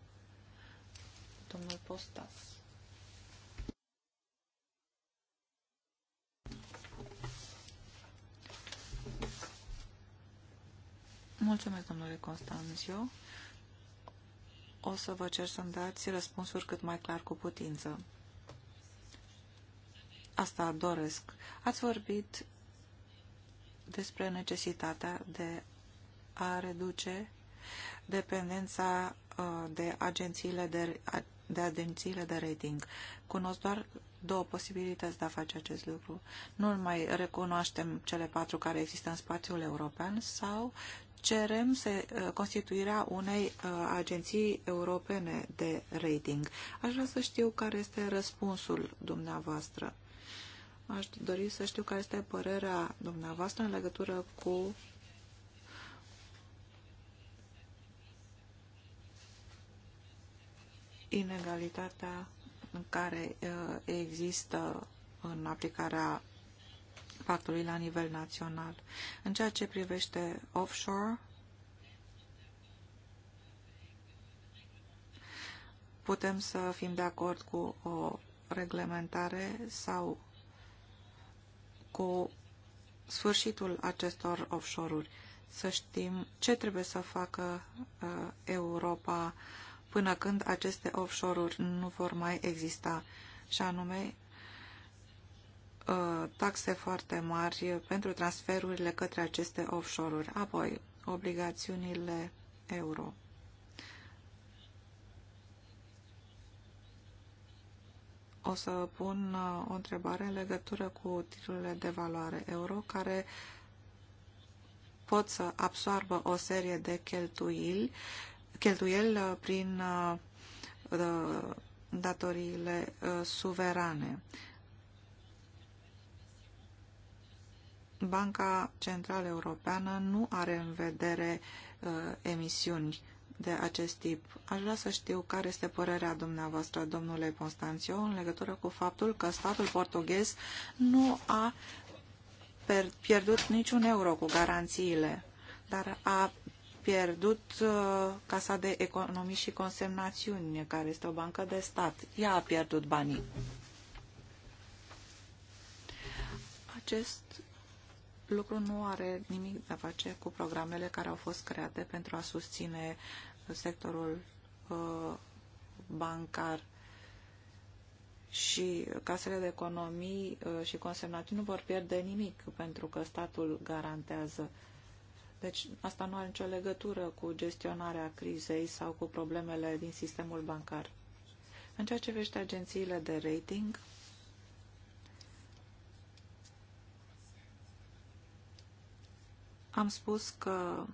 Domnul Postas. Mulțumesc, domnule Constanțiu. O să vă cer să-mi dați răspunsuri cât mai clar cu putință. Asta doresc. Ați vorbit despre necesitatea de a reduce dependența uh, de agențiile de, de agențiile de rating. Cunosc doar două posibilități de a face acest lucru. Nu mai recunoaștem cele patru care există în spațiul european sau cerem se, uh, constituirea unei uh, agenții europene de rating. Aș vrea să știu care este răspunsul dumneavoastră. Aș dori să știu care este părerea dumneavoastră în legătură cu inegalitatea în care uh, există în aplicarea pactului la nivel național. În ceea ce privește offshore, putem să fim de acord cu o reglementare sau cu sfârșitul acestor offshore-uri. Să știm ce trebuie să facă uh, Europa până când aceste offshore-uri nu vor mai exista, și anume Uh, taxe foarte mari pentru transferurile către aceste offshore-uri. Apoi, obligațiunile euro. O să pun uh, o întrebare în legătură cu titlurile de valoare euro, care pot să absoarbă o serie de cheltuieli, cheltuieli uh, prin datoriile suverane. Banca Centrală Europeană nu are în vedere uh, emisiuni de acest tip. Aș vrea să știu care este părerea dumneavoastră, domnule Constanțiu, în legătură cu faptul că statul portughez nu a pierdut niciun euro cu garanțiile, dar a pierdut uh, Casa de Economii și Consemnațiuni, care este o bancă de stat. Ea a pierdut banii. Acest lucru nu are nimic de a face cu programele care au fost create pentru a susține sectorul uh, bancar și casele de economii uh, și consemnații nu vor pierde nimic pentru că statul garantează. Deci asta nu are nicio legătură cu gestionarea crizei sau cu problemele din sistemul bancar. În ceea ce vește agențiile de rating, Am spus că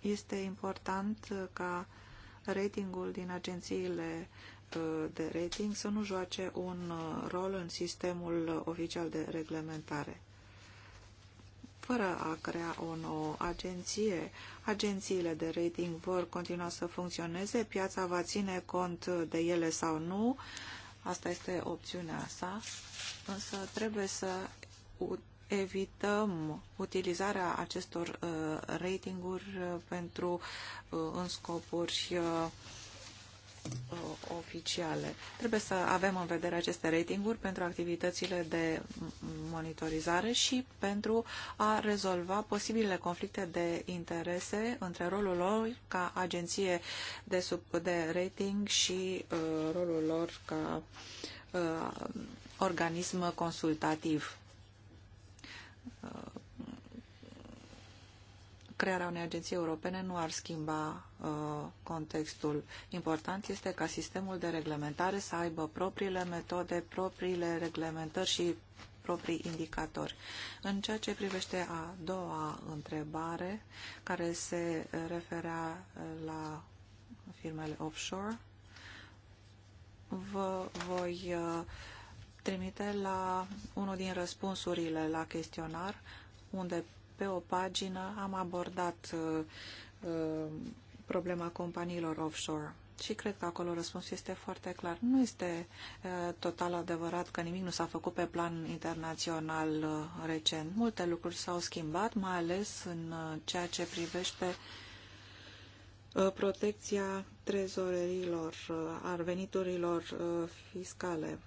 este important ca ratingul din agențiile uh, de rating să nu joace un uh, rol în sistemul oficial de reglementare. Fără a crea o nouă agenție, agențiile de rating vor continua să funcționeze, piața va ține cont de ele sau nu, asta este opțiunea sa, însă trebuie să evităm utilizarea acestor uh, ratinguri uh, pentru uh, în scopuri oficiale. Trebuie să avem în vedere aceste ratinguri pentru activitățile de monitorizare și pentru a rezolva posibile conflicte de interese între rolul lor ca agenție de, sub, de rating și uh, rolul lor ca uh, organism consultativ crearea unei agenții europene nu ar schimba uh, contextul. Important este ca sistemul de reglementare să aibă propriile metode, propriile reglementări și proprii indicatori. În ceea ce privește a doua întrebare, care se referea la firmele offshore, vă voi uh, trimite la unul din răspunsurile la chestionar, unde pe o pagină am abordat uh, uh, problema companiilor offshore. Și cred că acolo răspunsul este foarte clar. Nu este uh, total adevărat că nimic nu s-a făcut pe plan internațional uh, recent. Multe lucruri s-au schimbat, mai ales în uh, ceea ce privește uh, protecția trezorerilor, uh, arveniturilor veniturilor fiscale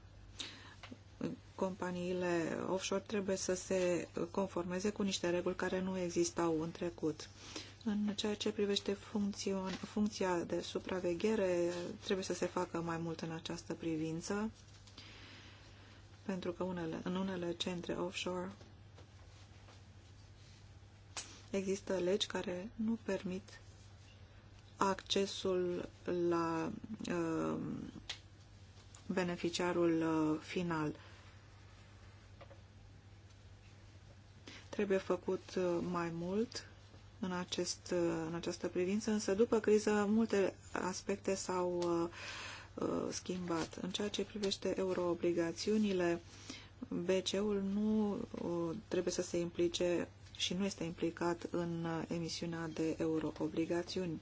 companiile offshore trebuie să se conformeze cu niște reguli care nu existau în trecut. În ceea ce privește funcția de supraveghere, trebuie să se facă mai mult în această privință, pentru că unele, în unele centre offshore există legi care nu permit accesul la uh, beneficiarul uh, final. Trebuie făcut uh, mai mult în, acest, uh, în această privință, însă după criză multe aspecte s-au uh, schimbat. În ceea ce privește euroobligațiunile, BCE-ul nu trebuie să se implice și nu este implicat în emisiunea de euroobligațiuni.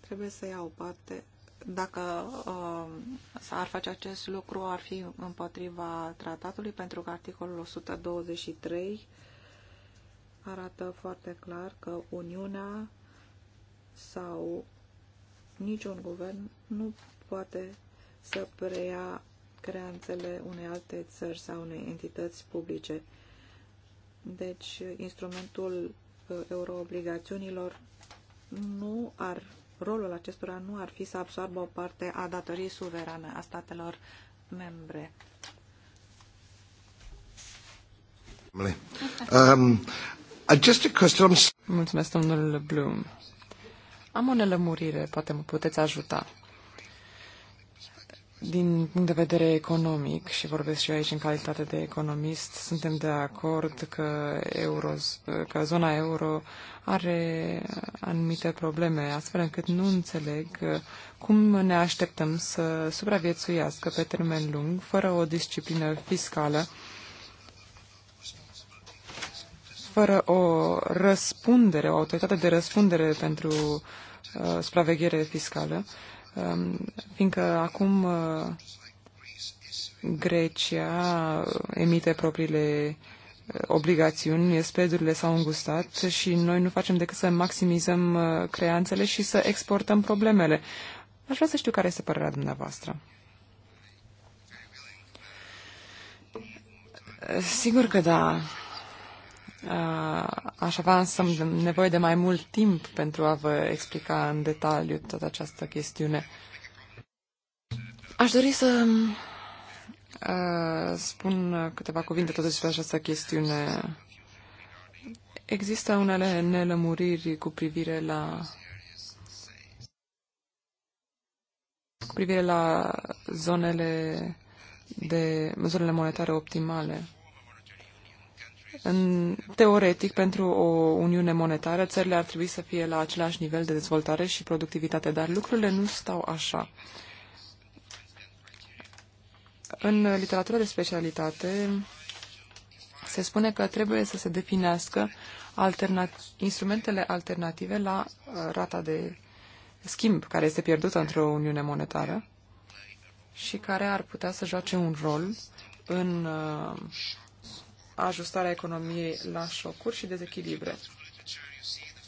Trebuie să iau parte dacă uh, ar face acest lucru, ar fi împotriva tratatului, pentru că articolul 123 arată foarte clar că Uniunea sau niciun guvern nu poate să preia creanțele unei alte țări sau unei entități publice. Deci, instrumentul uh, euroobligațiunilor nu ar rolul acestora nu ar fi să absorbă o parte a datoriei suverane a statelor membre. Um, Mulțumesc, domnule Bloom. Am o nelămurire, poate mă puteți ajuta. Din punct de vedere economic, și vorbesc și eu aici în calitate de economist, suntem de acord că, euro, că zona euro are anumite probleme, astfel încât nu înțeleg cum ne așteptăm să supraviețuiască pe termen lung, fără o disciplină fiscală, fără o răspundere, o autoritate de răspundere pentru uh, supraveghere fiscală Um, fiindcă acum uh, Grecia emite propriile uh, obligațiuni, spedurile s-au îngustat și noi nu facem decât să maximizăm uh, creanțele și să exportăm problemele. Aș vrea să știu care este părerea dumneavoastră. Sigur că da. Aș avea însă nevoie de mai mult timp pentru a vă explica în detaliu toată această chestiune. Aș dori să uh, spun câteva cuvinte tot despre această chestiune. Există unele nelămuriri cu privire la cu privire la zonele de zonele monetare optimale. În, teoretic, pentru o uniune monetară, țările ar trebui să fie la același nivel de dezvoltare și productivitate, dar lucrurile nu stau așa. În literatura de specialitate se spune că trebuie să se definească alterna instrumentele alternative la uh, rata de schimb care este pierdută într-o uniune monetară și care ar putea să joace un rol în uh, ajustarea economiei la șocuri și dezechilibre.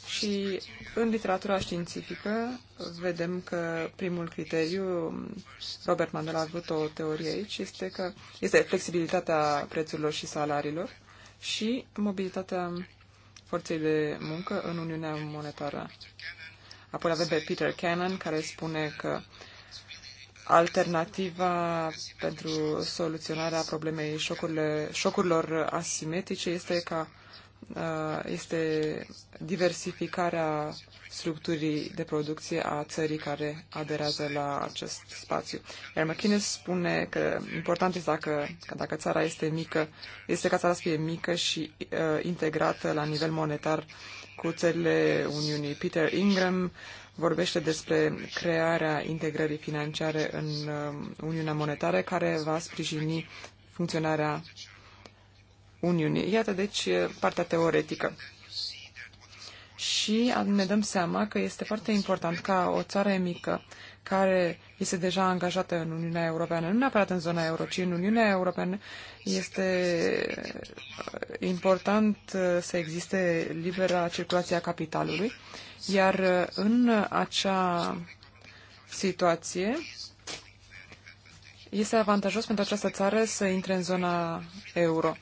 Și în literatura științifică vedem că primul criteriu, Robert Mandel a avut o teorie aici, este că este flexibilitatea prețurilor și salariilor și mobilitatea forței de muncă în Uniunea Monetară. Apoi avem pe Peter Cannon, care spune că uh, alternativa pentru soluționarea problemei șocurilor asimetrice este ca uh, este diversificarea structurii de producție a țării care aderează la acest spațiu. Iar McKinney spune că important este dacă, că dacă țara este mică, este ca țara să fie mică și uh, integrată la nivel monetar cu țările Uniunii. Peter Ingram vorbește despre crearea integrării financiare în um, Uniunea Monetară, care va sprijini funcționarea Uniunii. Iată, deci, partea teoretică. Și ne dăm seama că este foarte important ca o țară mică care este deja angajată în Uniunea Europeană, nu neapărat în zona euro, ci în Uniunea Europeană, este uh, important uh, să existe libera circulație a capitalului, iar uh, în acea situație este avantajos pentru această țară să intre în zona euro.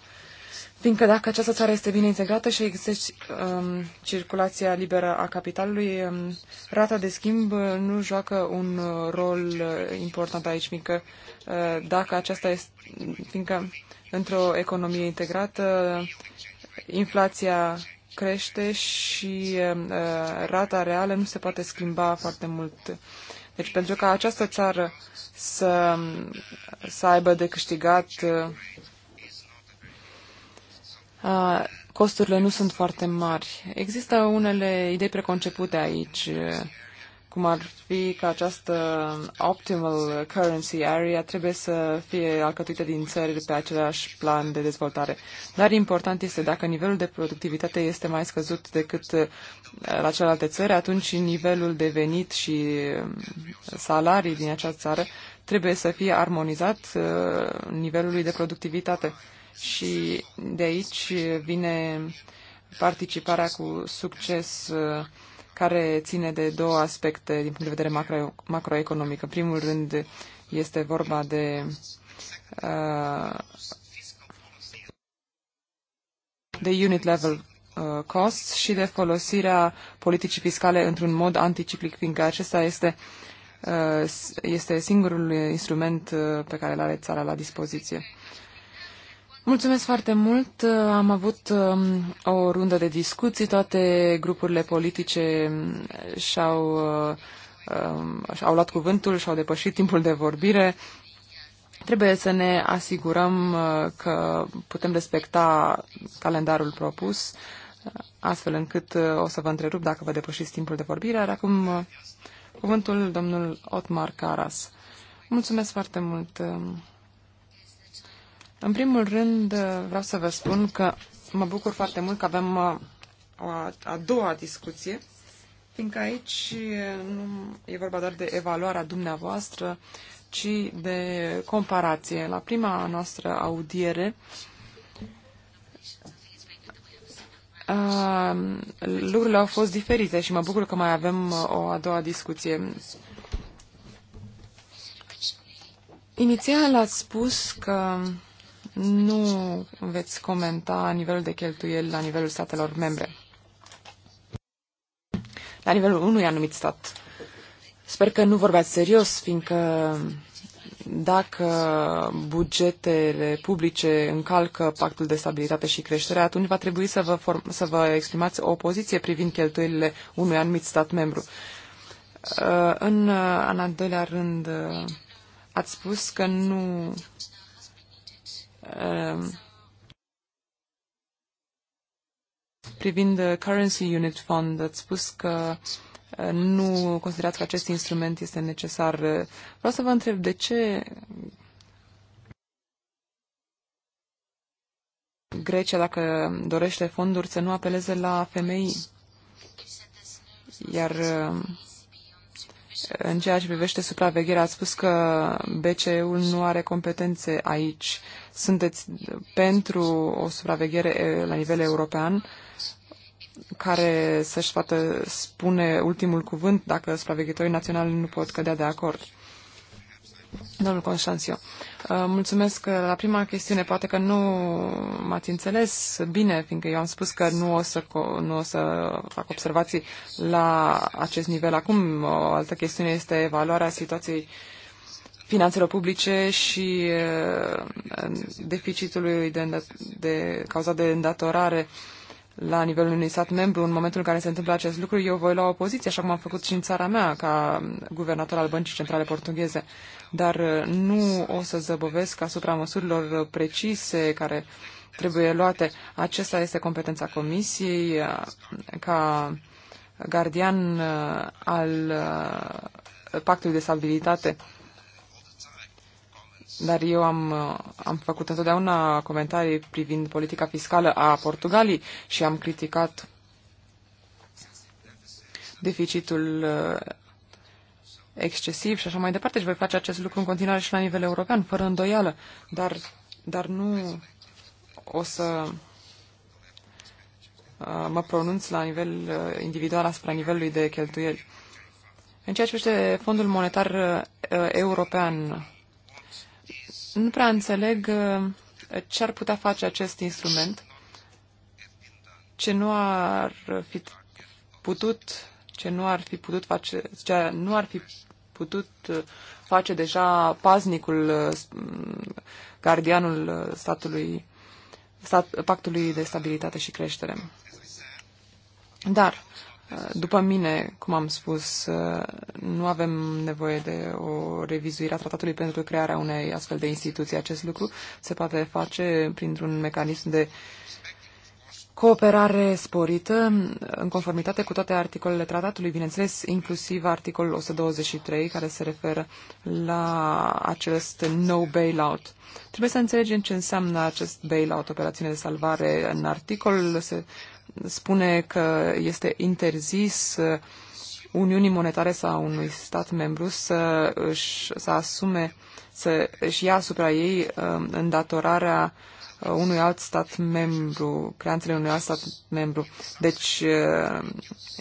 Fiindcă dacă această țară este bine integrată și există um, circulația liberă a capitalului, um, rata de schimb uh, nu joacă un uh, rol uh, important aici, fiindcă uh, dacă aceasta este, fiindcă într-o economie integrată, inflația crește și um, uh, rata reală nu se poate schimba foarte mult. Deci pentru ca această țară să, um, să aibă de câștigat uh, costurile nu sunt foarte mari. Există unele idei preconcepute aici, cum ar fi că această optimal currency area trebuie să fie alcătuită din țări pe același plan de dezvoltare. Dar important este dacă nivelul de productivitate este mai scăzut decât la celelalte țări, atunci nivelul de venit și salarii din acea țară trebuie să fie armonizat nivelului de productivitate și de aici vine participarea cu succes care ține de două aspecte din punct de vedere macro, macroeconomic. În primul rând este vorba de uh, de unit level uh, costs și de folosirea politicii fiscale într-un mod anticiclic, fiindcă acesta este, uh, este singurul instrument uh, pe care îl are țara la dispoziție. Mulțumesc foarte mult. Am avut um, o rundă de discuții. Toate grupurile politice um, și-au uh, um, au luat cuvântul și-au depășit timpul de vorbire. Trebuie să ne asigurăm uh, că putem respecta calendarul propus, uh, astfel încât o să vă întrerup dacă vă depășiți timpul de vorbire. Iar acum cuvântul domnul Otmar Caras. Mulțumesc foarte mult. În primul rând, vreau să vă spun că mă bucur foarte mult că avem uh, o a, a doua discuție, fiindcă aici uh, nu e vorba doar de evaluarea dumneavoastră, ci de comparație. La prima noastră audiere, a, uh, lucrurile au fost diferite și mă bucur că mai avem o a doua discuție. Inițial ați spus că nu veți comenta nivelul de cheltuieli la nivelul statelor membre. La nivelul unui anumit stat. Sper că nu vorbeați serios, fiindcă dacă bugetele publice încalcă pactul de stabilitate și creștere, atunci va trebui să vă, form- să vă exprimați o poziție privind cheltuielile unui anumit stat membru. Uh, în, uh, în al doilea rând, uh, ați spus că nu Um, privind Currency Unit Fund, ați spus că uh, nu considerați că acest instrument este necesar. Vreau să vă întreb de ce Grecia, dacă dorește fonduri, să nu apeleze la femei. Iar uh, în ceea ce privește supravegherea, ați spus că BCE-ul nu are competențe aici. Sunteți pentru o supraveghere la nivel european care să-și poată spune ultimul cuvânt dacă supraveghetorii naționali nu pot cădea de acord. Domnul Constanțiu, uh, mulțumesc. Uh, la prima chestiune, poate că nu m-ați înțeles bine, fiindcă eu am spus că nu o să, nu o să fac observații la acest nivel. Acum, uh, o altă chestiune este evaluarea situației finanțelor publice și deficitului de, de cauza de îndatorare la nivelul unui stat membru, în momentul în care se întâmplă acest lucru, eu voi lua o poziție, așa cum am făcut și în țara mea, ca guvernator al Băncii Centrale Portugheze dar uh, nu o să zăbovesc asupra măsurilor uh, precise care trebuie luate. Acesta este competența Comisiei uh, ca gardian al pactului de stabilitate. Dar eu am, am făcut întotdeauna comentarii privind politica fiscală a Portugalii și am criticat deficitul excesiv și așa mai departe și voi face acest lucru în continuare și la nivel european, fără îndoială, dar, dar nu o să uh, mă pronunț la nivel uh, individual asupra nivelului de cheltuieli. În ceea ce privește Fondul Monetar uh, European, nu prea înțeleg ce ar putea face acest instrument, ce nu ar fi putut ce nu ar fi putut face, ce nu ar fi putut uh, face deja paznicul, uh, mm, gardianul uh, statului, stat, pactului de stabilitate și creștere. Dar, după mine, cum am spus, nu avem nevoie de o revizuire a tratatului pentru crearea unei astfel de instituții. Acest lucru se poate face printr-un mecanism de uh, cooperare sporită în conformitate cu toate articolele tratatului, bineînțeles, inclusiv articolul 123 care se referă la acest no bailout. Trebuie să înțelegem ce înseamnă acest bailout, operațiune de salvare. În articol se spune că este interzis Uniunii Monetare sau unui stat membru să își să asume, să își ia asupra ei um, îndatorarea uh, Uh, unui alt stat membru, creanțele unui alt stat membru. Deci uh,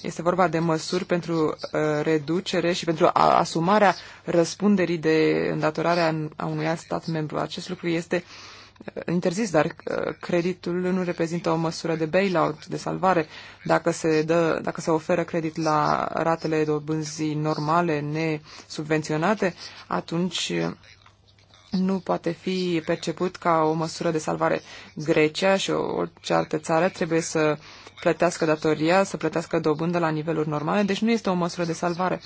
este vorba de măsuri pentru uh, reducere și pentru asumarea răspunderii de îndatorare a unui alt stat membru. Acest lucru este interzis, dar creditul nu reprezintă o măsură de bailout, de salvare. Dacă se, dă, dacă se oferă credit la ratele dobânzii normale, nesubvenționate, atunci nu poate fi perceput ca o măsură de salvare. Grecia și orice altă țară trebuie să plătească datoria, să plătească dobândă la niveluri normale, deci nu este o măsură de salvare.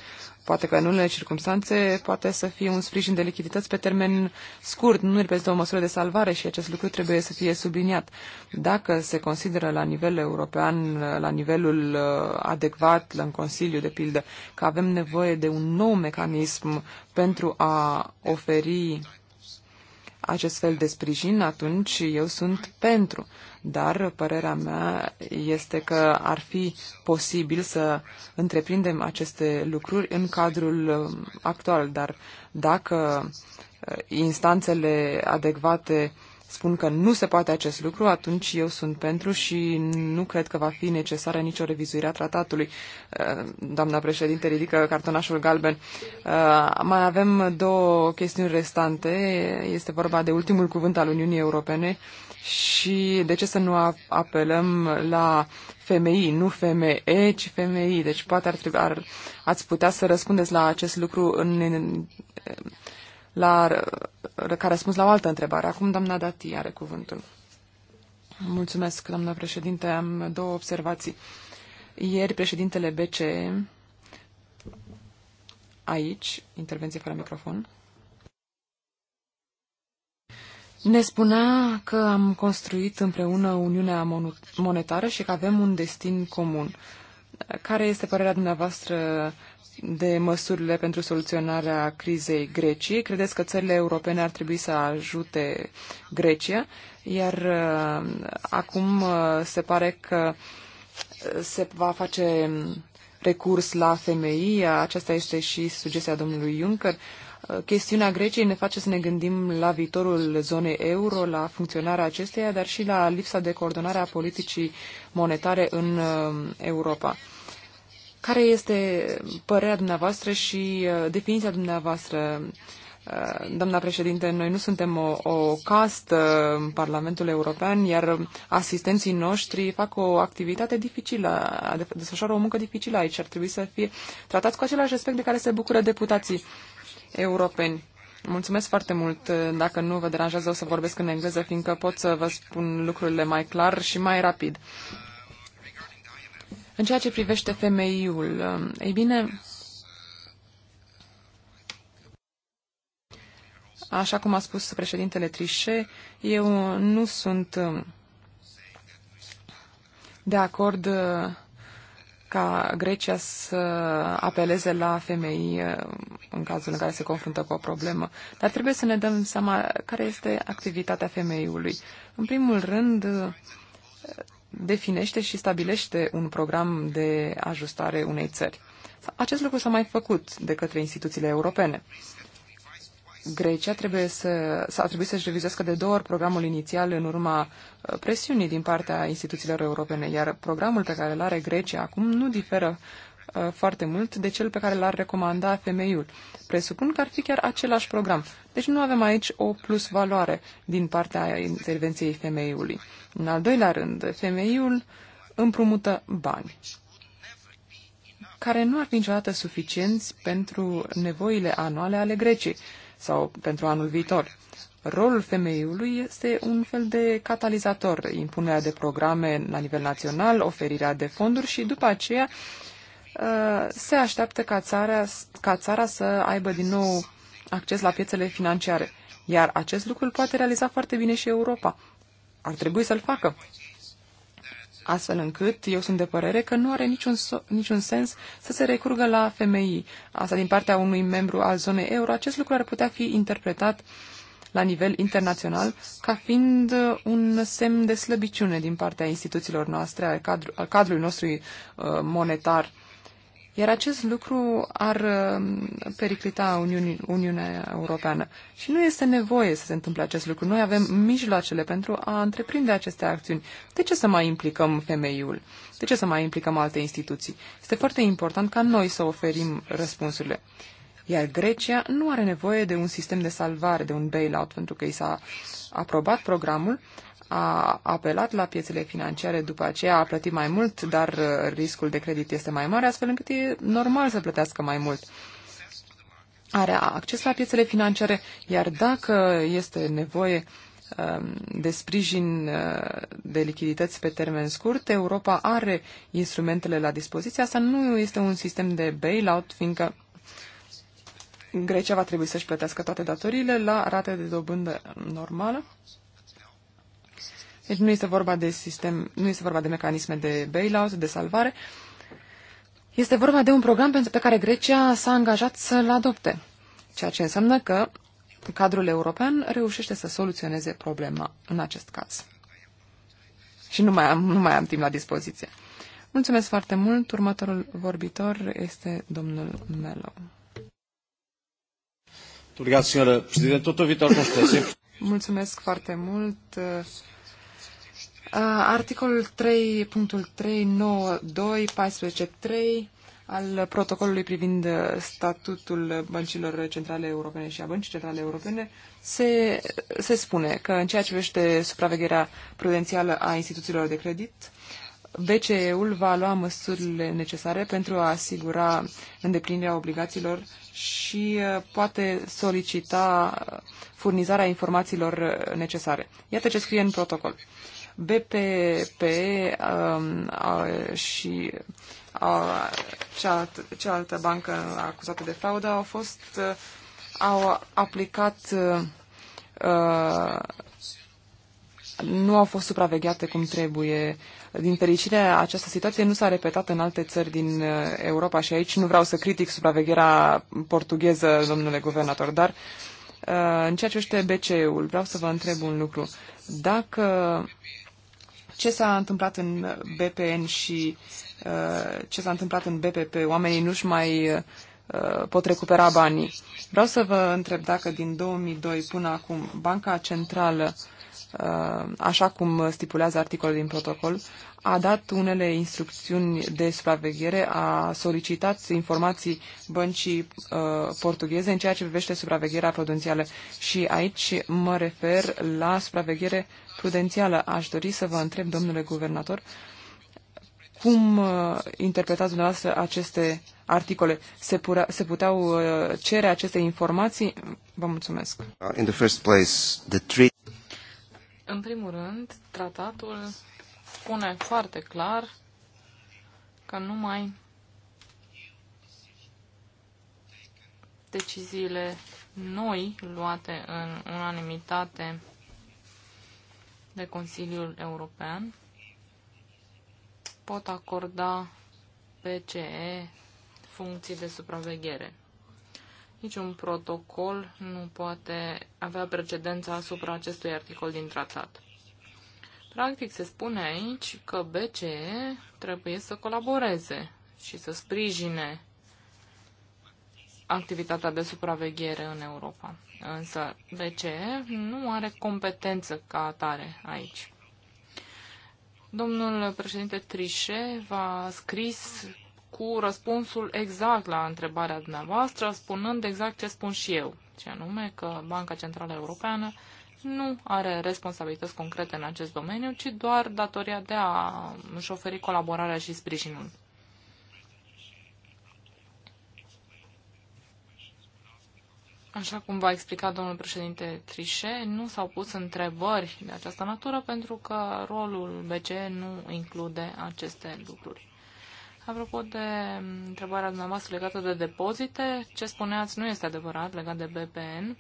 Poate că în unele circunstanțe poate să fie un sprijin de lichidități pe termen scurt, nu este o măsură de salvare și acest lucru trebuie să fie subliniat. Dacă se consideră la nivel european, la nivelul uh, adecvat, în Consiliu, de pildă, că avem nevoie de un nou mecanism pentru a oferi acest fel de sprijin, atunci eu sunt pentru. Dar părerea mea este că ar fi posibil să întreprindem aceste lucruri în cadrul um, actual, dar dacă uh, instanțele adecvate uh, spun că nu se poate acest lucru, atunci eu sunt pentru și nu cred că va fi necesară nicio revizuire a tratatului. Uh, doamna președinte ridică cartonașul galben. Uh, mai avem două chestiuni restante. Este vorba de ultimul cuvânt al Uniunii Europene și de ce să nu apelăm la femei, nu FME, ci femei. Deci poate ar trebui, ar, ați putea să răspundeți la acest lucru în, în la, care a răspuns la o altă întrebare. Acum doamna Dati are cuvântul. Mulțumesc, doamna președinte. Am două observații. Ieri președintele BCE aici, intervenție fără microfon, ne spunea că am construit împreună Uniunea Monetară și că avem un destin comun. Care este părerea dumneavoastră de măsurile pentru soluționarea crizei Greciei. Credeți că țările europene ar trebui să ajute Grecia, iar uh, acum uh, se pare că uh, se va face um, recurs la FMI, aceasta este și sugestia domnului Juncker. Chestiunea Greciei ne face să ne gândim la viitorul zonei euro, la funcționarea acesteia, dar și la lipsa de coordonare a politicii monetare în um, Europa. Care este părerea dumneavoastră și uh, definiția dumneavoastră uh, Doamna președinte, noi nu suntem o, o castă în Parlamentul European, iar asistenții noștri fac o activitate dificilă, desfășoară o muncă dificilă aici. Ar trebui să fie tratați cu același respect de care se bucură deputații europeni. Mulțumesc foarte mult. Dacă nu vă deranjează, o să vorbesc în engleză, fiindcă pot să vă spun lucrurile mai clar și mai rapid. În ceea ce privește femeiul, eh, ei bine, așa cum a spus președintele Trichet, eu nu sunt eh, de acord eh, ca Grecia să apeleze la femei în cazul în care se confruntă cu o problemă. Dar trebuie să ne dăm seama care este activitatea femeiului. În primul rând, definește și stabilește un program de ajustare unei țări. Acest lucru s-a mai făcut de către instituțiile europene. Grecia trebuie să, s a trebuit să-și revizească de două ori programul inițial în urma uh, presiunii din partea instituțiilor europene, iar programul pe care îl are Grecia acum nu diferă Uh, foarte mult de cel pe care l-ar recomanda femeiul. Presupun că ar fi chiar același program. Deci nu avem aici o plus valoare din partea intervenției femeiului. În al doilea rând, femeiul împrumută bani care nu ar fi niciodată suficienți pentru nevoile anuale ale Greciei sau pentru anul viitor. Rolul femeiului este un fel de catalizator, impunerea de programe la nivel național, oferirea de fonduri și după aceea Uh, se așteaptă ca țara, ca țara să aibă din nou acces la piețele financiare. Iar acest lucru îl poate realiza foarte bine și Europa. Ar trebui să-l facă. Astfel încât eu sunt de părere că nu are niciun, so- niciun sens să se recurgă la FMI. Asta din partea unui membru al zonei euro, acest lucru ar putea fi interpretat la nivel internațional ca fiind un semn de slăbiciune din partea instituțiilor noastre, al, cadru, al cadrului nostru uh, monetar iar acest lucru ar um, periclita Uniuni, Uniunea Europeană. Și nu este nevoie să se întâmple acest lucru. Noi avem mijloacele pentru a întreprinde aceste acțiuni. De ce să mai implicăm femeiul? De ce să mai implicăm alte instituții? Este foarte important ca noi să oferim răspunsurile. Iar Grecia nu are nevoie de un sistem de salvare, de un bailout, pentru că i s-a aprobat programul, a apelat la piețele financiare, după aceea a plătit mai mult, dar uh, riscul de credit este mai mare, astfel încât e normal să plătească mai mult. Are acces la piețele financiare, iar dacă este nevoie um, de sprijin uh, de lichidități pe termen scurt, Europa are instrumentele la dispoziție. Asta nu este un sistem de bailout, fiindcă Grecia va trebui să-și plătească toate datoriile la rate de dobândă normală deci nu este vorba de sistem, nu este vorba de mecanisme de bailout, de salvare. Este vorba de un program pe care Grecia s-a angajat să-l adopte, ceea ce înseamnă că cadrul european reușește să soluționeze problema în acest caz. Și nu mai am, nu mai am timp la dispoziție. Mulțumesc foarte mult. Următorul vorbitor este domnul Melo. Mulțumesc foarte mult. Uh, articolul 3.392.14.3 3, al protocolului privind uh, statutul băncilor centrale europene și a băncii centrale europene se, se spune că în ceea ce privește supravegherea prudențială a instituțiilor de credit, BCE-ul va lua măsurile necesare pentru a asigura îndeplinirea obligațiilor și uh, poate solicita furnizarea informațiilor necesare. Iată ce scrie în protocol. BPP um, a, și a, cealaltă, cealaltă bancă acuzată de fraudă au fost uh, au aplicat uh, uh, nu au fost supravegheate cum trebuie. Din fericire, această situație nu s-a repetat în alte țări din uh, Europa și aici nu vreau să critic supravegherea portugheză, domnule guvernator, dar în ceea ce este BCE-ul, vreau să vă întreb un lucru. Dacă ce s-a întâmplat în BPN și uh, ce s-a întâmplat în BPP. Oamenii nu-și mai uh, pot recupera banii. Vreau să vă întreb dacă din 2002 până acum Banca Centrală, uh, așa cum stipulează articolul din protocol, a dat unele instrucțiuni de supraveghere, a solicitat informații băncii uh, portugheze în ceea ce privește supravegherea prudențială. Și aici mă refer la supraveghere prudențială. Aș dori să vă întreb, domnule guvernator, cum uh, interpretați dumneavoastră aceste articole? Se, pura, se puteau uh, cere aceste informații? Vă mulțumesc. Uh, in the first place, the În primul rând, tratatul spune foarte clar că numai deciziile noi luate în unanimitate de Consiliul European pot acorda PCE funcții de supraveghere. Niciun protocol nu poate avea precedența asupra acestui articol din tratat. Practic, se spune aici că BCE trebuie să colaboreze și să sprijine activitatea de supraveghere în Europa. Însă BCE nu are competență ca atare aici. Domnul președinte Trișe v-a scris cu răspunsul exact la întrebarea dumneavoastră, spunând exact ce spun și eu, ce anume că Banca Centrală Europeană nu are responsabilități concrete în acest domeniu, ci doar datoria de a își oferi colaborarea și sprijinul. Așa cum v-a explicat domnul președinte Trișe, nu s-au pus întrebări de această natură pentru că rolul BCE nu include aceste lucruri. Apropo de întrebarea dumneavoastră legată de depozite, ce spuneați nu este adevărat legat de BPN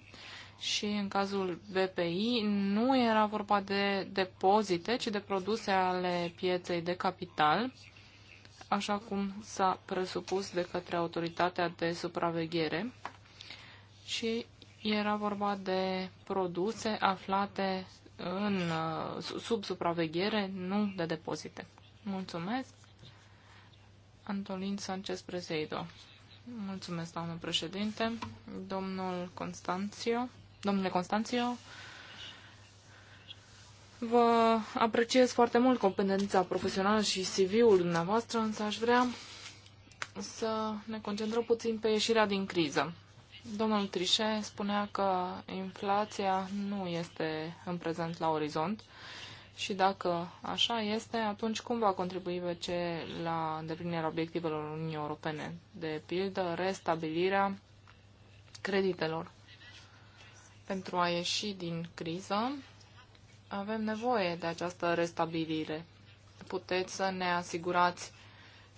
și în cazul BPI nu era vorba de depozite, ci de produse ale pieței de capital, așa cum s-a presupus de către autoritatea de supraveghere și era vorba de produse aflate în, uh, sub supraveghere, nu de depozite. Mulțumesc. Antolin Sanchez Preseido. Mulțumesc, doamnă președinte. Domnul Constanțio, domnule Constanțio, vă apreciez foarte mult competența profesională și CV-ul dumneavoastră, însă aș vrea să ne concentrăm puțin pe ieșirea din criză. Domnul Trișe spunea că inflația nu este în prezent la orizont și dacă așa este, atunci cum va contribui BCE la îndeplinirea obiectivelor Uniunii Europene, de pildă restabilirea creditelor? Pentru a ieși din criză, avem nevoie de această restabilire. Puteți să ne asigurați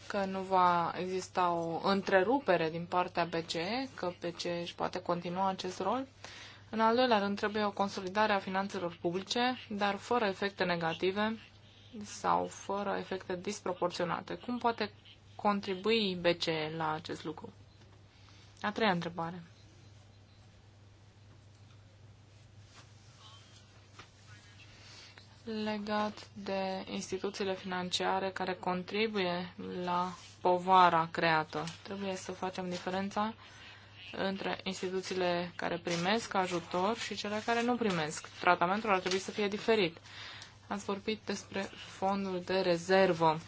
că nu va exista o întrerupere din partea BCE, că BCE își poate continua acest rol. În al doilea rând, trebuie o consolidare a finanțelor publice, dar fără efecte negative sau fără efecte disproporționate. Cum poate contribui BCE la acest lucru? A treia întrebare. legat de instituțiile financiare care contribuie la povara creată. Trebuie să facem diferența între instituțiile care primesc ajutor și cele care nu primesc. Tratamentul ar trebui să fie diferit. Ați vorbit despre fondul de rezervă.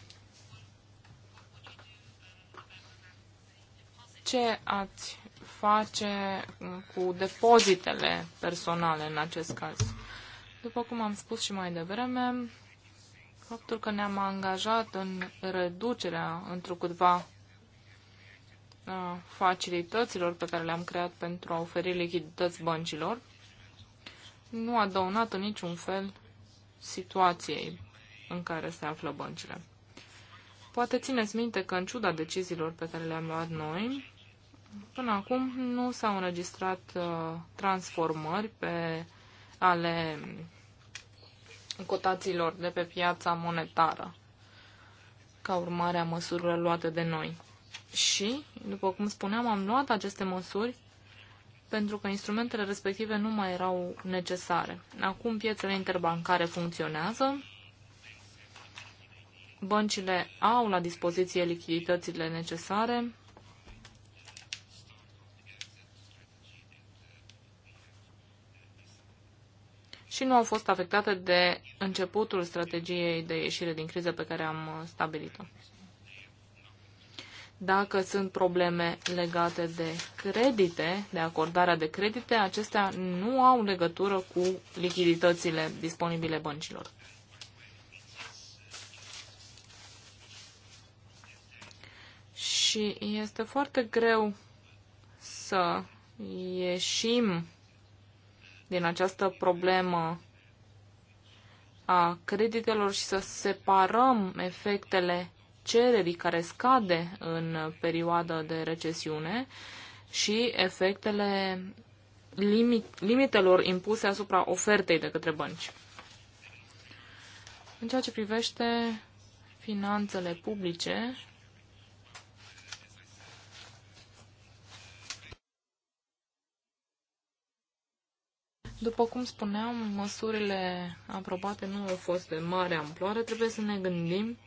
Ce ați face cu depozitele personale în acest caz? După cum am spus și mai devreme, faptul că ne-am angajat în reducerea întrucâtva facilităților pe care le-am creat pentru a oferi lichidități băncilor nu a dăunat în niciun fel situației în care se află băncile. Poate țineți minte că, în ciuda deciziilor pe care le-am luat noi, până acum nu s-au înregistrat transformări pe ale cotațiilor de pe piața monetară ca urmare a măsurilor luate de noi. Și, după cum spuneam, am luat aceste măsuri pentru că instrumentele respective nu mai erau necesare. Acum piețele interbancare funcționează, băncile au la dispoziție lichiditățile necesare și nu au fost afectate de începutul strategiei de ieșire din criză pe care am stabilit-o. Dacă sunt probleme legate de credite, de acordarea de credite, acestea nu au legătură cu lichiditățile disponibile băncilor. Și este foarte greu să ieșim din această problemă a creditelor și să separăm efectele cererii care scade în perioada de recesiune și efectele limit, limitelor impuse asupra ofertei de către bănci. În ceea ce privește finanțele publice, După cum spuneam, măsurile aprobate nu au fost de mare amploare. Trebuie să ne gândim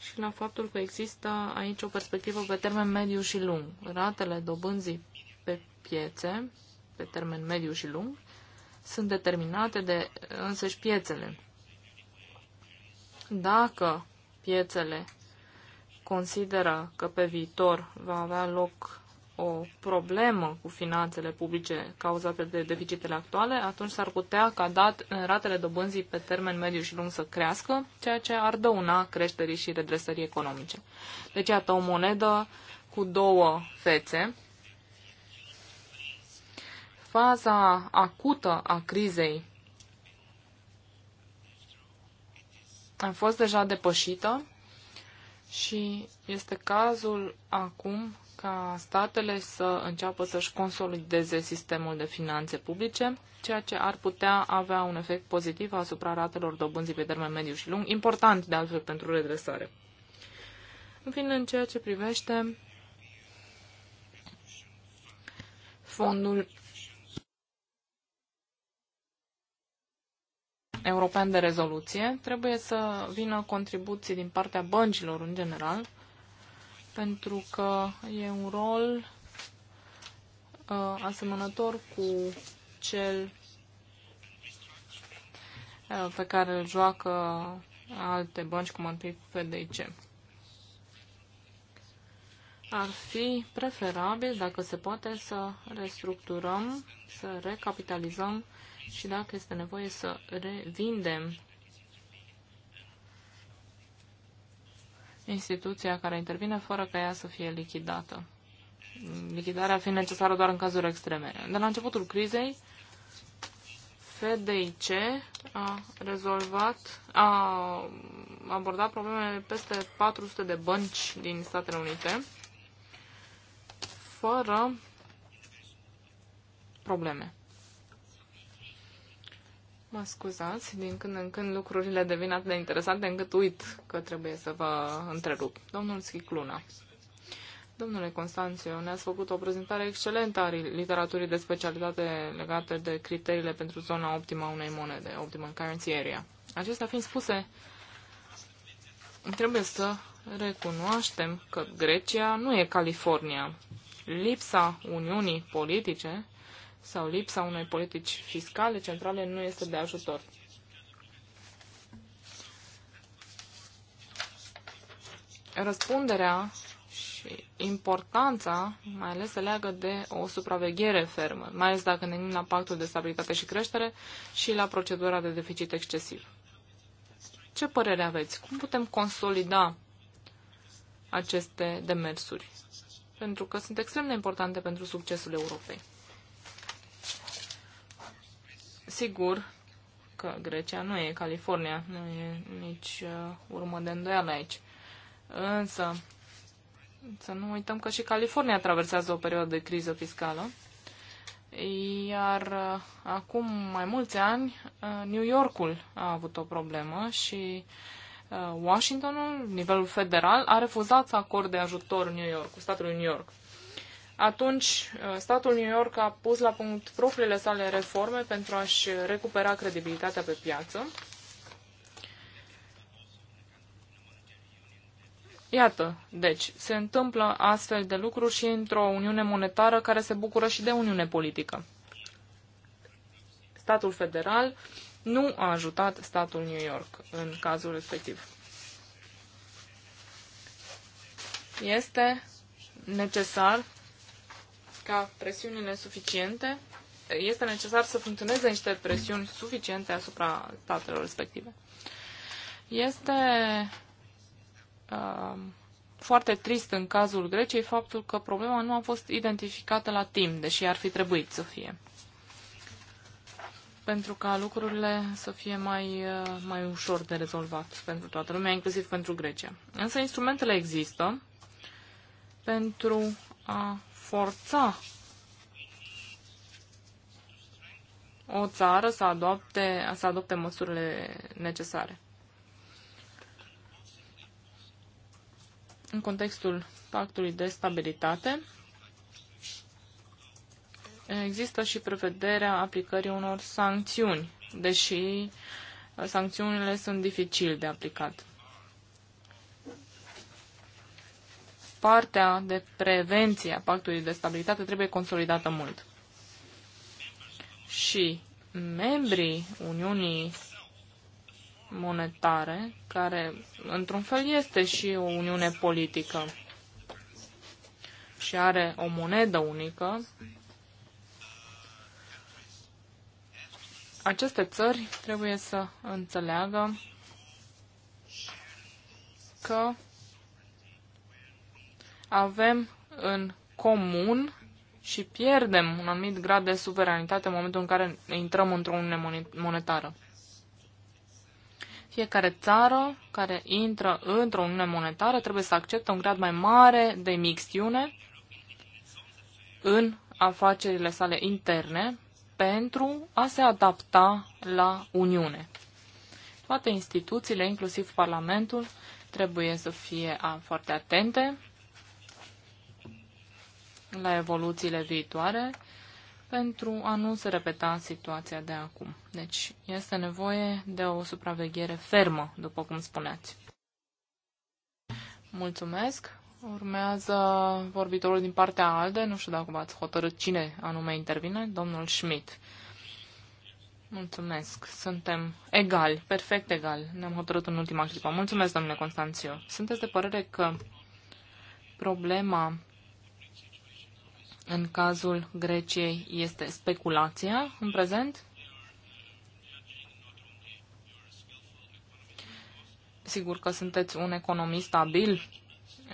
și la faptul că există aici o perspectivă pe termen mediu și lung. Ratele dobânzii pe piețe, pe termen mediu și lung, sunt determinate de însăși piețele. Dacă piețele consideră că pe viitor va avea loc o problemă cu finanțele publice cauzate de deficitele actuale, atunci s-ar putea ca dat, ratele dobânzii pe termen mediu și lung să crească, ceea ce ar dăuna creșterii și redresării economice. Deci, iată, o monedă cu două fețe. Faza acută a crizei a fost deja depășită și este cazul acum ca statele să înceapă să-și consolideze sistemul de finanțe publice, ceea ce ar putea avea un efect pozitiv asupra ratelor dobânzii pe termen mediu și lung, important de altfel pentru redresare. În fine, în ceea ce privește fondul european de rezoluție, trebuie să vină contribuții din partea băncilor în general, pentru că e un rol uh, asemănător cu cel uh, pe care îl joacă alte bănci, cum ar fi FDIC. Ar fi preferabil, dacă se poate, să restructurăm, să recapitalizăm și dacă este nevoie să revindem instituția care intervine fără ca ea să fie lichidată. Lichidarea fiind necesară doar în cazuri extreme. De la începutul crizei, FDIC a rezolvat, a abordat probleme peste 400 de bănci din Statele Unite fără probleme. Mă scuzați, din când în când lucrurile devin atât de interesante încât uit că trebuie să vă întrerup. Domnul Schicluna. Domnule Constanțiu, ne-ați făcut o prezentare excelentă a literaturii de specialitate legate de criteriile pentru zona optimă a unei monede, optimum currency area. Acestea fiind spuse, trebuie să recunoaștem că Grecia nu e California. Lipsa uniunii politice sau lipsa unei politici fiscale centrale nu este de ajutor. Răspunderea și importanța mai ales se leagă de o supraveghere fermă, mai ales dacă ne gândim la pactul de stabilitate și creștere și la procedura de deficit excesiv. Ce părere aveți? Cum putem consolida aceste demersuri? Pentru că sunt extrem de importante pentru succesul Europei. Sigur că Grecia nu e California, nu e nici uh, urmă de îndoială aici. Însă, să nu uităm că și California traversează o perioadă de criză fiscală. Iar uh, acum mai mulți ani, uh, New Yorkul a avut o problemă și uh, Washingtonul, nivelul federal, a refuzat să acorde ajutor New York, statului New York. Atunci, uh, statul New York a pus la punct propriile sale reforme pentru a-și recupera credibilitatea pe piață. Iată, deci, se întâmplă astfel de lucruri și într-o uniune monetară care se bucură și de uniune politică. Statul federal nu a ajutat statul New York în cazul respectiv. Este necesar ca presiunile suficiente, este necesar să funcționeze niște presiuni suficiente asupra statelor respective. Este uh, foarte trist în cazul Greciei faptul că problema nu a fost identificată la timp, deși ar fi trebuit să fie. Pentru ca lucrurile să fie mai, uh, mai ușor de rezolvat pentru toată lumea, inclusiv pentru Grecia. Însă instrumentele există pentru a forța o țară să adopte, să adopte măsurile necesare. În contextul pactului de stabilitate, există și prevederea aplicării unor sancțiuni, deși uh, sancțiunile sunt dificil de aplicat. partea de prevenție a pactului de stabilitate trebuie consolidată mult. Și membrii Uniunii monetare, care într-un fel este și o uniune politică și are o monedă unică, aceste țări trebuie să înțeleagă că avem în comun și pierdem un anumit grad de suveranitate în momentul în care intrăm într-o uniune monetară. Fiecare țară care intră într-o uniune monetară trebuie să accepte un grad mai mare de mixtiune în afacerile sale interne pentru a se adapta la Uniune. Toate instituțiile, inclusiv Parlamentul, trebuie să fie foarte atente la evoluțiile viitoare pentru a nu se repeta situația de acum. Deci este nevoie de o supraveghere fermă, după cum spuneați. Mulțumesc. Urmează vorbitorul din partea ALDE. Nu știu dacă v-ați hotărât cine anume intervine, domnul Schmidt. Mulțumesc. Suntem egali, perfect egal. Ne-am hotărât în ultima clipă. Mulțumesc, domnule Constanțiu. Sunteți de părere că problema în cazul Greciei este speculația în prezent. Sigur că sunteți un economist abil,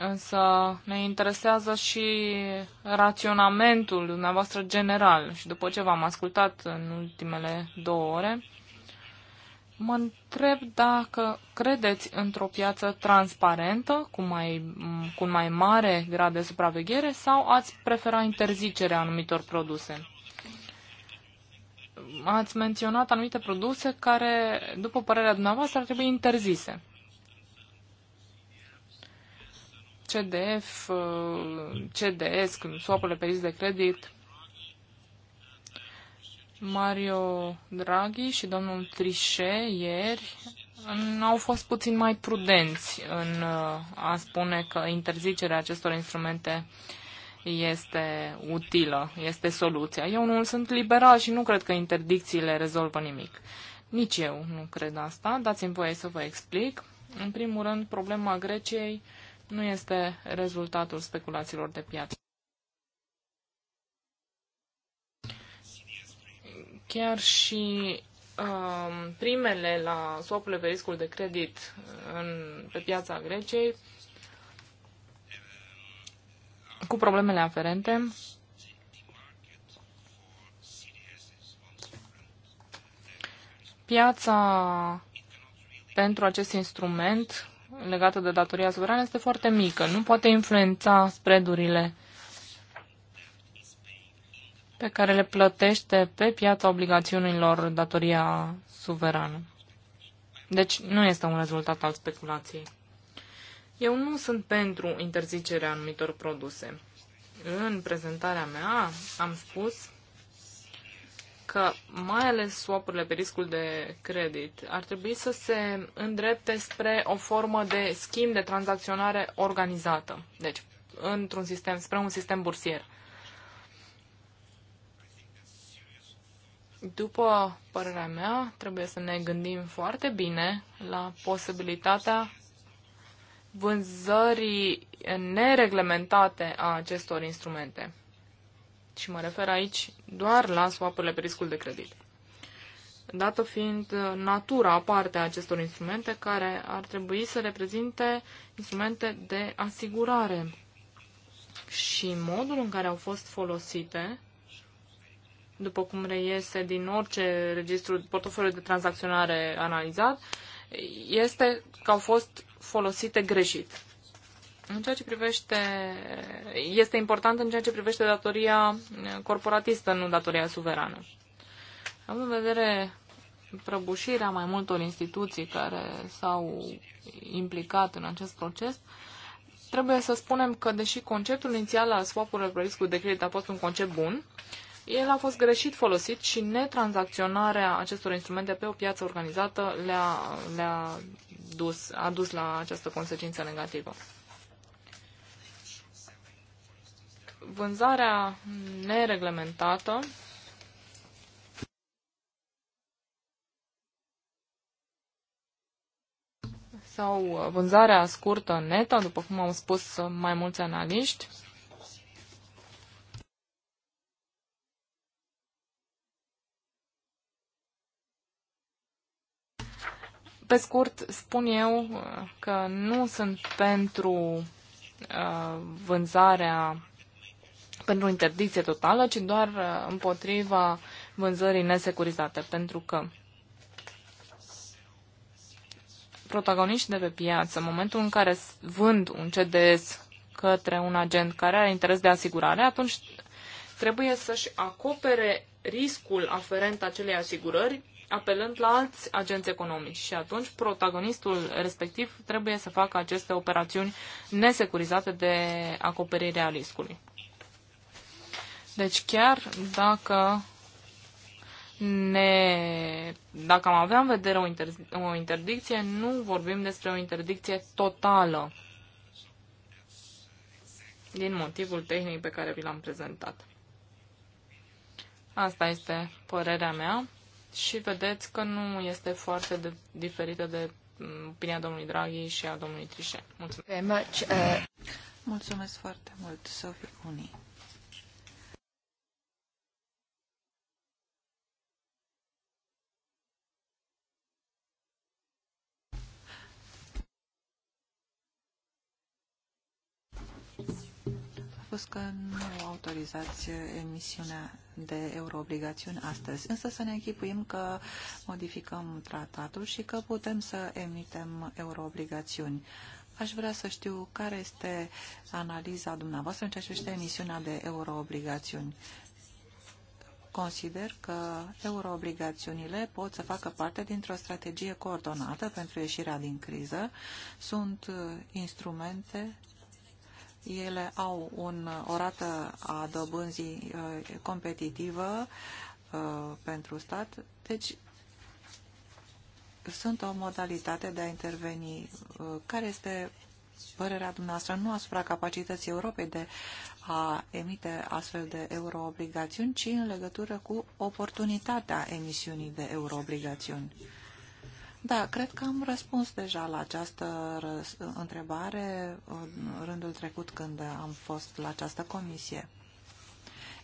însă ne interesează și raționamentul dumneavoastră general. Și după ce v-am ascultat în ultimele două ore, Mă întreb dacă credeți într-o piață transparentă, cu, mai, cu un mai mare grad de supraveghere, sau ați prefera interzicerea anumitor produse. Ați menționat anumite produse care, după părerea dumneavoastră, ar trebui interzise. CDF, CDS, swapurile pe de credit, Mario Draghi și domnul Trichet ieri au fost puțin mai prudenți în uh, a spune că interzicerea acestor instrumente este utilă, este soluția. Eu nu sunt liberal și nu cred că interdicțiile rezolvă nimic. Nici eu nu cred asta. Dați-mi voie să vă explic. În primul rând, problema Greciei nu este rezultatul speculațiilor de piață. Chiar și um, primele la swapurile pe riscul de credit în, pe piața Greciei, cu problemele aferente, piața pentru acest instrument legată de datoria suverană este foarte mică. Nu poate influența spreadurile pe care le plătește pe piața obligațiunilor datoria suverană. Deci nu este un rezultat al speculației. Eu nu sunt pentru interzicerea anumitor produse. În prezentarea mea am spus că mai ales swapurile pe riscul de credit ar trebui să se îndrepte spre o formă de schimb de tranzacționare organizată. Deci, într-un sistem, spre un sistem bursier. După părerea mea, trebuie să ne gândim foarte bine la posibilitatea vânzării nereglementate a acestor instrumente. Și mă refer aici doar la swapurile pe riscul de credit. Dată fiind natura aparte a acestor instrumente, care ar trebui să reprezinte instrumente de asigurare și modul în care au fost folosite după cum reiese din orice registru portofoliu de tranzacționare analizat, este că au fost folosite greșit. În ceea ce privește, este important în ceea ce privește datoria corporatistă, nu datoria suverană. Am în vedere prăbușirea mai multor instituții care s-au implicat în acest proces, trebuie să spunem că, deși conceptul inițial al swap-urilor pe de credit a fost un concept bun, el a fost greșit folosit și netranzacționarea acestor instrumente pe o piață organizată le-a, le-a dus, a dus la această consecință negativă. Vânzarea nereglementată sau vânzarea scurtă netă, după cum au spus mai mulți analiști, Pe scurt, spun eu uh, că nu sunt pentru uh, vânzarea pentru interdicție totală, ci doar uh, împotriva vânzării nesecurizate, pentru că protagoniști de pe piață, în momentul în care vând un CDS către un agent care are interes de asigurare, atunci trebuie să-și acopere riscul aferent acelei asigurări apelând la alți agenți economici și atunci protagonistul respectiv trebuie să facă aceste operațiuni nesecurizate de acoperirea riscului. Deci chiar dacă ne, dacă am avea în vedere o, inter, o interdicție, nu vorbim despre o interdicție totală din motivul tehnic pe care vi l-am prezentat. Asta este părerea mea și vedeți că nu este foarte de, diferită de mm, opinia domnului Draghi și a domnului Trișe. Mulțumesc. Uh, Mulțumesc foarte mult, Sofie Cunii. spus că nu autorizați emisiunea de euroobligațiuni astăzi, însă să ne închipuim că modificăm tratatul și că putem să emitem euroobligațiuni. Aș vrea să știu care este analiza dumneavoastră în ceea ce privește emisiunea de euroobligațiuni. Consider că euroobligațiunile pot să facă parte dintr-o strategie coordonată pentru ieșirea din criză. Sunt instrumente ele au un, o rată a dobânzii uh, competitivă uh, pentru stat, deci sunt o modalitate de a interveni. Uh, care este părerea dumneavoastră nu asupra capacității Europei de a emite astfel de euroobligațiuni, ci în legătură cu oportunitatea emisiunii de euroobligațiuni? Da, cred că am răspuns deja la această întrebare în rândul trecut când am fost la această comisie.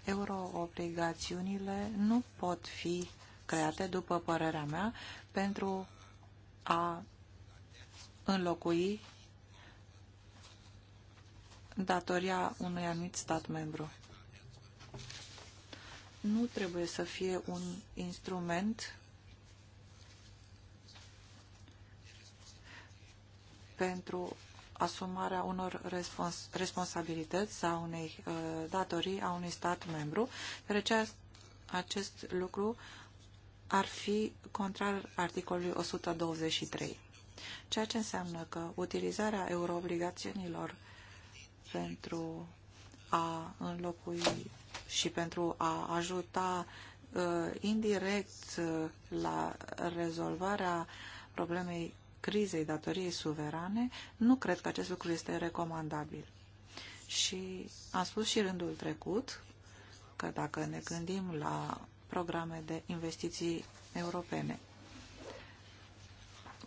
Euroobligațiunile nu pot fi create, după părerea mea, pentru a înlocui datoria unui anumit stat membru. Nu trebuie să fie un instrument pentru asumarea unor respons responsabilități sau unei uh, datorii a unui stat membru, deoarece acest lucru ar fi contrar articolului 123, ceea ce înseamnă că utilizarea euroobligațiunilor pentru a înlocui și pentru a ajuta uh, indirect uh, la rezolvarea problemei crizei datoriei suverane, nu cred că acest lucru este recomandabil. Și am spus și rândul trecut că dacă ne gândim la programe de investiții europene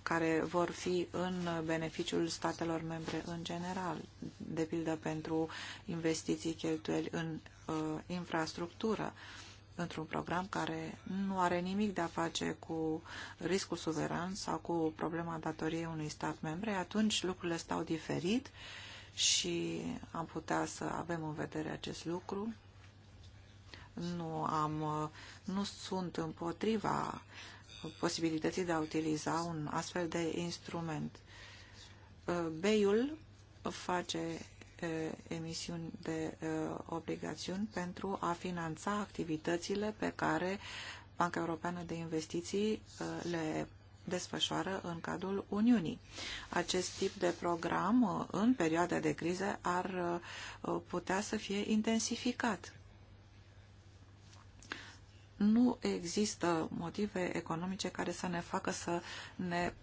care vor fi în beneficiul statelor membre în general, de pildă pentru investiții cheltuieli în uh, infrastructură, uh, într-un program care nu are nimic de a face cu riscul suveran sau cu problema datoriei unui stat membre, atunci lucrurile stau diferit și am putea să avem în vedere acest lucru. Nu, am, nu sunt împotriva posibilității de a utiliza un astfel de instrument. Beiul face emisiuni de uh, obligațiuni pentru a finanța activitățile pe care Banca Europeană de Investiții uh, le desfășoară în cadrul Uniunii. Acest tip de program uh, în perioada de criză ar putea să fie intensificat. Nu există motive economice care să ne facă să ne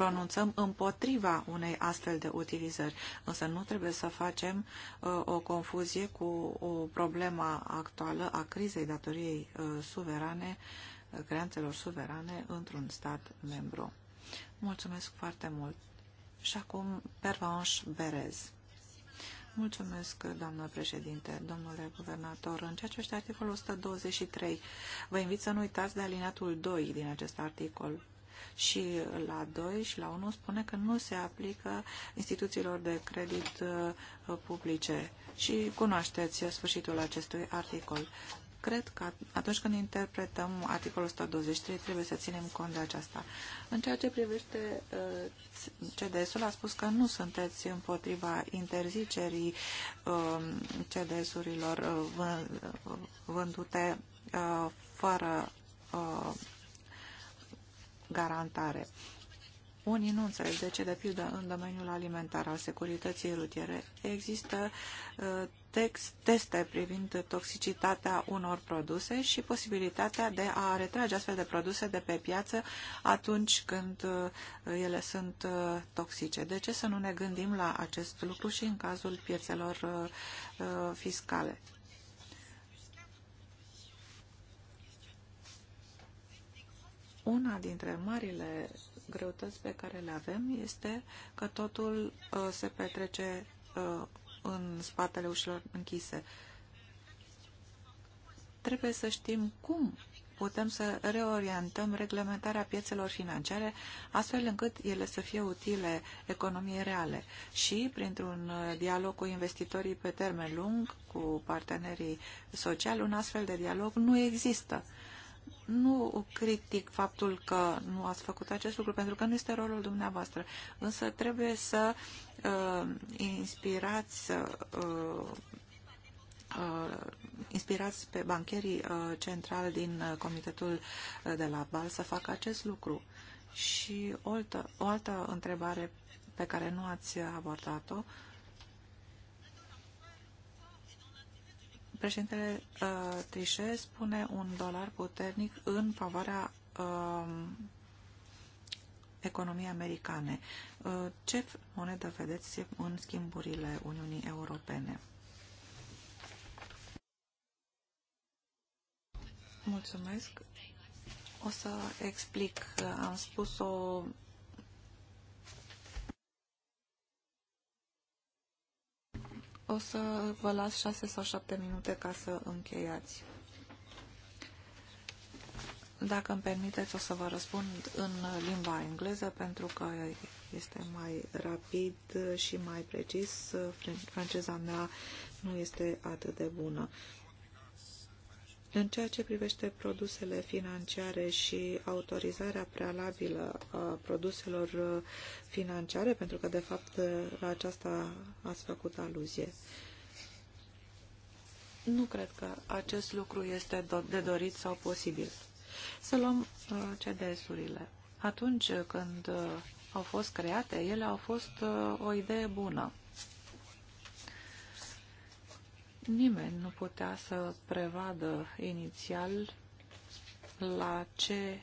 pronunțăm împotriva unei astfel de utilizări, însă nu trebuie să facem uh, o confuzie cu o problema actuală a crizei datoriei uh, suverane, uh, creanțelor suverane într-un stat membru. Mulțumesc foarte mult. Și acum, Pervanș Berez. Mulțumesc, doamnă președinte, domnule guvernator. În ceea ce este articolul 123, vă invit să nu uitați de alineatul 2 din acest articol, și la 2 și la 1 spune că nu se aplică instituțiilor de credit uh, publice și cunoașteți sfârșitul acestui articol. Cred că atunci când interpretăm articolul 123 trebuie să ținem cont de aceasta. În ceea ce privește uh, CDS-ul a spus că nu sunteți împotriva interzicerii um, CDS-urilor uh, vândute fără garantare. Unii nu înțeleg de ce, de pildă, în domeniul alimentar al securității rutiere există uh, text, teste privind toxicitatea unor produse și posibilitatea de a retrage astfel de produse de pe piață atunci când uh, ele sunt uh, toxice. De ce să nu ne gândim la acest lucru și în cazul piețelor fiscale? Una dintre marile greutăți pe care le avem este că totul uh, se petrece uh, în spatele ușilor închise. Trebuie să știm cum putem să reorientăm reglementarea piețelor financiare astfel încât ele să fie utile economiei reale și printr-un uh, dialog cu investitorii pe termen lung, cu partenerii sociali, un astfel de dialog nu există nu critic faptul că nu ați făcut acest lucru, pentru că nu este rolul dumneavoastră. Însă trebuie să uh, inspirați, să uh, uh, inspirați pe bancherii uh, centrali din uh, Comitetul uh, de la BAL să facă acest lucru. Și o altă, o altă întrebare pe care nu ați abordat-o uh, Președintele uh, Trichet spune un dolar puternic în favoarea uh, economiei americane. Uh, ce monedă vedeți în schimburile Uniunii Europene? Mulțumesc. O să explic. Am spus-o o să vă las 6 sau 7 minute ca să încheiați. Dacă îmi permiteți, o să vă răspund în limba engleză, pentru că este mai rapid și mai precis. Franceza mea nu este atât de bună. Uh, în ceea ce privește produsele financiare și autorizarea prealabilă a produselor uh, financiare, pentru că, de fapt, uh, la aceasta ați făcut aluzie, nu cred că acest lucru este de dorit sau posibil. Să luăm uh, CDS-urile. Atunci când au fost create, ele au fost o idee bună. Nimeni nu putea să prevadă inițial la ce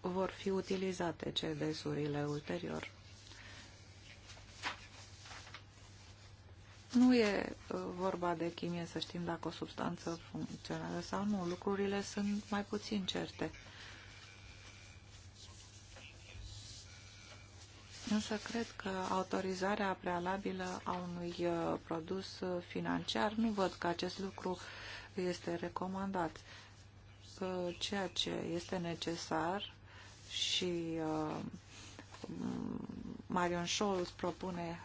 vor fi utilizate CDS-urile ulterior. Nu e uh, vorba de chimie să știm dacă o substanță funcționează sau nu. Lucrurile sunt mai puțin certe. Însă cred că autorizarea prealabilă a unui uh, produs uh, financiar, nu văd că acest lucru este recomandat. Uh, ceea ce este necesar și Marion Scholz propune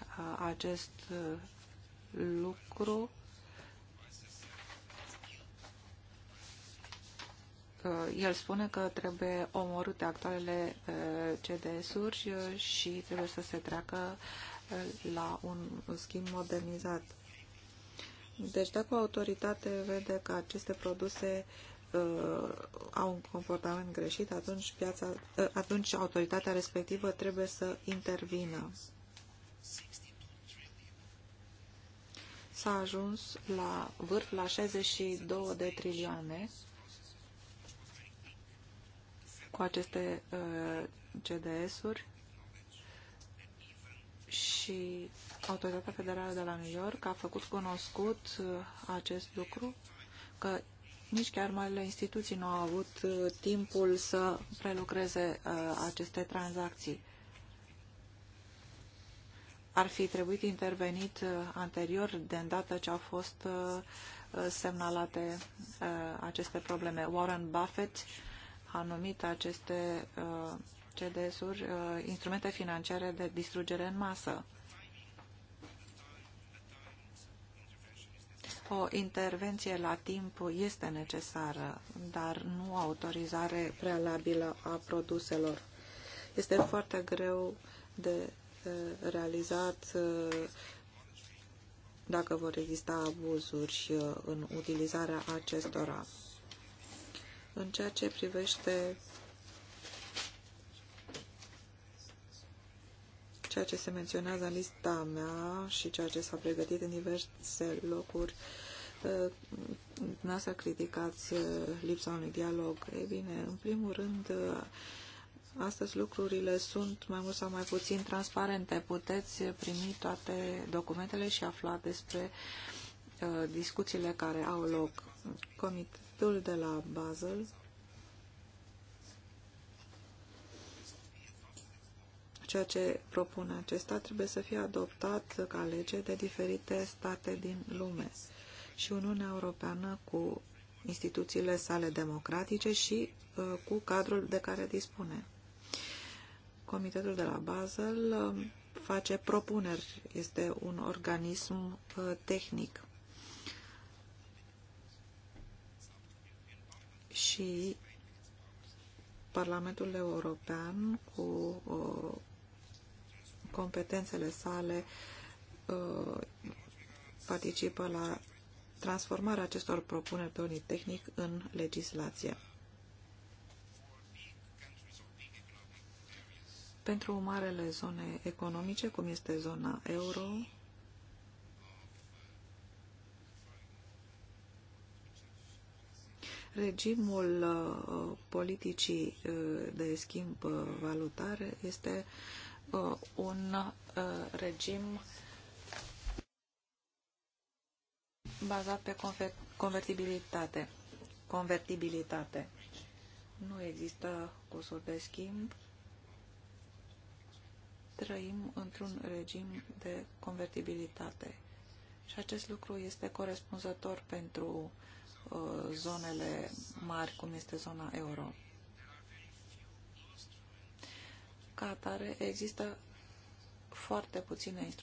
acest lucru el spune că trebuie omorâte actualele eh, CDS-uri eh, și trebuie să se treacă eh, la un schimb modernizat. Deci dacă o autoritate vede că aceste produse uh, au un comportament greșit, atunci, piața, uh, atunci autoritatea respectivă trebuie să intervină. S-a ajuns la vârf la 62 de trilioane cu aceste uh, gds uri și Autoritatea Federală de la New York a făcut cunoscut uh, acest lucru, că nici chiar marile instituții nu au avut uh, timpul să prelucreze aceste tranzacții. Ar fi trebuit intervenit anterior, de îndată ce au fost semnalate aceste probleme. Warren Buffett a numit aceste uh, CDS-uri uh, instrumente financiare de distrugere în masă. O intervenție la timp este necesară, dar nu autorizare prealabilă a produselor. Este foarte greu de uh, realizat dacă vor exista abuzuri în utilizarea acestora în ceea ce privește ceea ce se menționează în lista mea și ceea ce s-a pregătit în diverse locuri. n-a să criticați ă, lipsa unui dialog. E bine, în primul rând, ă, astăzi lucrurile sunt mai mult sau mai puțin transparente. Puteți primi toate documentele și afla despre ă, discuțiile care au loc. Comit actul de la Basel ceea ce propune acesta trebuie să fie adoptat ca lege de diferite state din lume și Uniunea Europeană cu instituțiile sale democratice și uh, cu cadrul de care dispune. Comitetul de la Basel uh, face propuneri, este un organism uh, tehnic. și Parlamentul European cu uh, competențele sale uh, participă la transformarea acestor propuneri pe unii tehnic în legislație. Pentru marele zone economice, cum este zona euro, Regimul uh, politicii uh, de schimb uh, valutar este un regim bazat pe convertibilitate. Convertibilitate. Nu există cursuri de schimb. Trăim într-un regim de convertibilitate. Și acest lucru este corespunzător pentru Uh, zonele mari, cum este zona euro. Ca atare, există foarte puține instrumente